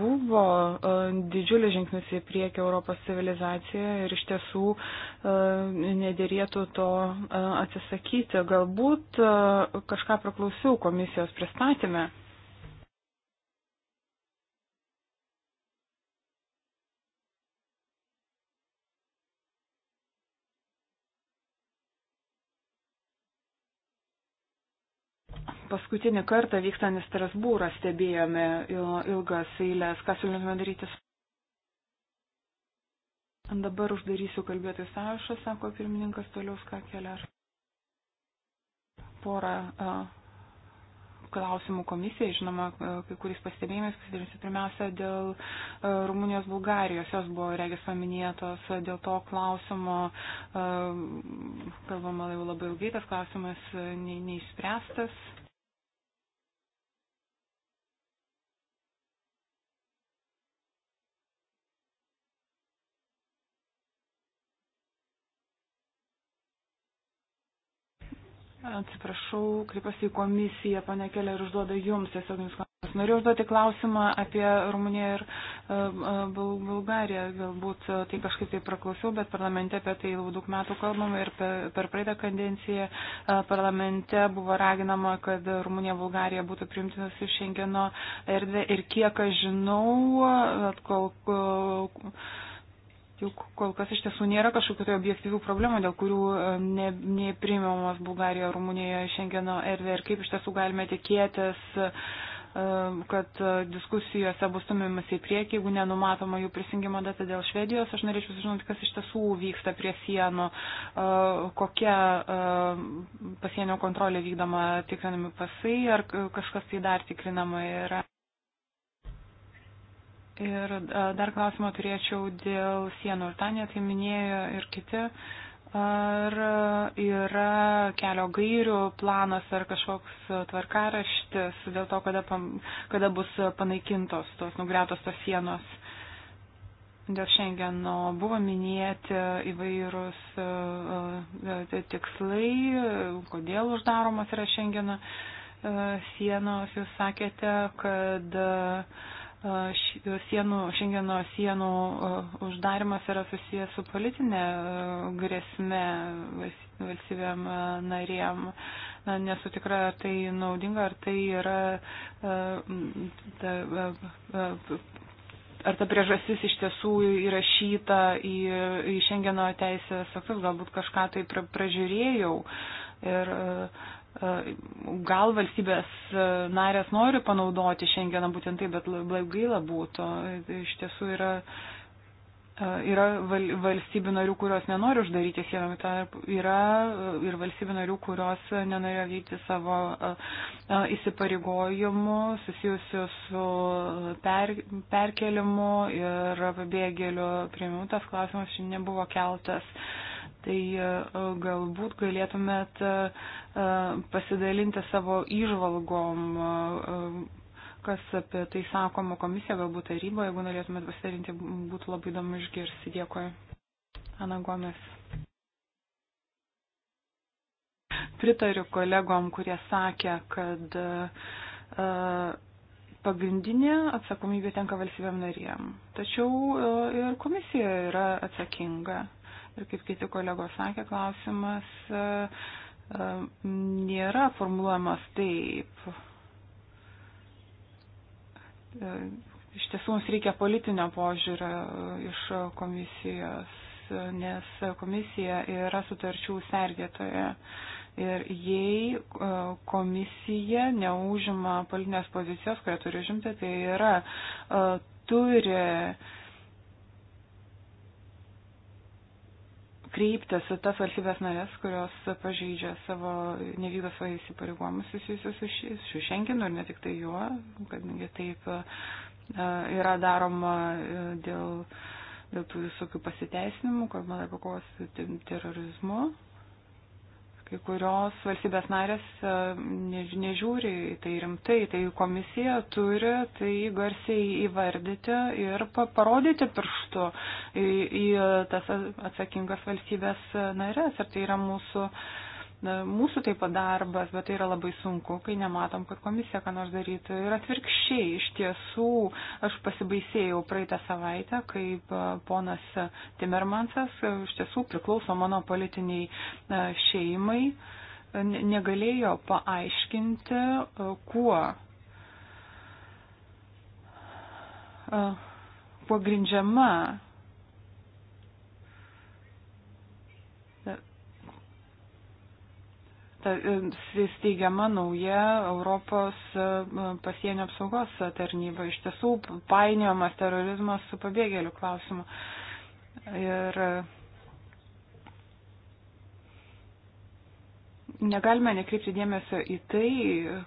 buvo e, didžiulis žingsnis į priekį Europos civilizaciją ir iš tiesų e, nedėrėtų to atsisakyti. Galbūt kažką praklausiau komisijos pristatymę. Paskutinį kartą vykstant į Strasbūrą stebėjome ilgas eilės, ką siūlėme daryti. Dabar uždarysiu kalbėtojų sąrašą, sako pirmininkas toliau skakeler. Porą a, klausimų komisijai, žinoma, kai kuris pastebėjimas, pasidarysiu pirmiausia dėl Rumunijos, Bulgarijos, jos buvo regis paminėtos, dėl to klausimo, kalbama jau labai ilgai, tas klausimas neišspręstas. Atsiprašau, kreipiuosi į komisiją, pane Kelė, ir užduoda jums tiesioginis klausimas. Norėjau užduoti klausimą apie Rumuniją ir e, e, Bul Bulgariją. Galbūt e, tai kažkaip tai praklausiau, bet parlamente apie tai jau daug metų kalbama ir per, per praeitą kadenciją parlamente buvo raginama, kad Rumunija ir Bulgarija būtų priimtinos iš Šengeno erdvė. Ir kiek aš žinau, kol. kol Juk kol kas iš tiesų nėra kažkokių tai objektyvių problemų, dėl kurių e, ne, nepriimamas Bulgarija, Rumunija, Šengeno erdvė ir kaip iš tiesų galime tikėtis, e, kad diskusijose bus stumiamas į priekį, jeigu nenumatoma jų prisijungimo data dėl Švedijos. Aš norėčiau sužinoti, kas iš tiesų vyksta prie sienų, e, kokia pasienio kontrolė vykdoma tikrinami pasai, ar kažkas tai dar tikrinama yra. Ir e, dar klausimą turėčiau dėl sienų. Ir Tanė tai minėjo ir kiti. Ar e, yra kelio gairių planas ar kažkoks tvarkaraštis dėl to, kada, kada bus panaikintos tos nugriautos tos sienos? Dėl šiandieno buvo minėti įvairūs e, tikslai, kodėl uždaromas yra šiandieno sienos. Jūs sakėte, kad uh, sienų, šengeno sienų uždarimas yra susijęs su politinė grėsme valstybėm narėm. Na, nesu tikra, ar tai naudinga, ar tai yra. Ta, Ar ta priežastis iš tiesų įrašyta į, į Šengeno teisės aktus, galbūt kažką tai pražiūrėjau. Ir uh, gal valstybės e, narės nori panaudoti šiandieną būtent taip, bet labai gaila būtų. E, iš tiesų yra, e, yra val, valstybių narių, kurios nenori uždaryti sienų, yra ir valstybių narių, kurios nenorėjo vykti savo įsipareigojimų susijusių su per, perkelimu ir pabėgėlių prieimimu. Tas klausimas šiandien buvo keltas. Uh, tai e, galbūt galėtumėt e, pasidalinti savo įžvalgom, e, kas apie tai sakoma komisija, galbūt taryba, jeigu norėtumėt pasidalinti, būtų labai įdomu išgirsti. Dėkui. Ana Gomes. Pritariu kolegom, kurie sakė, kad pagrindinė atsakomybė tenka valstybėm narėm. Tačiau ir komisija yra atsakinga. Ir kaip kiti kolegos sakė, klausimas e, e, nėra formuluojamas taip. E, iš tiesų mums reikia politinio požiūrio iš komisijos, nes komisija yra sutarčių sergėtoje. Ir jei komisija neužima politinės pozicijos, kurią turi žimti, tai yra turi kreiptis į tas valstybės narės, kurios pažeidžia savo nevykdo savo įsipareigomus susijusius su, ši, su Šenginu ir ne tik tai juo, kadangi taip e, yra daroma e, dėl, dėl tų visokių pasiteisinimų, kalbant apie kovos su terorizmu kai kurios valstybės narės e, nežiūri tai rimtai, tai komisija turi tai garsiai įvardyti ir parodyti pirštu į, į tas atsakingas valstybės narės. Ir tai yra mūsų uh, na, mūsų taip pat darbas, bet tai yra labai sunku, kai nematom, kad komisija ką nors darytų. Ir atvirkščiai, iš tiesų, aš pasibaisėjau praeitą savaitę, kaip ponas Timermansas iš tiesų priklauso mano politiniai šeimai, negalėjo paaiškinti, kuo. Kuo grindžiama E, steigiama nauja Europos e, pasienio apsaugos tarnyba. Iš tiesų painiojamas terorizmas su pabėgėlių klausimu. Ir negalime nekreipti dėmesio į tai,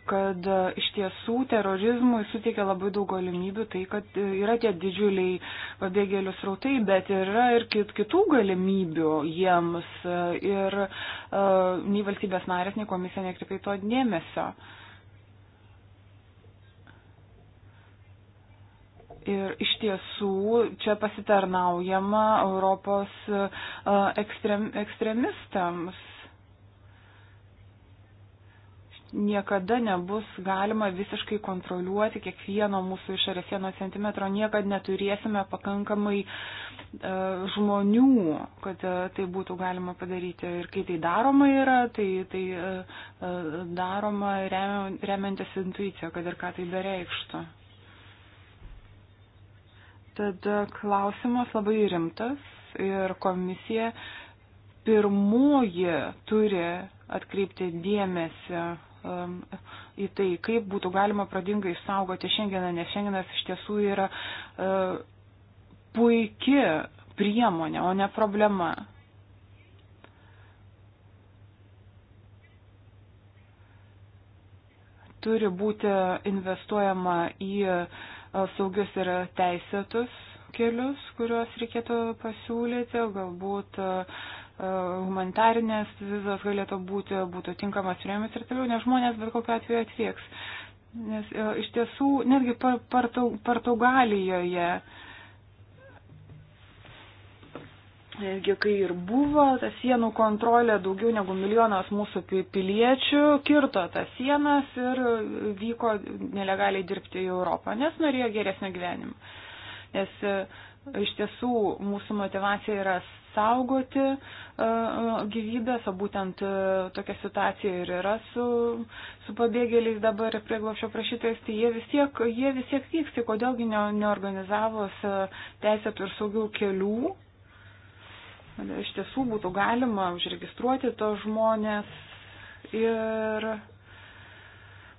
kad iš tiesų terorizmui suteikia labai daug galimybių, tai kad yra tie didžiuliai pabėgėlių srautai, bet yra ir kit, kitų galimybių jiems ir uh, nei valstybės narės, nei komisija nekreipia į to dėmesio. ir iš tiesų čia pasitarnaujama Europos e, ekstrem, ekstremistams niekada nebus galima visiškai kontroliuoti kiekvieno mūsų išorės sienos centimetro, niekada neturėsime pakankamai e, žmonių, kad e, tai būtų galima padaryti. Ir kai tai daroma yra, tai, tai e, e daroma remiantis intuiciją, kad ir ką tai bereikštų. Tad e, klausimas labai rimtas ir komisija pirmoji turi atkreipti dėmesį Um, į tai, kaip būtų galima pradingai saugoti šiandieną, nes šiandienas iš tiesų yra uh, puikia priemonė, o ne problema. Turi būti investuojama į uh, saugius ir teisėtus kelius, kuriuos reikėtų pasiūlyti, galbūt uh, E, humanitarinės vizos galėtų būti, būtų tinkamas priemis ir toliau, nes žmonės bet kokiu atveju atvyks. Nes e, iš tiesų, netgi Portugalijoje, netgi kai ir buvo ta sienų kontrolė, daugiau negu milijonas mūsų piliečių kirto tas sienas ir vyko nelegaliai dirbti į Europą, nes norėjo geresnio gyvenimo. Nes uh, Iš tiesų, mūsų motivacija yra saugoti e, gyvybės, o būtent e, tokia situacija ir yra su, su pabėgėliais dabar ir prieglopšio prašytojais, tai jie vis tiek, jie vis tiek vyks, tai kodėlgi ne, neorganizavos e, teisėtų ir saugių kelių. Iš tiesų būtų galima užregistruoti tos žmonės ir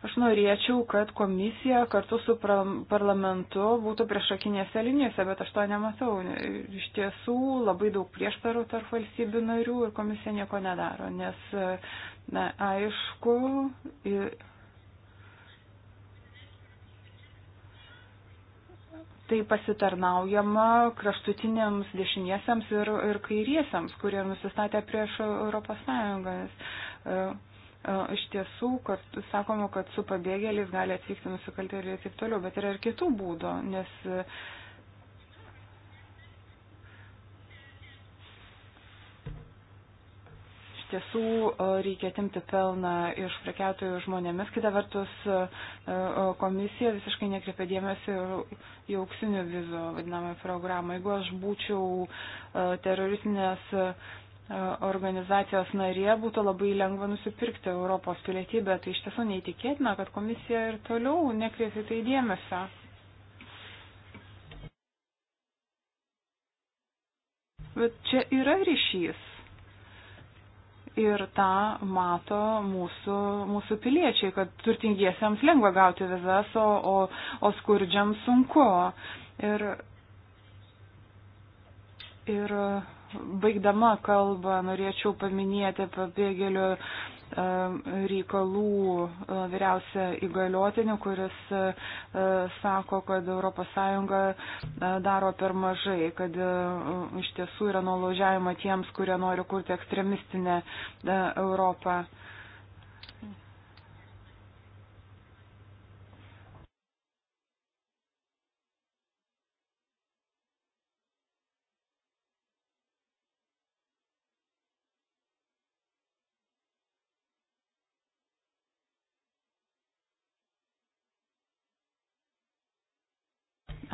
Aš norėčiau, kad komisija kartu su parlamentu būtų priešakinėse linijose, bet aš to nematau. Iš tiesų labai daug prieštarų tarp valstybių narių ir komisija nieko nedaro, nes na, aišku. Tai pasitarnaujama kraštutiniams dešiniesiams ir, ir kairiesiams, kurie nusistatė prieš Europos Sąjungą. Nes, e, E, iš tiesų, kad sakoma, kad su pabėgėliais gali atvykti nusikaltėliai ir taip toliau, bet yra ir kitų būdų, nes iš tiesų e, reikia atimti pelną iš prekiautojų žmonėmis. Kita vertus, e, komisija visiškai nekreipia dėmesio į auksinių vizų vadinamą programą. Jeigu aš būčiau teroristinės organizacijos narė būtų labai lengva nusipirkti Europos pilietybę. Tai iš tiesų neįtikėtina, kad komisija ir toliau nekreipia tai dėmesio. Bet čia yra ryšys. Ir tą mato mūsų, mūsų piliečiai, kad turtingiesiams lengva gauti vizas, o, o, o skurdžiams sunku. Ir, ir baigdama kalbą norėčiau paminėti pabėgėlių e, reikalų e, vyriausią įgaliotinį, kuris e, sako, kad ES daro per mažai, kad iš tiesų yra nuolaužiavima tiems, kurie nori kurti ekstremistinę Europą.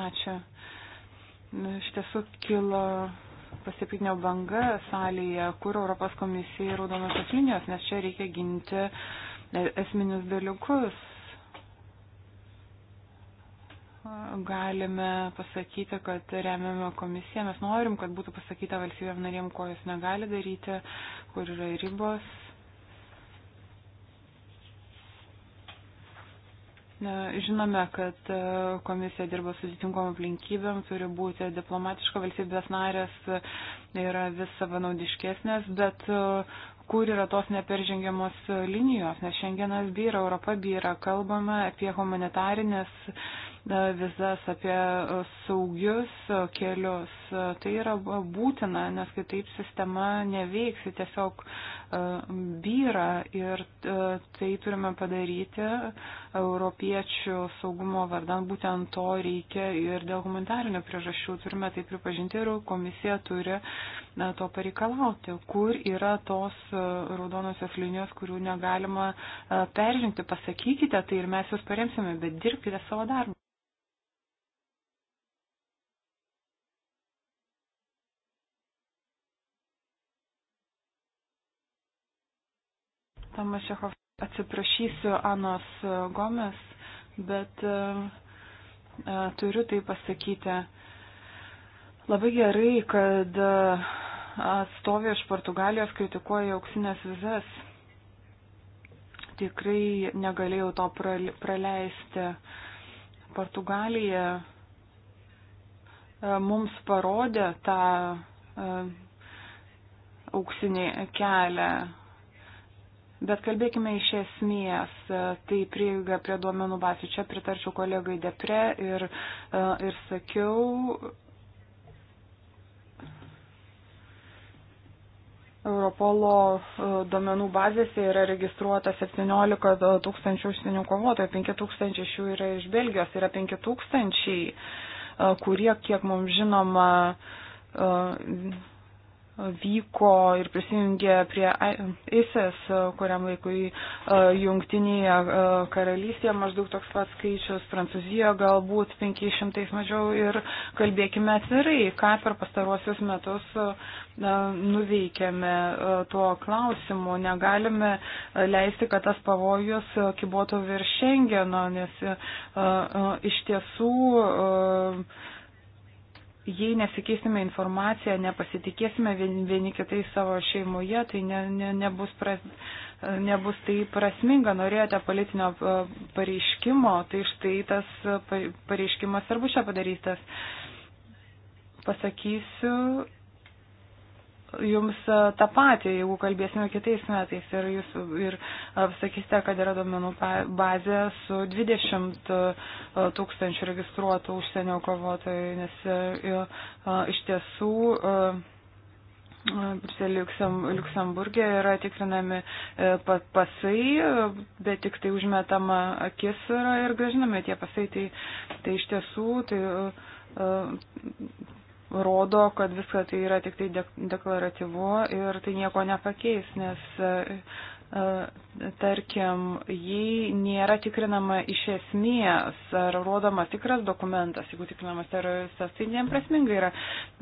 Ačiū. Iš tiesų kilo pasipiknio banga salėje, kur Europos komisija ir raudonosios linijos, nes čia reikia ginti e, esminius dalykus. Galime pasakyti, kad remiame komisiją, mes norim, kad būtų pasakyta valstybėm narėm, ko jos negali daryti, kur yra ribos Žinome, kad e, komisija dirba sudėtingom aplinkybėm, turi būti diplomatiška valstybės narės, e, yra vis savanaudiškesnės, bet e, kur yra tos neperžengiamos linijos, nes šiandienas byra, Europa byra, kalbame apie humanitarinės vizas, apie saugius kelius. Tai yra būtina, nes kitaip sistema neveiks, tiesiog E, byra ir e, tai turime padaryti europiečių saugumo vardan, būtent to reikia ir dėl humanitarinių priežasčių turime tai pripažinti ir komisija turi to pareikalauti, kur yra tos e, raudonosios linijos, kurių negalima peržengti, pasakykite tai ir mes jūs paremsime, bet dirbkite savo darbą. Tomašekov, atsiprašysiu Anos Gomes, bet e, e, turiu tai pasakyti. Labai gerai, kad e, atstovė iš Portugalijos kritikuoja auksinės vizas. Tikrai negalėjau to praleisti. Portugalija mums parodė tą auksinį kelią Bet kalbėkime iš esmės, tai prieiga prie duomenų bazių. Čia pritarčiau kolegai Depre ir, e, ir sakiau, Europolo e, domenų bazėse yra registruota 17 tūkstančių užsienio kovotojų, 5 tūkstančiai iš jų yra iš Belgijos, yra 5 tūkstančiai, e, kurie, kiek mums žinoma, vyko ir prisijungė prie ISIS, kuriam laikui e, jungtinėje e, karalystėje maždaug toks pat skaičius, Prancūzijoje galbūt 500 mažiau ir kalbėkime atvirai, ką per pastaruosius metus e, nuveikėme tuo klausimu. Negalime leisti, kad tas pavojus kibotų virš Šengeno, nes iš tiesų jei nesikeisime informaciją, nepasitikėsime vieni, vieni kitai savo šeimoje, tai ne, ne, nebus, pras, nebus tai prasminga. Norėjote politinio e, pareiškimo, tai štai tas e, pareiškimas ir bus čia padarytas. Pasakysiu jums e, tą patį, jeigu kalbėsime kitais metais ir jūs ir e, sakysite, kad yra domenų bazė su 20 e, tūkstančių registruotų užsienio kovotojų, nes iš tiesų Liuksemburgė yra tikrinami pasai, bet tik tai užmetama akis yra ir gražinami tie pasai. Tai, tai iš tiesų tai, rodo, kad viskas tai yra tik tai deklaratyvu ir tai nieko nepakeis, nes e, e, tarkim, jei nėra tikrinama iš esmės ar rodomas tikras dokumentas, jeigu tikrinamas teroristas, tai neprasminga yra,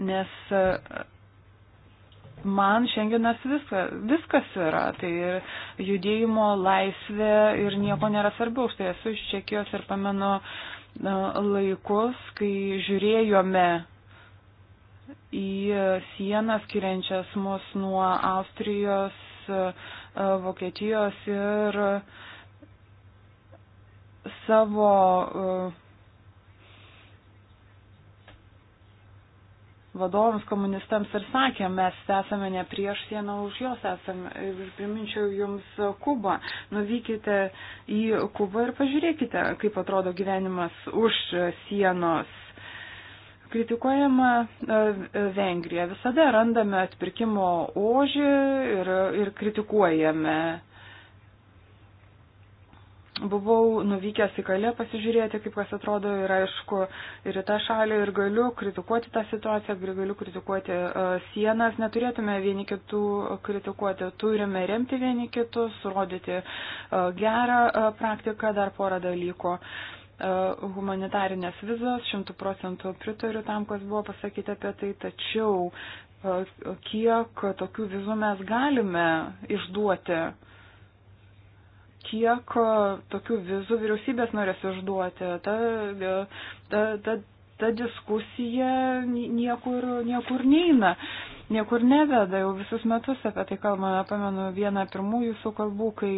nes e, man šiandienas viskas, viskas yra. Tai ir judėjimo laisvė ir nieko nėra svarbiau. Štai esu iš Čekijos ir pamenu laikus, kai žiūrėjome į sieną skiriančias mus nuo Austrijos, e, Vokietijos ir savo e, vadovams, komunistams ir sakė, mes esame ne prieš sieną, už jos esame. Ir priminčiau jums Kubą. Nuvykite į Kubą ir pažiūrėkite, kaip atrodo gyvenimas už sienos kritikuojama e, e, Vengrija, visada randame atpirkimo ožį ir, ir kritikuojame. Buvau nuvykęs į kalę pasižiūrėti, kaip kas atrodo ir aišku, ir į tą šalį ir galiu kritikuoti tą situaciją, galiu kritikuoti e, sienas, neturėtume vieni kitų kritikuoti, turime remti vieni kitus, rodyti gerą praktiką, dar porą dalykų. Uh, E, humanitarinės vizos, šimtų procentų pritariu tam, kas buvo pasakyti apie tai, tačiau e, kiek tokių vizų mes galime išduoti, kiek tokių vizų vyriausybės norės išduoti. Ta, e, ta, ta, ta diskusija niekur, niekur neina niekur neveda, jau visus metus apie tai kalbame, pamenu vieną pirmųjų jūsų kalbų, kai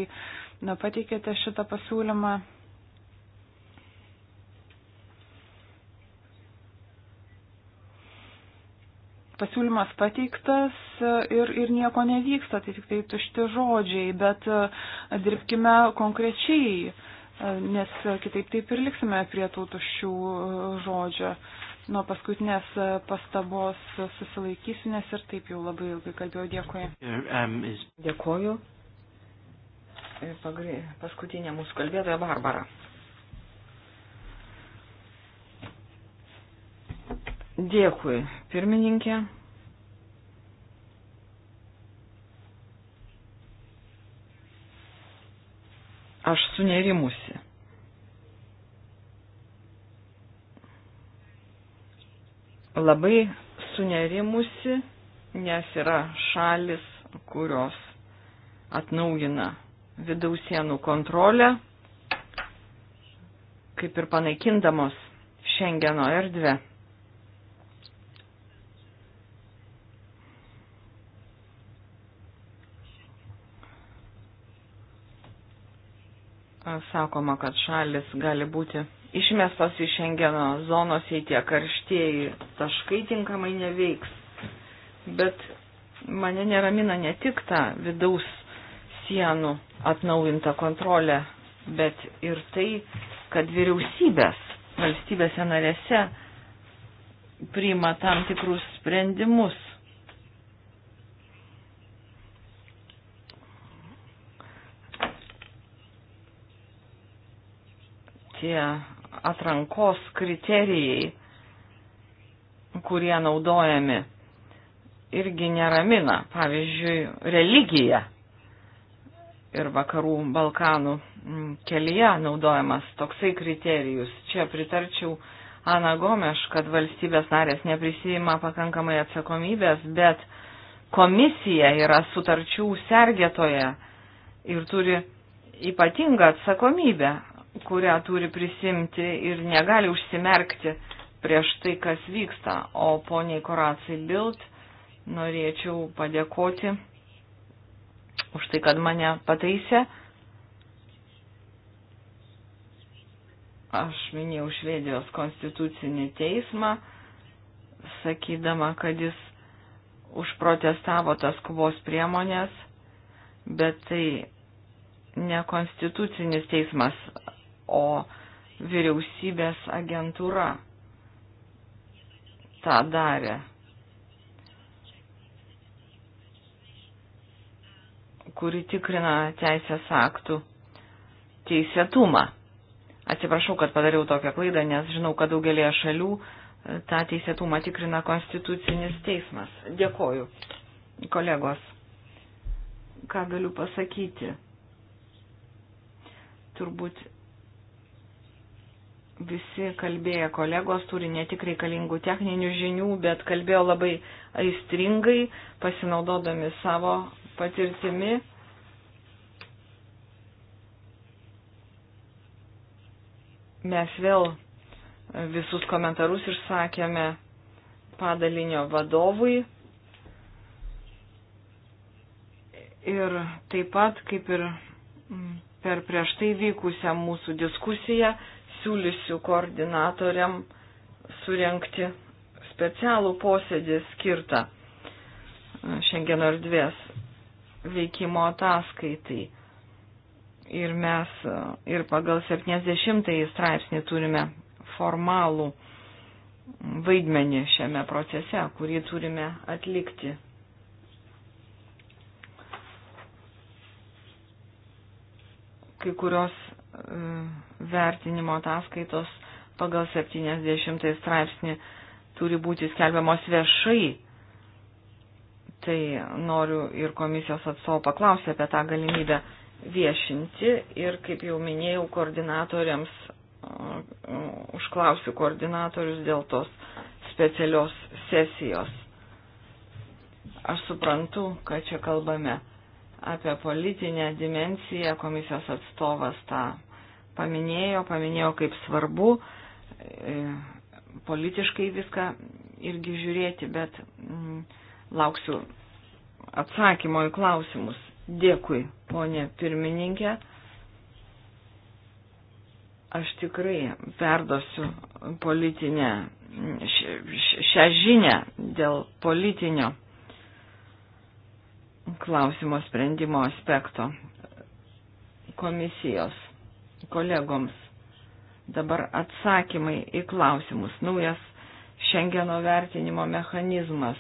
na, pateikėte šitą pasiūlymą. pasiūlymas pateiktas e, ir, ir nieko nevyksta, tai tik tai tušti žodžiai, bet e, dirbkime konkrečiai, e, nes kitaip taip ir liksime prie tų tuščių žodžių. Nuo paskutinės pastabos susilaikysiu, nes ir taip jau labai ilgai kalbėjau. Dėkui. Dėkoju. Paskutinė mūsų kalbėtoja Barbara. Dėkui, pirmininkė. Aš sunerimusi. Labai sunerimusi, nes yra šalis, kurios atnaujina vidaus sienų kontrolę, kaip ir panaikindamos Šengeno erdvę sakoma, kad šalis gali būti išmestos iš Šengeno zonos, jei tie karštieji taškai tinkamai neveiks. Bet mane neramina ne tik ta vidaus sienų atnaujinta kontrolė, bet ir tai, kad vyriausybės valstybėse narėse priima tam tikrus sprendimus tie atrankos kriterijai, kurie naudojami, irgi neramina. Pavyzdžiui, religija ir vakarų Balkanų mm, kelyje naudojamas toksai kriterijus. Čia pritarčiau Ana Gomeš, kad valstybės narės neprisima pakankamai atsakomybės, bet komisija yra sutarčių sergėtoje ir turi ypatingą atsakomybę kurią turi prisimti ir negali užsimerkti prieš tai, kas vyksta. O poniai Koracijai Bild norėčiau padėkoti už tai, kad mane pataisė. Aš minėjau Švedijos konstitucinį teismą, sakydama, kad jis užprotestavo tas kovos priemonės, bet tai nekonstitucinis teismas o vyriausybės agentūra tą darė. kuri tikrina teisės aktų teisėtumą. Atsiprašau, kad padariau tokią klaidą, nes žinau, kad daugelėje šalių e, tą teisėtumą tikrina konstitucinis teismas. Dėkoju, kolegos. Ką galiu pasakyti? Turbūt visi kalbėję kolegos turi ne tik reikalingų techninių žinių, bet kalbėjo labai aistringai, pasinaudodami savo patirtimi. Mes vėl visus komentarus išsakėme padalinio vadovui. Ir taip pat, kaip ir per prieš tai vykusią mūsų diskusiją, siūlysiu koordinatoriam surenkti specialų posėdį skirtą e, Šengeno erdvės veikimo ataskaitai. Ir mes e, ir pagal 70 straipsnį turime formalų vaidmenį šiame procese, kurį turime atlikti. Kai kurios E, vertinimo ataskaitos pagal 70 straipsnį turi būti skelbiamos viešai. Tai noriu ir komisijos atstovo paklausti apie tą galimybę viešinti ir, kaip jau minėjau, koordinatoriams e, užklausiu koordinatorius dėl tos specialios sesijos. Aš suprantu, kad čia kalbame apie politinę dimenciją, komisijos atstovas tą paminėjo, paminėjo kaip svarbu e, politiškai viską irgi žiūrėti, bet mm, lauksiu atsakymo į klausimus. Dėkui, ponė pirmininkė. Aš tikrai perdosiu politinę mm, šią žinę dėl politinio klausimo sprendimo aspekto komisijos kolegoms. Dabar atsakymai į klausimus. Naujas Šengeno vertinimo mechanizmas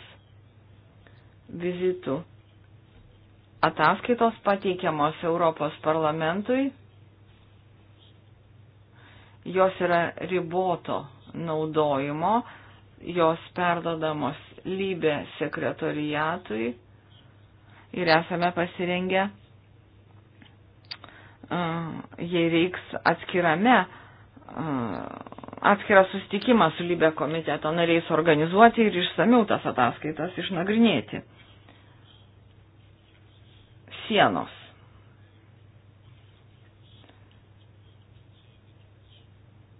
vizitų. Ataskaitos pateikiamos Europos parlamentui. Jos yra riboto naudojimo, jos perdodamos lybė sekretoriatui ir esame pasirengę jei reiks atskirame, atskirą susitikimą su Libė komiteto nariais organizuoti ir išsamiau tas ataskaitas išnagrinėti. Sienos.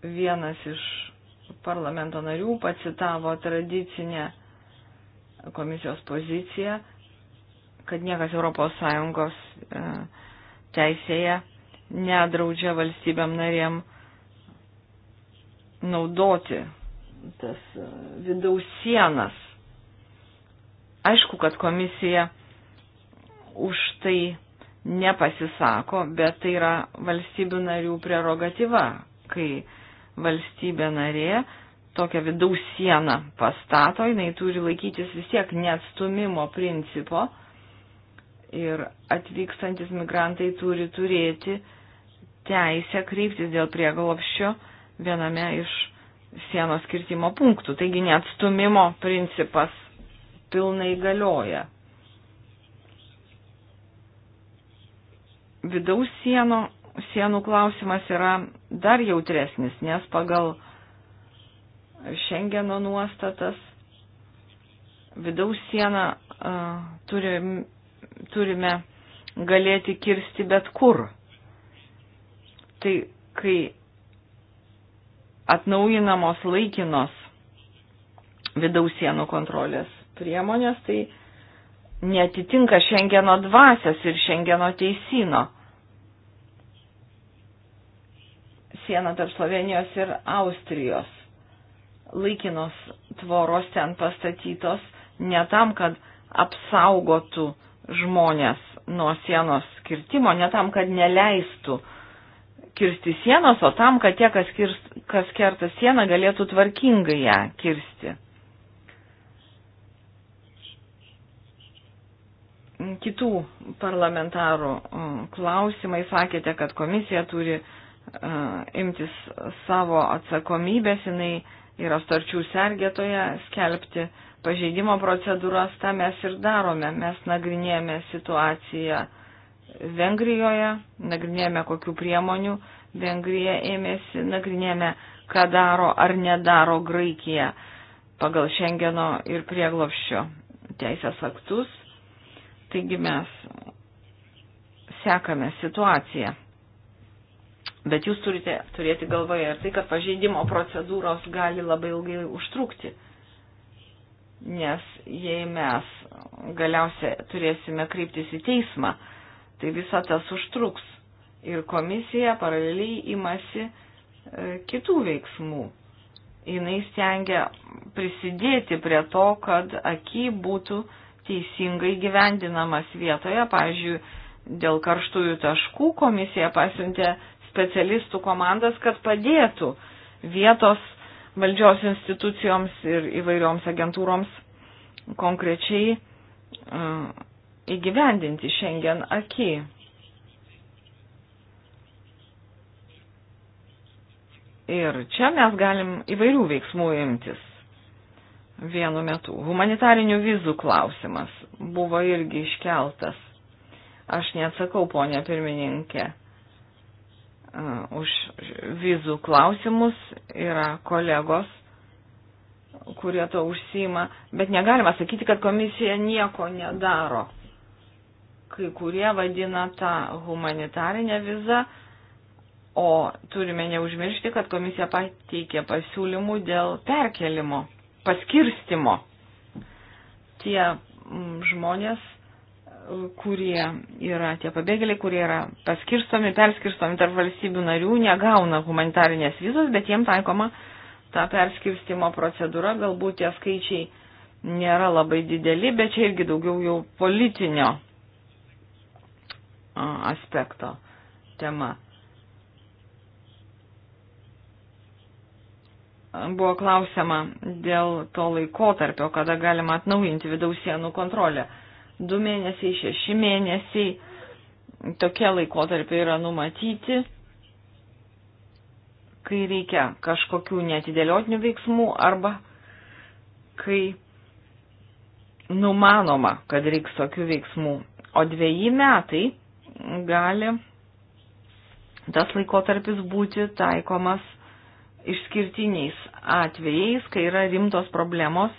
Vienas iš parlamento narių pacitavo tradicinę komisijos poziciją, kad niekas Europos Sąjungos e, teisėje nedraudžia valstybėm narėm naudoti tas e, vidaus sienas. Aišku, kad komisija už tai nepasisako, bet tai yra valstybių narių prerogatyva, kai valstybė narė tokią vidaus sieną pastato, jinai turi laikytis vis tiek neatstumimo principo ir atvykstantis migrantai turi turėti teisę kreiptis dėl priegalopščio viename iš sienos kirtimo punktų. Taigi neatstumimo principas pilnai galioja. Vidaus sienų, sienų klausimas yra dar jautresnis, nes pagal Šengeno nuostatas vidaus sieną uh, turim, turime galėti kirsti bet kur. Tai kai atnaujinamos laikinos vidaus sienų kontrolės priemonės, tai netitinka Šengeno dvasios ir Šengeno teisino. Siena tarp Slovenijos ir Austrijos. Laikinos tvoros ten pastatytos ne tam, kad apsaugotų žmonės nuo sienos skirtimo, ne tam, kad neleistų uh, kirsti sienos, o tam, kad tie, kas, kirst, kas kerta sieną, galėtų tvarkingai ją kirsti. Kitų parlamentarų mm, klausimai sakėte, kad komisija turi uh, imtis savo atsakomybės, jinai yra starčių sergėtoje, skelbti pažeidimo procedūras, tą mes ir darome, mes nagrinėjame situaciją Vengrijoje, nagrinėjame kokių priemonių Vengrija ėmėsi, nagrinėjame, ką daro ar nedaro Graikija pagal Šengeno ir prieglopščio teisės aktus. Taigi mes sekame situaciją. Bet jūs turite turėti galvoje ir tai, kad pažeidimo procedūros gali labai ilgai užtrukti. Nes jei mes galiausiai turėsime kryptis į teismą, tai visa tas užtruks. Ir komisija paraleliai imasi e, kitų veiksmų. Jis stengia prisidėti prie to, kad aky būtų teisingai gyvendinamas vietoje. Pavyzdžiui, dėl karštųjų taškų komisija pasiuntė specialistų komandas, kad padėtų vietos valdžios institucijoms ir įvairioms agentūroms konkrečiai e, įgyvendinti šiandien akį. Ir čia mes galim įvairių veiksmų imtis. Vienu metu humanitarinių vizų klausimas buvo irgi iškeltas. Aš neatsakau, ponia pirmininkė, uh, už vizų klausimus yra kolegos, kurie to užsima, bet negalima sakyti, kad komisija nieko nedaro kai kurie vadina tą humanitarinę vizą, o turime neužmiršti, kad komisija pateikė pasiūlymų dėl perkelimo, paskirstimo. Tie mm, žmonės, kurie yra, tie pabėgėliai, kurie yra paskirstomi, perskirstomi tarp valstybių narių, negauna humanitarinės vizos, bet jiem taikoma ta perskirstimo procedūra, galbūt tie skaičiai nėra labai dideli, bet čia irgi daugiau jau politinio aspekto tema. Buvo klausima dėl to laikotarpio, kada galima atnaujinti vidaus sienų kontrolę. Du mėnesiai, šeši mėnesiai tokie laikotarpiai yra numatyti, kai reikia kažkokių netidėliotinių veiksmų arba kai numanoma, kad reiks tokių veiksmų. O dviejį metai gali tas laikotarpis būti taikomas išskirtiniais atvejais, kai yra rimtos problemos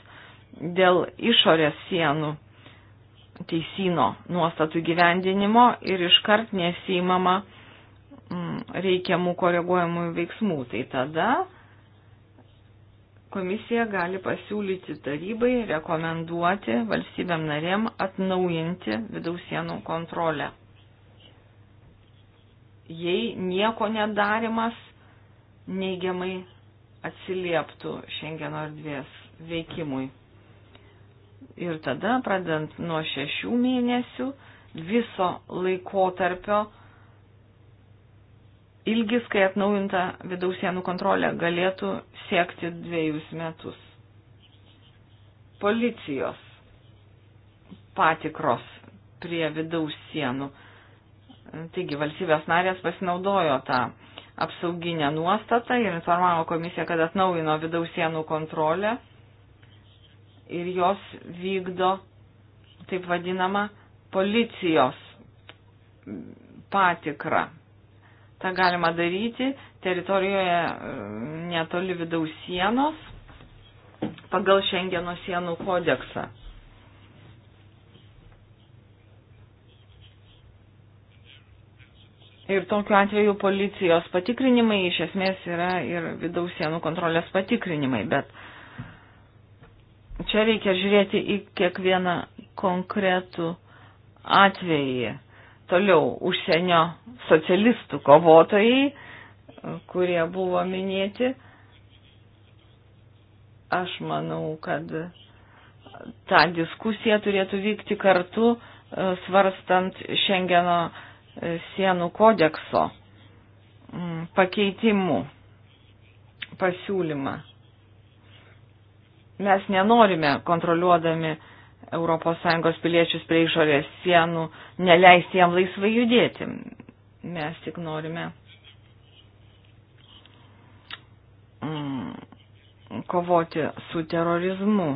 dėl išorės sienų teisino nuostatų gyvendinimo ir iškart nesijimama mm, reikiamų koreguojamų veiksmų. Tai tada komisija gali pasiūlyti tarybai rekomenduoti valstybėm narėm atnaujinti vidaus sienų kontrolę jei nieko nedarimas neigiamai atsilieptų Šengeno erdvės veikimui. Ir tada, pradant nuo šešių mėnesių, viso laikotarpio ilgis, kai atnaujinta vidaus sienų kontrolė, galėtų siekti dviejus metus. Policijos patikros prie vidaus sienų Taigi valstybės narės pasinaudojo tą apsauginę nuostatą ir informavo komisiją, kad atnaujino vidaus sienų kontrolę ir jos vykdo taip vadinamą policijos patikrą. Ta galima daryti teritorijoje e, netoli vidaus sienos pagal Šengeno sienų kodeksą. Ir tokiu atveju policijos patikrinimai iš esmės yra ir vidaus sienų kontrolės patikrinimai, bet čia reikia žiūrėti į kiekvieną konkretų atvejį. Toliau užsienio socialistų kovotojai, kurie buvo minėti, aš manau, kad ta diskusija turėtų vykti kartu svarstant Šengeno E, sienų kodekso mm, pakeitimų pasiūlymą. Mes nenorime, kontroliuodami ES piliečius prie išorės sienų, neleisti jam laisvai judėti. Mes tik norime mm, kovoti su terorizmu.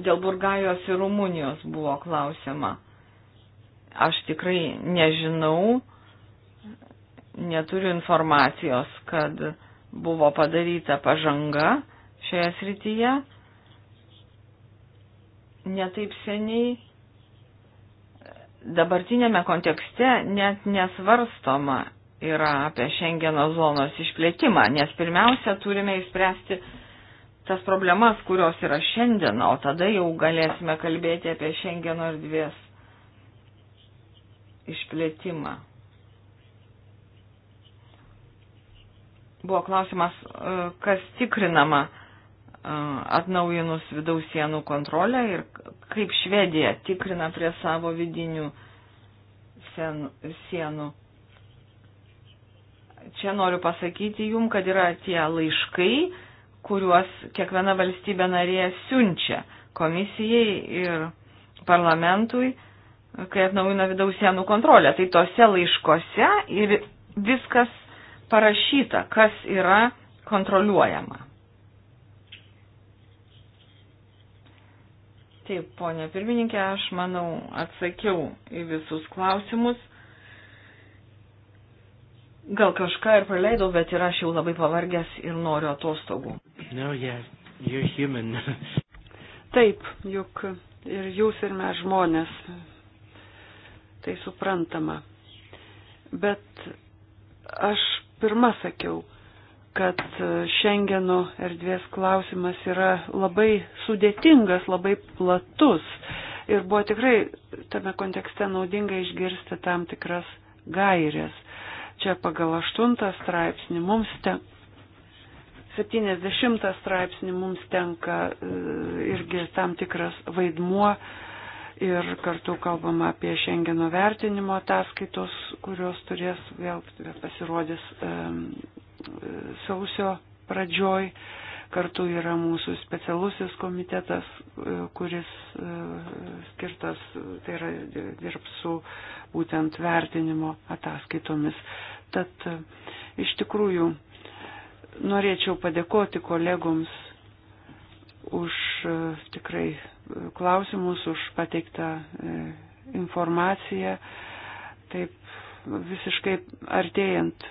Dėl Burgajos ir Rumunijos buvo klausima. Aš tikrai nežinau, neturiu informacijos, kad buvo padaryta pažanga šioje srityje. Netaip seniai dabartinėme kontekste net nesvarstoma yra apie Šengeno zonos išplėtimą, nes pirmiausia turime įspręsti tas problemas, kurios yra šiandien, o tada jau galėsime kalbėti apie Šengeno erdvės išplėtimą. Buvo klausimas, e, kas tikrinama e, atnaujinus vidaus sienų kontrolę ir kaip Švedija tikrina prie savo vidinių sienų. Čia noriu pasakyti jum, kad yra tie laiškai, kuriuos kiekviena valstybė narė siunčia komisijai ir parlamentui kai atnaujina vidaus sienų kontrolę. Tai tose laiškose ir viskas parašyta, kas yra kontroliuojama. Taip, ponė pirmininkė, aš manau atsakiau į visus klausimus. Gal kažką ir praleidau, bet ir aš jau labai pavargęs ir noriu atostogų. No, yeah. Taip, juk ir jūs ir mes žmonės tai suprantama. Bet aš pirmą sakiau, kad Šengeno erdvės klausimas yra labai sudėtingas, labai platus. Ir buvo tikrai tame kontekste naudinga išgirsti tam tikras gairės. Čia pagal 8 straipsnį mums ten. 70 straipsnį mums tenka e, irgi tam tikras vaidmuo ir kartu kalbama apie Šengeno vertinimo ataskaitos, kurios turės vėl pasirodys sausio pradžioj. Kartu yra mūsų specialusis komitetas, e, kuris e, skirtas, tai yra dirbs su būtent vertinimo ataskaitomis. Tad e, iš tikrųjų norėčiau padėkoti kolegoms už e, tikrai e, klausimus, už pateiktą e, informaciją. Taip visiškai artėjant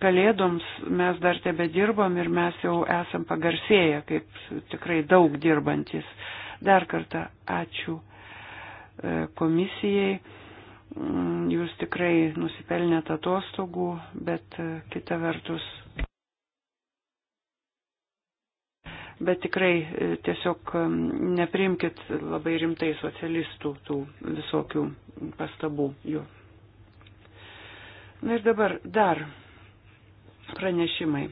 kalėdoms mes dar tebe dirbam ir mes jau esam pagarsėję, kaip tikrai daug dirbantis. Dar kartą ačiū komisijai. Mm, jūs tikrai nusipelnėte atostogų, bet kita vertus bet tikrai e, tiesiog nepriimkit labai rimtai socialistų tų visokių pastabų jų. Na ir dabar dar pranešimai.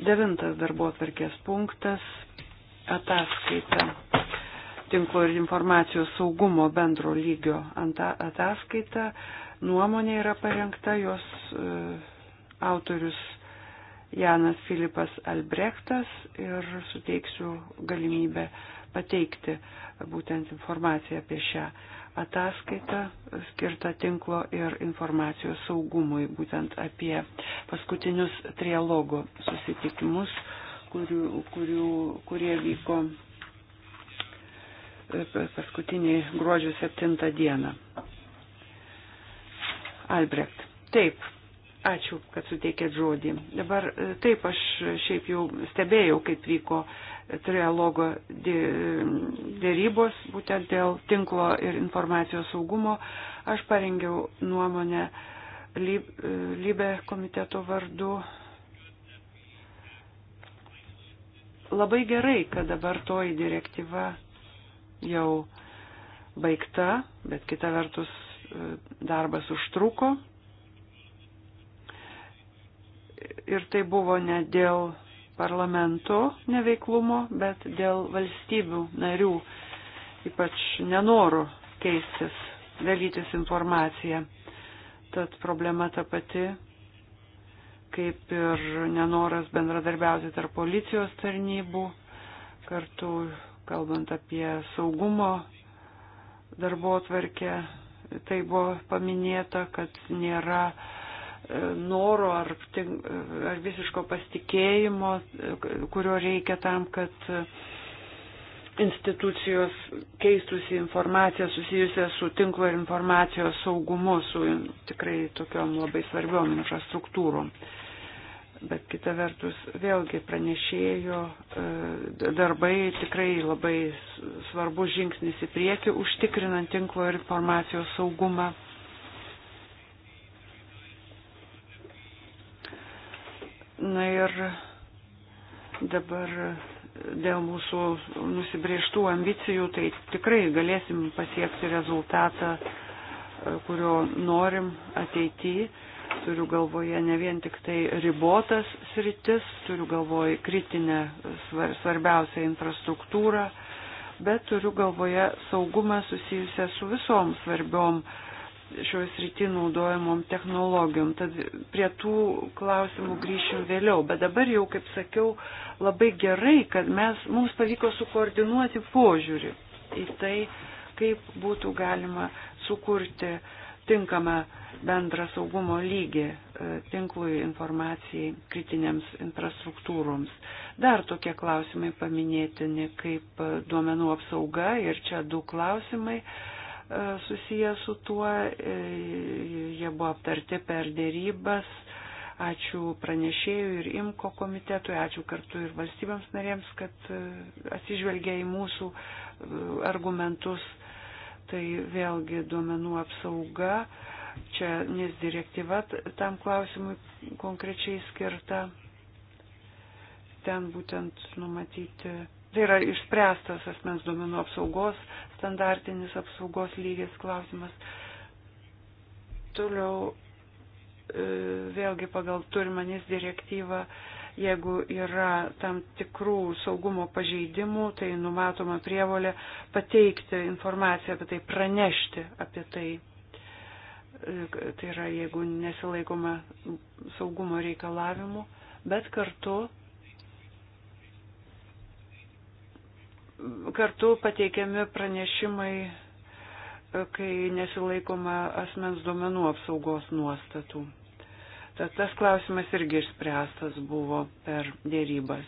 Devintas darbo atvarkės punktas - ataskaita. Tinklo ir informacijos saugumo bendro lygio ataskaita. Nuomonė yra parengta, jos e, autorius Janas Filipas Albrechtas ir suteiksiu galimybę pateikti būtent informaciją apie šią ataskaitą skirtą tinklo ir informacijos saugumui, būtent apie paskutinius trialogų susitikimus, kurių, kurių, kurie vyko e, paskutinį gruodžio 7 dieną. Albrecht. Taip, Ačiū, kad suteikėt žodį. Dabar e, taip aš šiaip jau stebėjau, kaip vyko trialogo dėrybos, būtent dėl tinklo ir informacijos saugumo. Aš parengiau nuomonę Lybe e, komiteto vardu. Labai gerai, kad dabar toji direktyva jau baigta, bet kita vertus e, darbas užtruko, ir tai buvo ne dėl parlamento neveiklumo, bet dėl valstybių narių, ypač nenoro keistis, dalytis informaciją. Tad problema ta pati, kaip ir nenoras bendradarbiauti tarp policijos tarnybų, kartu kalbant apie saugumo darbo atvarkę, tai buvo paminėta, kad nėra noro ar, ar visiško pasitikėjimo, kurio reikia tam, kad institucijos keistųsi informaciją susijusią su tinklo ir informacijos saugumu, su tikrai tokiom labai svarbiom infrastruktūrom. Bet kita vertus, vėlgi pranešėjo e, darbai tikrai labai svarbus žingsnis į priekį, užtikrinant tinklo ir informacijos saugumą. Na ir dabar dėl mūsų nusibrieštų ambicijų, tai tikrai galėsim pasiekti rezultatą, e, kurio norim ateityje. Turiu galvoje ne vien tik tai ribotas sritis, turiu galvoje kritinę svarbiausią infrastruktūrą, bet turiu galvoje saugumą susijusią su visom svarbiom uh, šios rytį naudojamom technologijom. Tad prie tų klausimų grįšim vėliau. Bet dabar jau, kaip sakiau, labai gerai, kad mes, mums pavyko sukoordinuoti požiūrį į tai, kaip būtų galima sukurti tinkamą bendrą saugumo lygį e, tinklui informacijai kritinėms infrastruktūroms. Dar tokie klausimai paminėtini kaip e, duomenų apsauga ir čia du klausimai. Uh, susiję su tuo, e, jie buvo aptarti per dėrybas. Ačiū pranešėjui ir IMKO komitetui, ačiū kartu ir valstybėms narėms, kad e, atsižvelgia į mūsų e, argumentus. Tai vėlgi duomenų apsauga, čia nes direktyva tam klausimui konkrečiai skirta. Ten būtent numatyti Tai yra išspręstas asmens duomenų apsaugos standartinis apsaugos lygis klausimas. Toliau e, vėlgi pagal turmanis direktyvą, jeigu yra tam tikrų saugumo pažeidimų, tai numatoma prievolė pateikti informaciją apie tai, pranešti apie tai. E, tai yra, jeigu nesilaikoma saugumo reikalavimų, bet kartu kartu pateikiami pranešimai, kai nesilaikoma asmens duomenų apsaugos nuostatų. Tad tas klausimas irgi išspręstas buvo per dėrybas.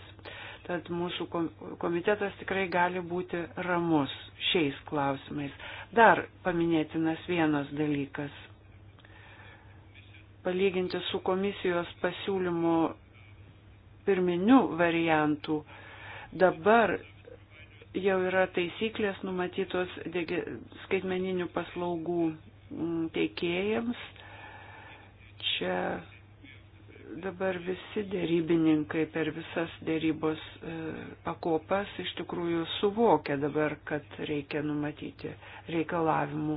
Tad mūsų komitetas tikrai gali būti ramus šiais klausimais. Dar paminėtinas vienas dalykas. Palyginti su komisijos pasiūlymu pirminiu variantu, dabar jau yra taisyklės numatytos skaitmeninių paslaugų mm, teikėjams. Čia dabar visi dėrybininkai per visas dėrybos e, pakopas iš tikrųjų suvokia dabar, kad reikia numatyti reikalavimų.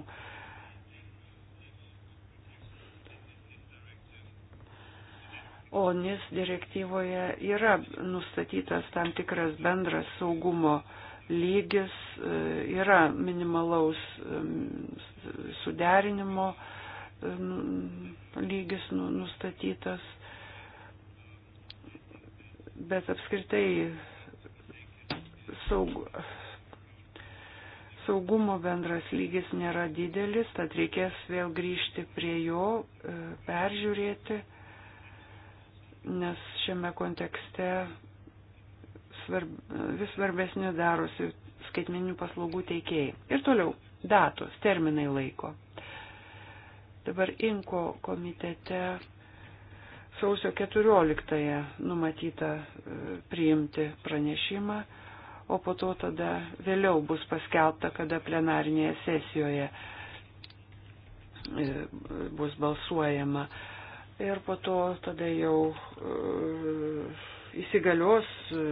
O NIS direktyvoje yra nustatytas tam tikras bendras saugumo uh, lygis e, yra minimalaus suderinimo lygis nu, nustatytas, bet apskritai saug, saugumo bendras lygis nėra didelis, tad reikės vėl grįžti prie jo, e, peržiūrėti, nes šiame kontekste svarb, vis svarbesniu darosi skaitmeninių paslaugų teikėjai. Ir toliau datos, terminai laiko. Dabar Inko komitete sausio 14 numatyta e, priimti pranešimą, o po to tada vėliau bus paskelbta, kada plenarinėje sesijoje e, bus balsuojama. Ir po to tada jau e, įsigalios e,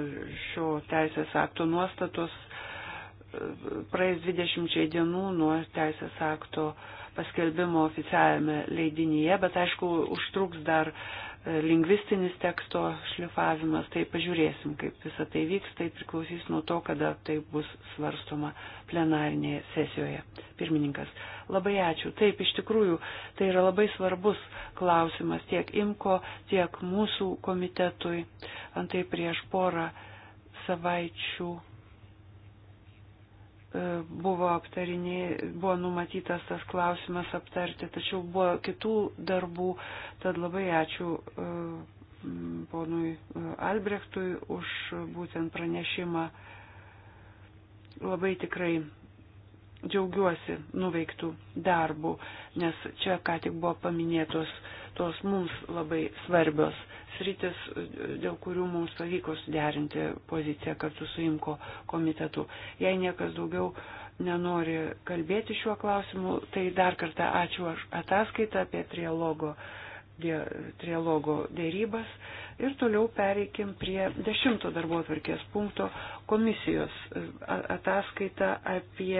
šio teisės akto nuostatos e, praeis 20 dienų nuo teisės akto paskelbimo oficialiame leidinyje, bet aišku, užtruks dar e, lingvistinis teksto šlifavimas, tai pažiūrėsim, kaip visą tai vyks, tai priklausys nuo to, kada tai bus svarstoma plenarinėje sesijoje. Pirmininkas, labai ačiū. Taip, iš tikrųjų, tai yra labai svarbus klausimas tiek IMKO, tiek mūsų komitetui. Uh, Antai prieš porą savaičių e, buvo aptarinė, buvo numatytas tas klausimas aptarti, tačiau buvo kitų darbų, tad labai ačiū e, ponui e, Albrechtui už būtent pranešimą. Labai tikrai džiaugiuosi nuveiktų darbų, nes čia ką tik buvo paminėtos tos mums labai svarbios sritis, dėl kurių mums pavyko suderinti poziciją kartu su Imko komitetu. Jei niekas daugiau nenori kalbėti šiuo klausimu, tai dar kartą ačiū aš ataskaitą apie trialogo trialogo dėrybas ir toliau pereikim prie dešimto darbo atvarkės punkto komisijos e, ataskaita apie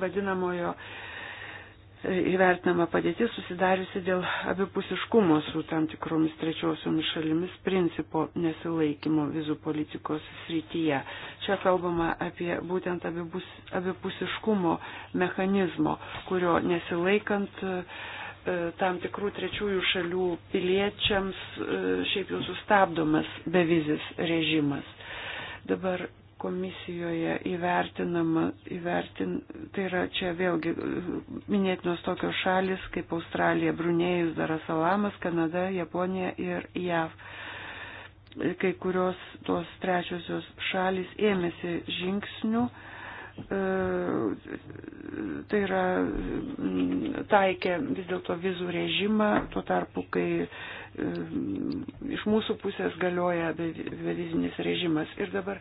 vadinamojo e, įvertinama padėtis susidariusi dėl abipusiškumo su tam tikromis trečiosiomis šalimis principo nesilaikymo vizų politikos srityje. Čia kalbama apie būtent abipus, abipusiškumo mechanizmo, kurio nesilaikant uh, E, tam tikrų trečiųjų šalių piliečiams e, šiaip jau sustabdomas bevizis režimas. Dabar komisijoje įvertinama, įvertin, tai yra čia vėlgi e, minėtinos tokios šalis kaip Australija, Brunėjus, Darasalamas, Kanada, Japonija ir JAV. Kai kurios tos trečiosios šalis ėmėsi žingsnių, E, tai yra mm, taikė vis dėlto vizų režimą, tuo tarpu, kai e, iš mūsų pusės galioja bevizinis režimas. Ir dabar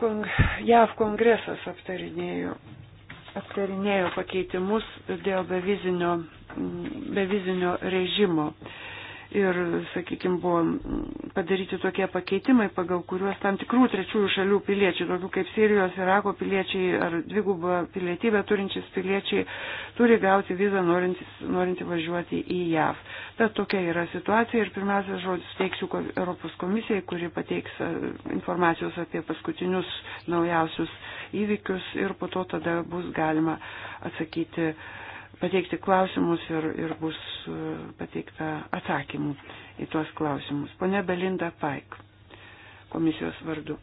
kong, JAV kongresas aptarinėjo, aptarinėjo pakeitimus dėl bevizinio, mm, bevizinio režimo. Uh, ir, sakykime, buvo padaryti tokie pakeitimai, pagal kuriuos tam tikrų trečiųjų šalių piliečiai, tokių kaip Sirijos, Irako piliečiai ar dvigubą pilietybę turinčius piliečiai, turi gauti vizą norinti, norinti važiuoti į JAV. Tad tokia yra situacija ir pirmiausia žodis teiksiu Europos komisijai, kuri pateiks e, informacijos apie paskutinius naujausius įvykius ir po to tada bus galima atsakyti pateikti klausimus ir, ir bus e, pateikta atsakymų į tuos klausimus. Pone Belinda Paik, komisijos vardu.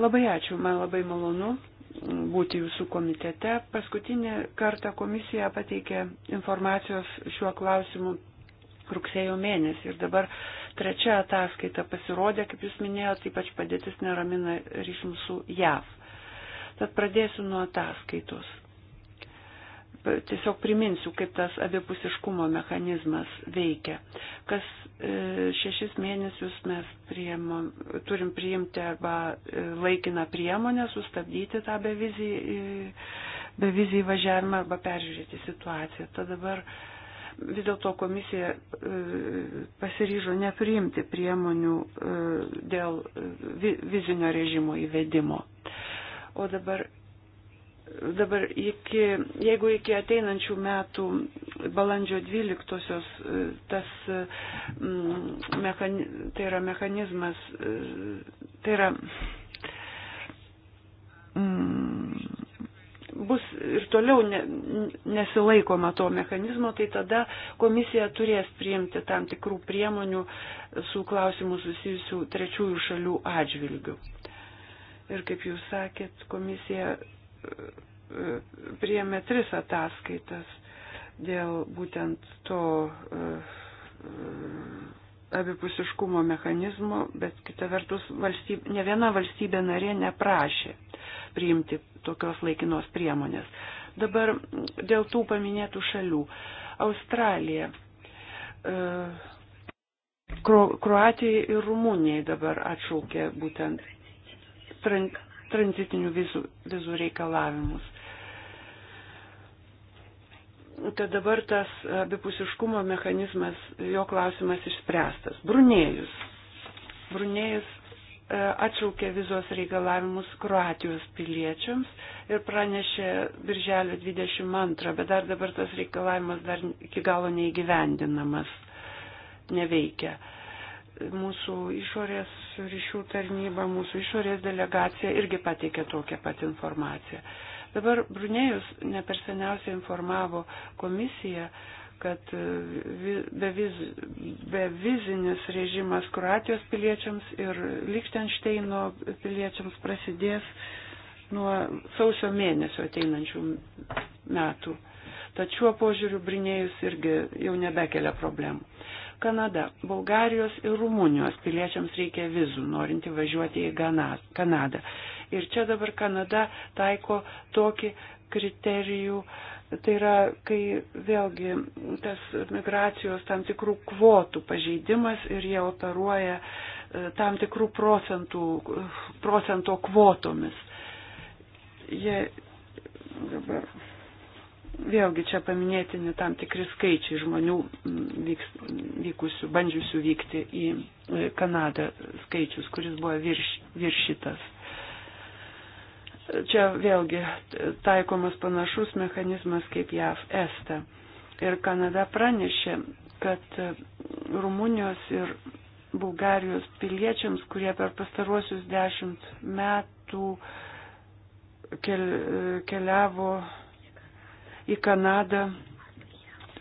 Labai ačiū, man labai malonu būti jūsų komitete. Paskutinį kartą komisija pateikė informacijos šiuo klausimu rugsėjo mėnesį ir dabar trečia ataskaita pasirodė, kaip jūs minėjote, ypač padėtis neramina ryšim su JAV. Tad pradėsiu nuo ataskaitos tiesiog priminsiu, kaip tas abipusiškumo mechanizmas veikia. Kas e, šešis mėnesius mes priemam, turim priimti arba e, laikiną priemonę, sustabdyti tą bevizį, bevizį įvažiavimą arba peržiūrėti situaciją. Tad dabar vis dėlto komisija e, pasiryžo nepriimti priemonių dėl vizinio režimo įvedimo. O dabar dabar iki, jeigu iki ateinančių metų balandžio 12-osios e, tas e, mechani, tai yra mechanizmas, e, tai yra mm, bus ir toliau ne, nesilaikoma to mechanizmo, tai tada komisija turės priimti tam tikrų priemonių su klausimu susijusių trečiųjų šalių atžvilgių. Ir kaip jūs sakėt, komisija priėmė tris ataskaitas dėl būtent to e, e, abipusiškumo mechanizmo, bet kita vertus valstybė, ne viena valstybė narė neprašė priimti tokios laikinos priemonės. Dabar dėl tų paminėtų šalių. Australija, e, Kroatijai ir Rumunijai dabar atšaukė būtent tranzitinių vizų, vizų reikalavimus kad dabar tas abipusiškumo mechanizmas, jo klausimas išspręstas. Brunėjus. Brunėjus e, atšaukė vizos reikalavimus Kroatijos piliečiams ir pranešė birželio 22, bet dar dabar tas reikalavimas dar iki galo neįgyvendinamas, neveikia. Mūsų išorės ryšių tarnyba, mūsų išorės delegacija irgi pateikė tokią pat informaciją. Dabar Brunėjus ne per seniausiai informavo komisiją, kad e, beviz, bevizinis režimas Kroatijos piliečiams ir Lichtensteino piliečiams prasidės nuo sausio mėnesio ateinančių metų. Tad šiuo požiūriu Brinėjus irgi jau nebekelia problemų. Kanada. Bulgarijos ir Rumunijos piliečiams reikia vizų, norint įvažiuoti į Kanadą. Ir čia dabar Kanada taiko tokį kriterijų, tai yra, kai vėlgi tas migracijos tam tikrų kvotų pažeidimas ir jie operuoja e, tam tikrų procentų, procento kvotomis. Jie dabar vėlgi čia paminėtini tam tikri skaičiai žmonių vyks, vykusių, bandžiusių vykti į e, Kanadą skaičius, kuris buvo virš, viršytas. Čia vėlgi taikomas panašus mechanizmas kaip JAV Esta. Ir Kanada pranešė, kad Rumunijos ir Bulgarijos piliečiams, kurie per pastaruosius dešimt metų keliavo į Kanadą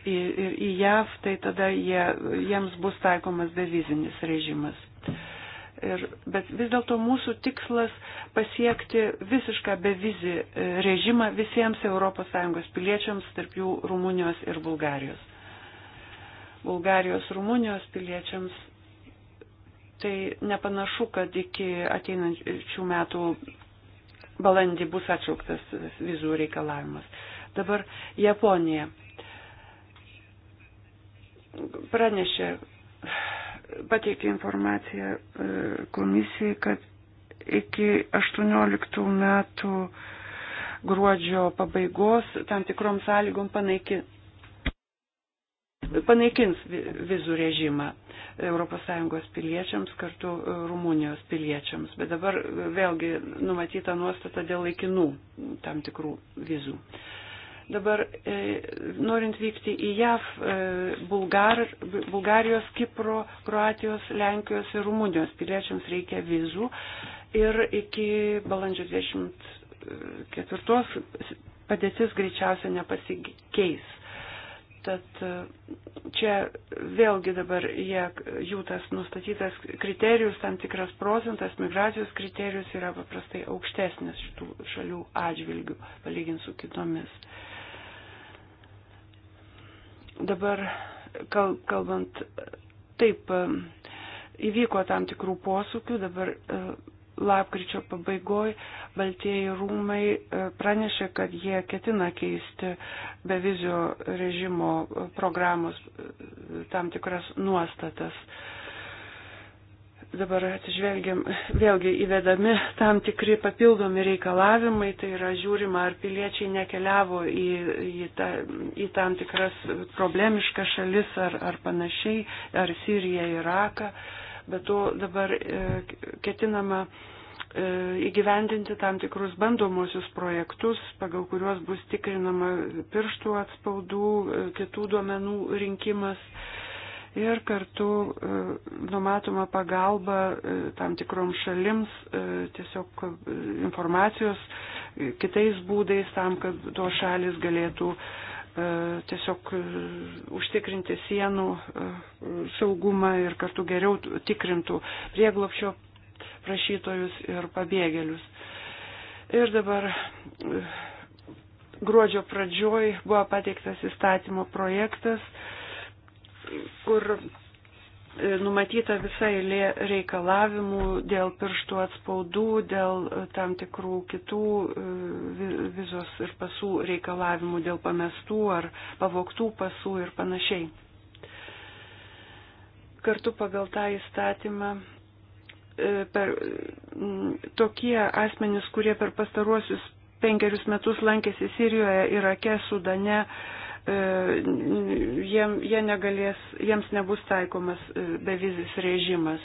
ir į, į JAV, tai tada jie, jiems bus taikomas bevizinis režimas. Ir, bet vis dėlto mūsų tikslas pasiekti visišką bevizį e, režimą visiems ES piliečiams, tarp jų Rumunijos ir Bulgarijos. Bulgarijos, Rumunijos piliečiams tai nepanašu, kad iki ateinančių metų balandį bus atšauktas vizų reikalavimas. Dabar Japonija pranešė pateikė informaciją e, komisijai, kad iki 18 metų gruodžio pabaigos tam tikrom sąlygom panaikin, panaikins vizų režimą ES piliečiams kartu e, Rumunijos piliečiams. Bet dabar vėlgi numatyta nuostata dėl laikinų tam tikrų vizų. Uh, Dabar, e, norint vykti į JAV, e, Bulgar, Bulgarijos, Kipro, Kroatijos, Lenkijos ir Rumunijos piliečiams reikia vizų ir iki balandžio 24 padėtis greičiausiai nepasikeis. Tad e, čia vėlgi dabar jie, jų tas nustatytas kriterijus, tam tikras procentas, migracijos kriterijus yra paprastai aukštesnis šitų šalių atžvilgių, palyginti su kitomis. Uh, Dabar kal, kalbant, taip, įvyko tam tikrų posūkių, dabar lapkričio pabaigoje Baltieji rūmai pranešė, kad jie ketina keisti bevizio režimo programos tam tikras nuostatas dabar atsižvelgiam, vėlgi įvedami tam tikri papildomi reikalavimai, tai yra žiūrima, ar piliečiai nekeliavo į, į, ta, į tam tikras problemiškas šalis ar, ar panašiai, ar Siriją, Iraką, bet to dabar e, ketinama e, įgyvendinti tam tikrus bandomosius projektus, pagal kuriuos bus tikrinama pirštų atspaudų, e, kitų duomenų rinkimas. E, ir kartu e, numatoma pagalba e, tam tikrom šalims e, tiesiog informacijos kitais būdais tam, kad to šalis galėtų tiesiog užtikrinti sienų saugumą ir kartu geriau tikrintų prieglopšio prašytojus ir pabėgėlius. Ir dabar gruodžio pradžioj buvo pateiktas įstatymo projektas, kur e, numatyta visa eilė reikalavimų dėl pirštų atspaudų, dėl e, tam tikrų kitų e, vizos ir pasų reikalavimų, dėl pamestų ar pavoktų pasų ir panašiai. Kartu pagal tą įstatymą per, tokie asmenys, kurie per pastaruosius penkerius metus lankėsi Sirijoje, Irake, Sudane, E, jiem, jie negalės, jiems nebus taikomas e, bevizis režimas.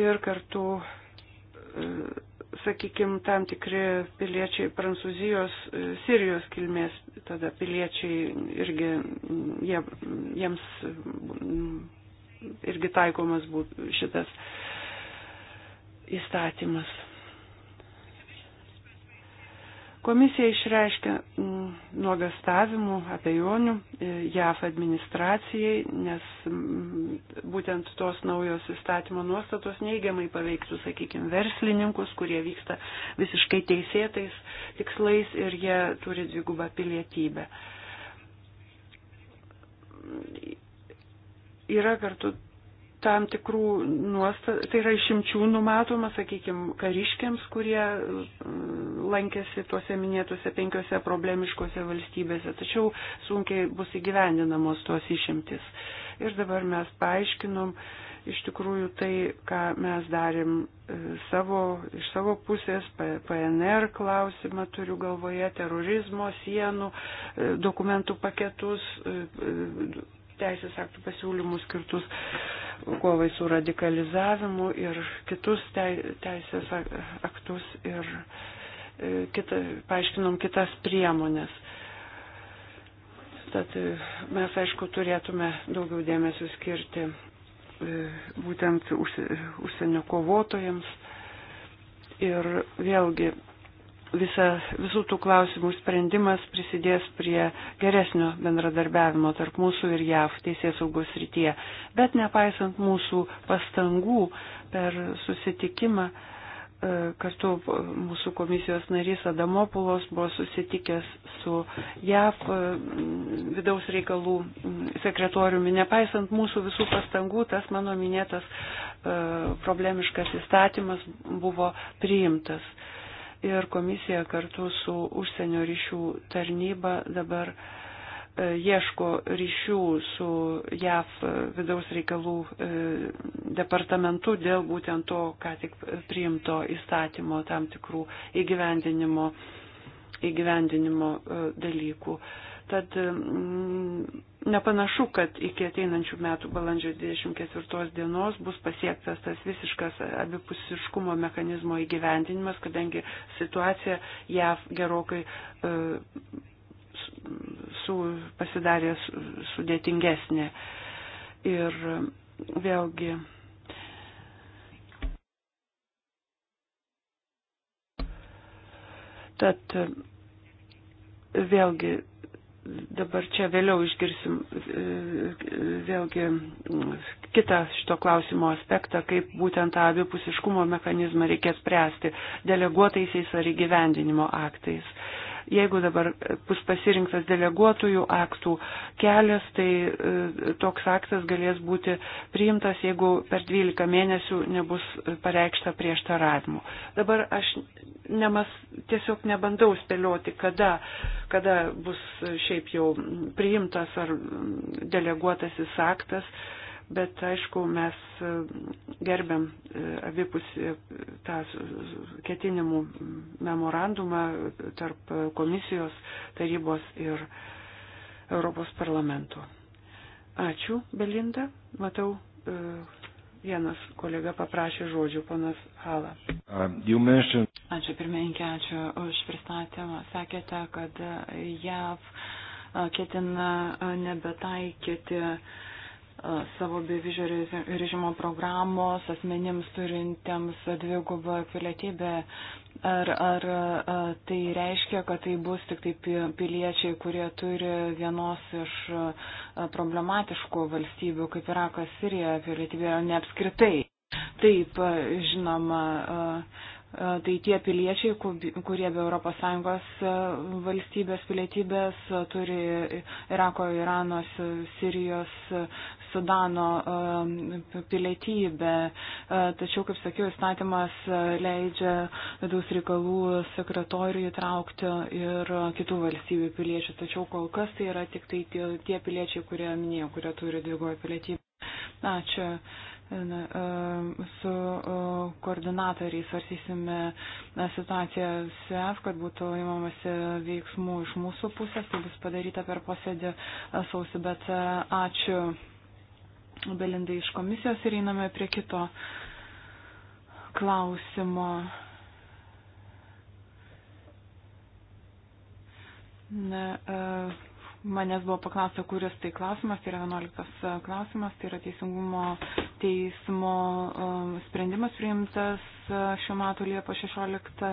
Ir kartu, e, sakykime, tam tikri piliečiai Prancūzijos, Sirijos kilmės, tada piliečiai irgi jie, jiems irgi taikomas būtų šitas įstatymas. Komisija išreiškia mm, nuogastavimų, abejonių e, JAF administracijai, nes mm, būtent tos naujos įstatymo nuostatos neigiamai paveiktų, sakykime, verslininkus, kurie vyksta visiškai teisėtais tikslais ir jie turi dvigubą pilietybę. Yra kartu tam tikrų nuostatų, tai yra išimčių numatoma, sakykime, kariškiams, kurie mm, lankėsi tuose minėtuose penkiose problemiškose valstybėse, tačiau sunkiai bus įgyvendinamos tuos išimtis. Ir dabar mes paaiškinom iš tikrųjų tai, ką mes darėm e, savo, iš savo pusės, PNR klausimą turiu galvoje, terorizmo sienų, e, dokumentų paketus e, teisės aktų pasiūlymus skirtus kovai su radikalizavimu ir kitus teisės aktus ir e, kita, paaiškinom kitas priemonės. Tad e, mes, aišku, turėtume daugiau dėmesio skirti e, būtent užsienio kovotojams. Ir vėlgi visa, visų tų klausimų sprendimas prisidės prie geresnio bendradarbiavimo tarp mūsų ir JAV teisės saugos rytyje. Bet nepaisant mūsų pastangų per susitikimą, e, kartu mūsų komisijos narys Adamopulos buvo susitikęs su JAV e, vidaus reikalų sekretoriumi. Nepaisant mūsų visų pastangų, tas mano minėtas e, problemiškas įstatymas buvo priimtas ir komisija kartu su užsienio ryšių tarnyba dabar e, ieško ryšių su JAV vidaus reikalų e, departamentu dėl būtent to, ką tik priimto įstatymo tam tikrų įgyvendinimo, įgyvendinimo e, dalykų. Tad mm, nepanašu, kad iki ateinančių metų balandžio 24 dienos bus pasiektas tas visiškas abipusiškumo mechanizmo įgyvendinimas, kadangi situacija JAV gerokai e, su, pasidarė sudėtingesnė. Ir e, vėlgi. Tad e, vėlgi dabar čia vėliau išgirsim e, e, vėlgi kitą šito klausimo aspektą, kaip būtent tą abipusiškumo mechanizmą reikės spręsti deleguotaisiais ar įgyvendinimo aktais. Jeigu dabar bus pasirinktas deleguotųjų aktų kelias, tai e, toks aktas galės būti priimtas, jeigu per 12 mėnesių nebus pareikšta prieštaravimų. Dabar aš nemas, tiesiog nebandau spėlioti, kada, kada bus šiaip jau priimtas ar deleguotasis aktas bet aišku, mes e, gerbiam e, abipusį e, tą ketinimų memorandumą tarp komisijos tarybos ir Europos parlamento. Ačiū, Belinda. Matau, vienas kolega paprašė žodžių, panas Hala. Um, ačiū pirmininkė, ačiū už pristatymą. Sakėte, kad JAV ketina nebetaikyti uh, savo bevižio režimo programos asmenims turintiems dvigubą pilietybę. Ar, ar tai reiškia, kad tai bus tik tai piliečiai, kurie turi vienos iš problematiškų valstybių, kaip Irakas, Sirija, pilietybė, o ne apskritai? Taip, žinoma, tai tie piliečiai, kurie be ES valstybės pilietybės turi Irako, Irano, Sirijos, Sudano um, pilietybę. Uh, tačiau, kaip sakiau, įstatymas uh, leidžia vidaus reikalų sekretoriui įtraukti ir kitų valstybių piliečių. Tačiau kol kas tai yra tik tai tie piliečiai, kurie minėjo, kurie turi dviguoją pilietybę. Ačiū um, su uh, koordinatoriais svarstysime situaciją SEF, kad būtų įmamasi veiksmų iš mūsų pusės, tai bus padaryta per posėdį sausį, bet ačiū. Belindai iš komisijos ir einame prie kito klausimo. Na, e, manęs buvo paklausę, kuris tai klausimas, tai yra 11 e, klausimas, tai yra teisingumo teismo e, sprendimas priimtas šiuo metu Liepo 16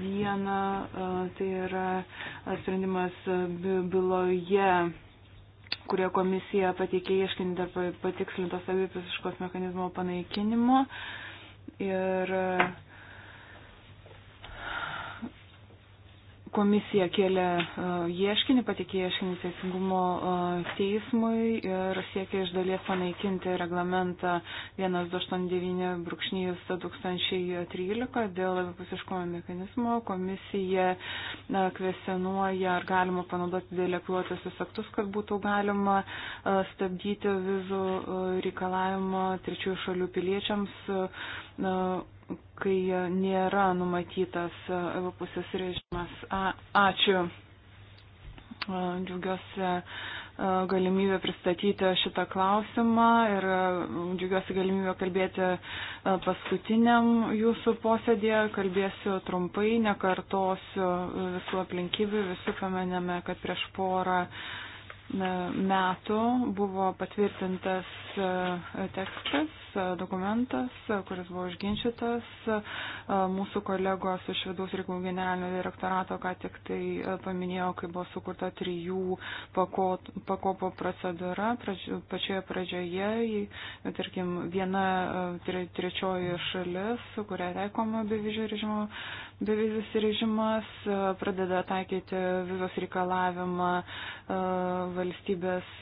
dieną, tai yra sprendimas byloje. Yeah kurie komisija pateikė ieškinį dėl patikslintos abipusiškos mechanizmo panaikinimo. Ir uh, Komisija kėlė e, ieškinį, patikė ieškinį teisingumo e, teismui ir siekia iš dalies panaikinti reglamentą 189.2013 dėl abipusiškumo mechanizmo. Komisija e, kvesenuoja, ar galima panaudoti deleguotusius aktus, kad būtų galima stabdyti vizų reikalavimą trečiųjų šalių piliečiams kai nėra numatytas abipusis režimas. A, ačiū. Džiaugiuosi galimybę pristatyti šitą klausimą ir džiaugiuosi galimybę kalbėti paskutiniam jūsų posėdėje. Kalbėsiu trumpai, nekartosiu visų aplinkybių. Visi pamenėme, kad prieš porą metų buvo patvirtintas tekstas dokumentas, kuris buvo išginčytas. Mūsų kolegos iš vidaus reikalų generalinio direktorato ką tik tai paminėjo, kai buvo sukurta trijų pakopo procedūra. Pačioje pradžioje, tarkim, viena trečioji šalis, kuria taikoma bevizijų režimo, bevizijos režimas, pradeda taikyti vizos reikalavimą e, valstybės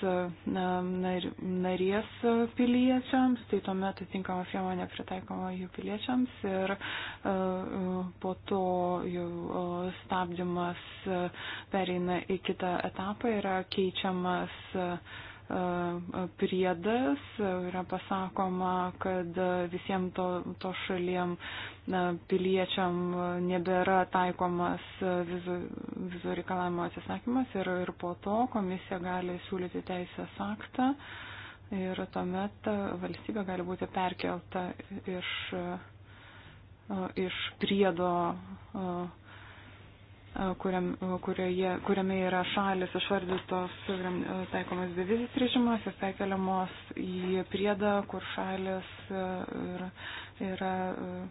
narės piliečiams. Tai tuomet tuomet atitinkama priemonė pritaikoma jų piliečiams ir e, po to jų e, stabdymas e, pereina į kitą etapą, yra keičiamas priedas, yra pasakoma, kad visiems to, to šaliem piliečiam nebėra taikomas vizų, vizų reikalavimo atsisakymas ir, ir po to komisija gali siūlyti teisės aktą. Uh, ir tuomet valstybė gali būti perkelta iš, e, iš priedo, e, e, kuriam, kurioje, kuriame yra šalis išvardytos taikomas bevizis režimas ir perkeliamos į priedą, kur šalis yra, yra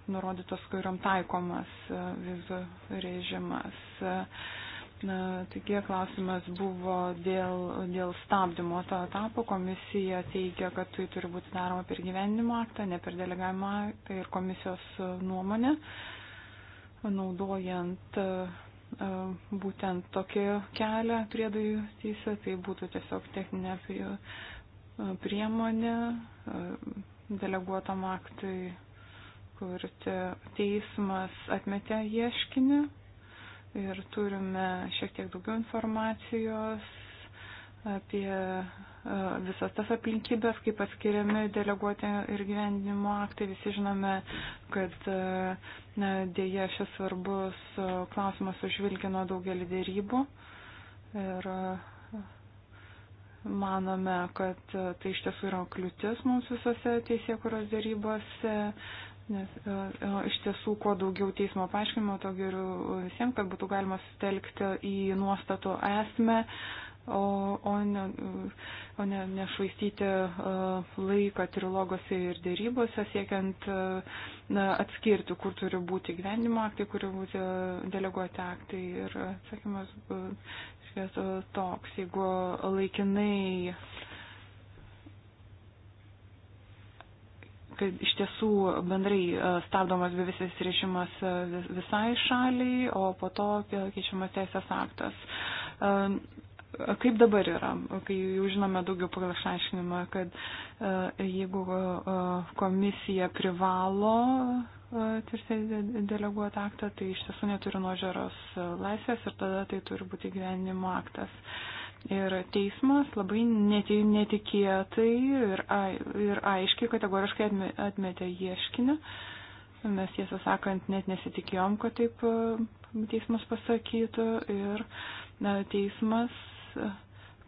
nurodytos, kuriam taikomas vizų režimas. Na, taigi klausimas buvo dėl, dėl stabdymo to etapo. Komisija teigia, kad tai turi būti daroma per gyvenimo aktą, ne per delegavimą. Tai ir komisijos nuomonė, naudojant e, būtent tokį kelią priedai teisę, tai būtų tiesiog techninė e, priemonė e, deleguotam aktui, kur teismas atmetė ieškinį ir turime šiek tiek daugiau informacijos apie e, visas tas aplinkybės, kaip atskiriami deleguoti ir gyvendinimo aktai. Visi žinome, kad e, na, dėja šis svarbus e, klausimas užvilkino daugelį dėrybų ir manome, kad tai iš tiesų yra kliūtis mums visose teisėkuros dėrybose Nes e, e, iš tiesų, kuo daugiau teismo paaiškinimo, to geriau e, visiems, kad būtų galima sutelkti į nuostatų esmę, o, o, ne, o ne, nešvaistyti laiką trilogose ir dėrybose, siekiant na, atskirti, kur turi būti gyvenimo aktai, kur turi būti deleguoti aktai. Ir atsakymas toks, jeigu laikinai kad iš tiesų bendrai e, stabdomas bevisis režimas e, visai šaliai, o po to keičiamas teisės aktas. E, kaip dabar yra, kai jau žinome daugiau pagal išaiškinimą, kad jeigu komisija privalo tvirtai deleguoti aktą, tai iš tiesų neturi nuožeros laisvės ir tada tai turi būti gyvenimo aktas. Uh, Ir teismas labai netikėtai ir, ir aiškiai kategoriškai atmetė ieškinį. Mes tiesą sakant net nesitikėjom, kad taip teismas pasakytų. Ir na, teismas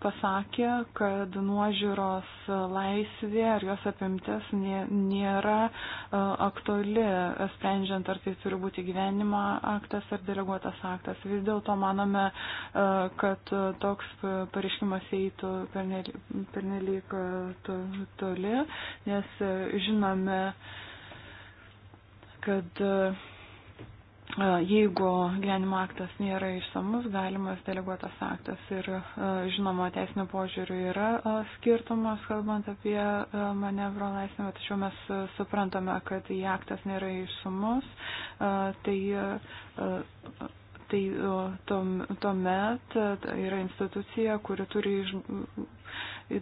pasakė, kad nuožiūros laisvė ar jos apimtis nėra e, aktuali, sprendžiant ar tai turi būti gyvenimo aktas ar deleguotas aktas. Vis dėlto manome, e, kad toks pareiškimas eitų pernelyg toli, nes e, žinome, kad uh, E, jeigu gyvenimo aktas nėra išsamus, galimas deleguotas aktas. Ir e, žinoma, teisinio požiūrių yra e, skirtumas, kalbant apie manevro laisvę, tačiau mes suprantame, kad jei aktas nėra išsamus, tai. Tai tuomet yra institucija, kuri turi iš,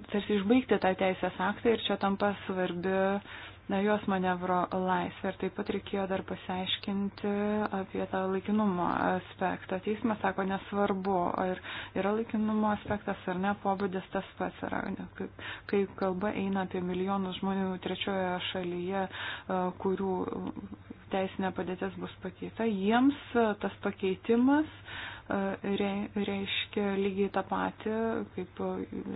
tarsi išbaigti tą teisės aktą ir čia tampa svarbi uh, na, jos manevro laisvę. Ir taip pat reikėjo dar pasiaiškinti apie tą laikinumo aspektą. Teismas sako, nesvarbu, ar yra laikinumo aspektas ar ne, pobūdis tas pats yra. Kai kalba eina apie milijonus žmonių trečiojoje šalyje, e, kurių teisinė padėtis bus pakeita, jiems tas pakeitimas reiškia lygiai tą patį, kaip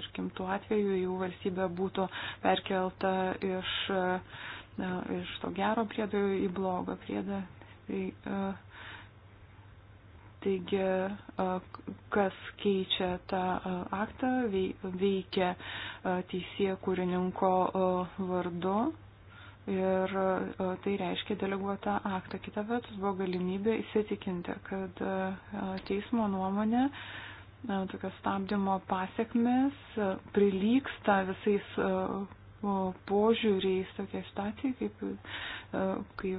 ir kimtų atveju jau valstybė būtų perkelta iš, iš to gero priedo į blogą priedą. Tai, e, taigi, e, kas keičia tą e, aktą, veikia teisė kūrininko vardu ir e, tai reiškia deleguotą aktą. Kita vertus buvo galimybė įsitikinti, kad e, teismo nuomonė e, tokio stabdymo pasiekmes prilyksta visais požiūriais tokia situacija, kaip kai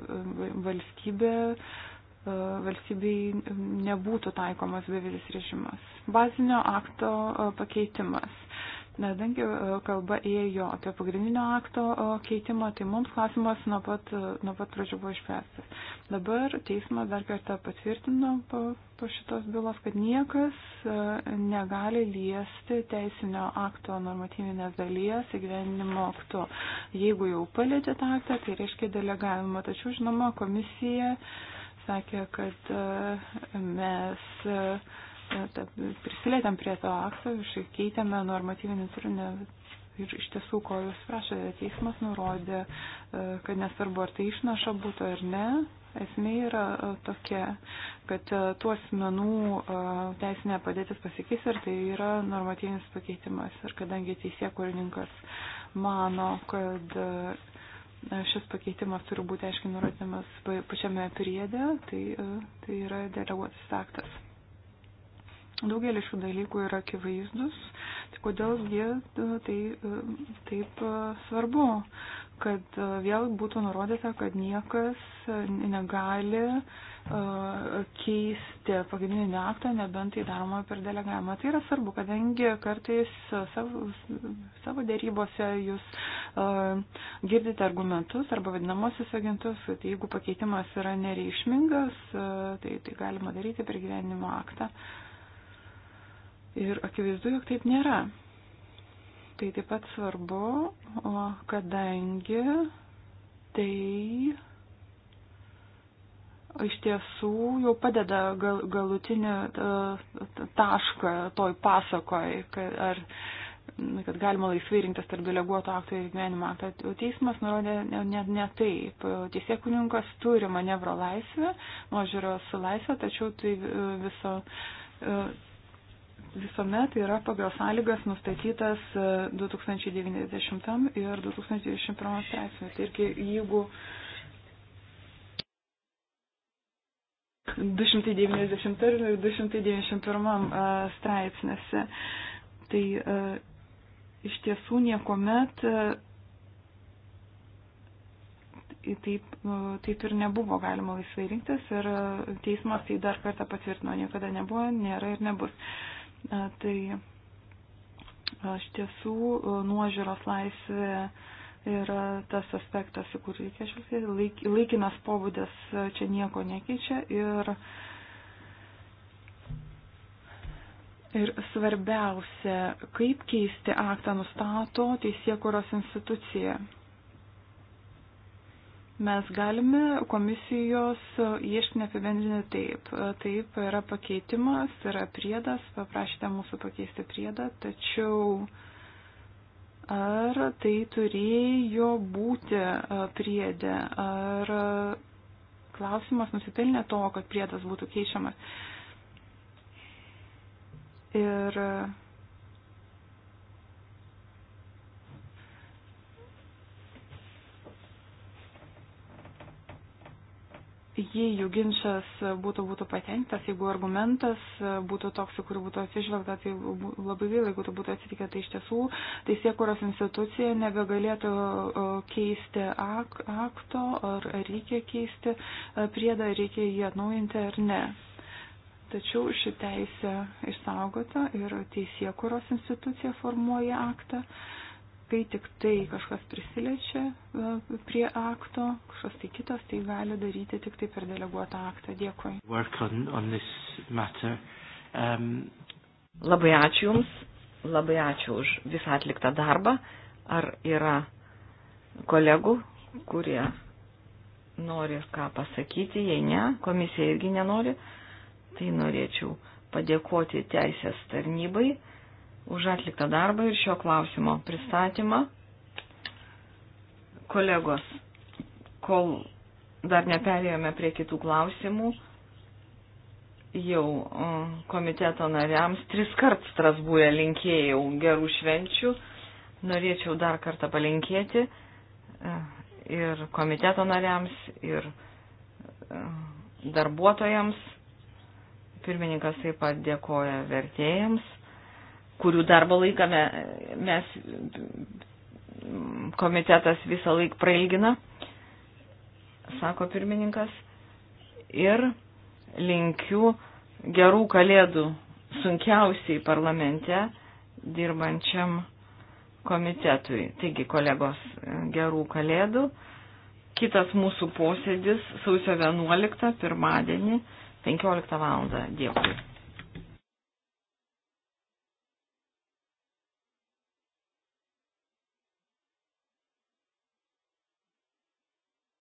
valstybė valstybei nebūtų taikomas bevilis režimas. Bazinio akto pakeitimas. Kadangi e, kalba ėjo apie pagrindinio akto e, keitimą, tai mums klausimas nuo pat, e, nuo pat pradžių buvo išspręstas. Dabar teismas dar kartą patvirtino po, po šitos bylos, kad niekas negali liesti teisinio akto normatyvinės dalies įgyvenimo aktu. Jeigu jau palėtė tą aktą, tai reiškia delegavimą. Tačiau, žinoma, komisija sakė, kad mes prisilietėm prie to akto, iškeitėme normatyvinį turinį ir iš tiesų, ko jūs prašėte, teismas nurodė, e, kad nesvarbu, ar tai išnaša būtų ar ne, esmė yra e, tokia, kad e, tuos menų teisinė padėtis pasikeis ir tai yra normatyvinis pakeitimas. Ir kadangi teisė kūrininkas mano, kad šis pakeitimas turi būti aiškiai nurodymas pačiame priedė, tai, tai yra deleguotas aktas. Daugelis šių dalykų yra akivaizdus, tai kodėl jie tai, e, taip e, svarbu, kad e, vėl būtų nurodyta, kad niekas negali keisti pagrindinį aktą, nebent tai daroma per delegavimą. Tai yra svarbu, kadangi kartais savo, savo dėrybose jūs uh, girdite argumentus arba vadinamosius agentus, kad jeigu pakeitimas yra nereikšmingas, uh, tai, tai galima daryti per gyvenimo aktą. Uh, Ir akivaizdu, jog taip nėra. Tai taip pat svarbu, o kadangi tai iš tiesų jau padeda gal, galutinį tašką toj pasakoj, kad, ar, kad galima laisvai rinktis tarp deleguoto akto ir gyvenimo akto. Teismas nurodė ne, ne, ne taip. Tiesiekuninkas turi manevro laisvę, nuožiūros laisvę, tačiau tai viso visuomet yra pagal sąlygas nustatytas 2090 e, ir 2021 straipsnių. Tai jeigu 290 ir 291 e, straipsnėse, tai e, iš tiesų niekuomet taip, taip ir nebuvo galima laisvai rinktis ir teismas tai dar kartą patvirtino, niekada nebuvo, nėra ir nebus. E, tai e, iš tiesų e, nuožiūros laisvė yra tas aspektas, į kurį reikia žvelgti. Laik, laikinas pobūdis čia nieko nekeičia ir, ir svarbiausia, kaip keisti aktą nustato teisėkuros institucija. Mes galime komisijos ieškinį apibendrinti taip. Taip, yra pakeitimas, yra priedas, paprašyte mūsų pakeisti priedą, tačiau ar tai turėjo būti priedė, ar klausimas nusipelnė to, kad priedas būtų keičiamas. Ir jei jų ginčas būtų, būtų patenkintas, jeigu argumentas būtų toks, į kurį būtų atsižvelgta, tai labai gaila, jeigu tai būtų atsitikę, tai iš tiesų teisėkuros institucija nebegalėtų keisti ak, akto, ar reikia keisti e, priedą, reikia jį atnaujinti ar ne. Tačiau ši teisė išsaugota ir teisėkuros institucija formuoja aktą. Uh, kai tik tai kažkas prisilečia e, prie akto, kažkas tai kitas, tai gali daryti tik tai per deleguotą aktą. Dėkui. On, on um... Labai ačiū Jums, labai ačiū už visą atliktą darbą. Ar yra kolegų, kurie nori ką pasakyti, jei ne, komisija irgi nenori, tai norėčiau padėkoti teisės tarnybai už atliktą darbą ir šio klausimo pristatymą. Kolegos, kol dar neperėjome prie kitų klausimų, jau komiteto nariams tris kart Strasbūrė linkėjau gerų švenčių. Norėčiau dar kartą palinkėti e, ir komiteto nariams, ir e, darbuotojams. Pirmininkas taip pat dėkoja vertėjams kurių darbo laiką mes komitetas visą laik prailgina, sako pirmininkas, ir linkiu gerų kalėdų sunkiausiai parlamente dirbančiam komitetui. Taigi, kolegos, gerų kalėdų. Kitas mūsų posėdis sausio 11, pirmadienį, 15 val. Dėkui.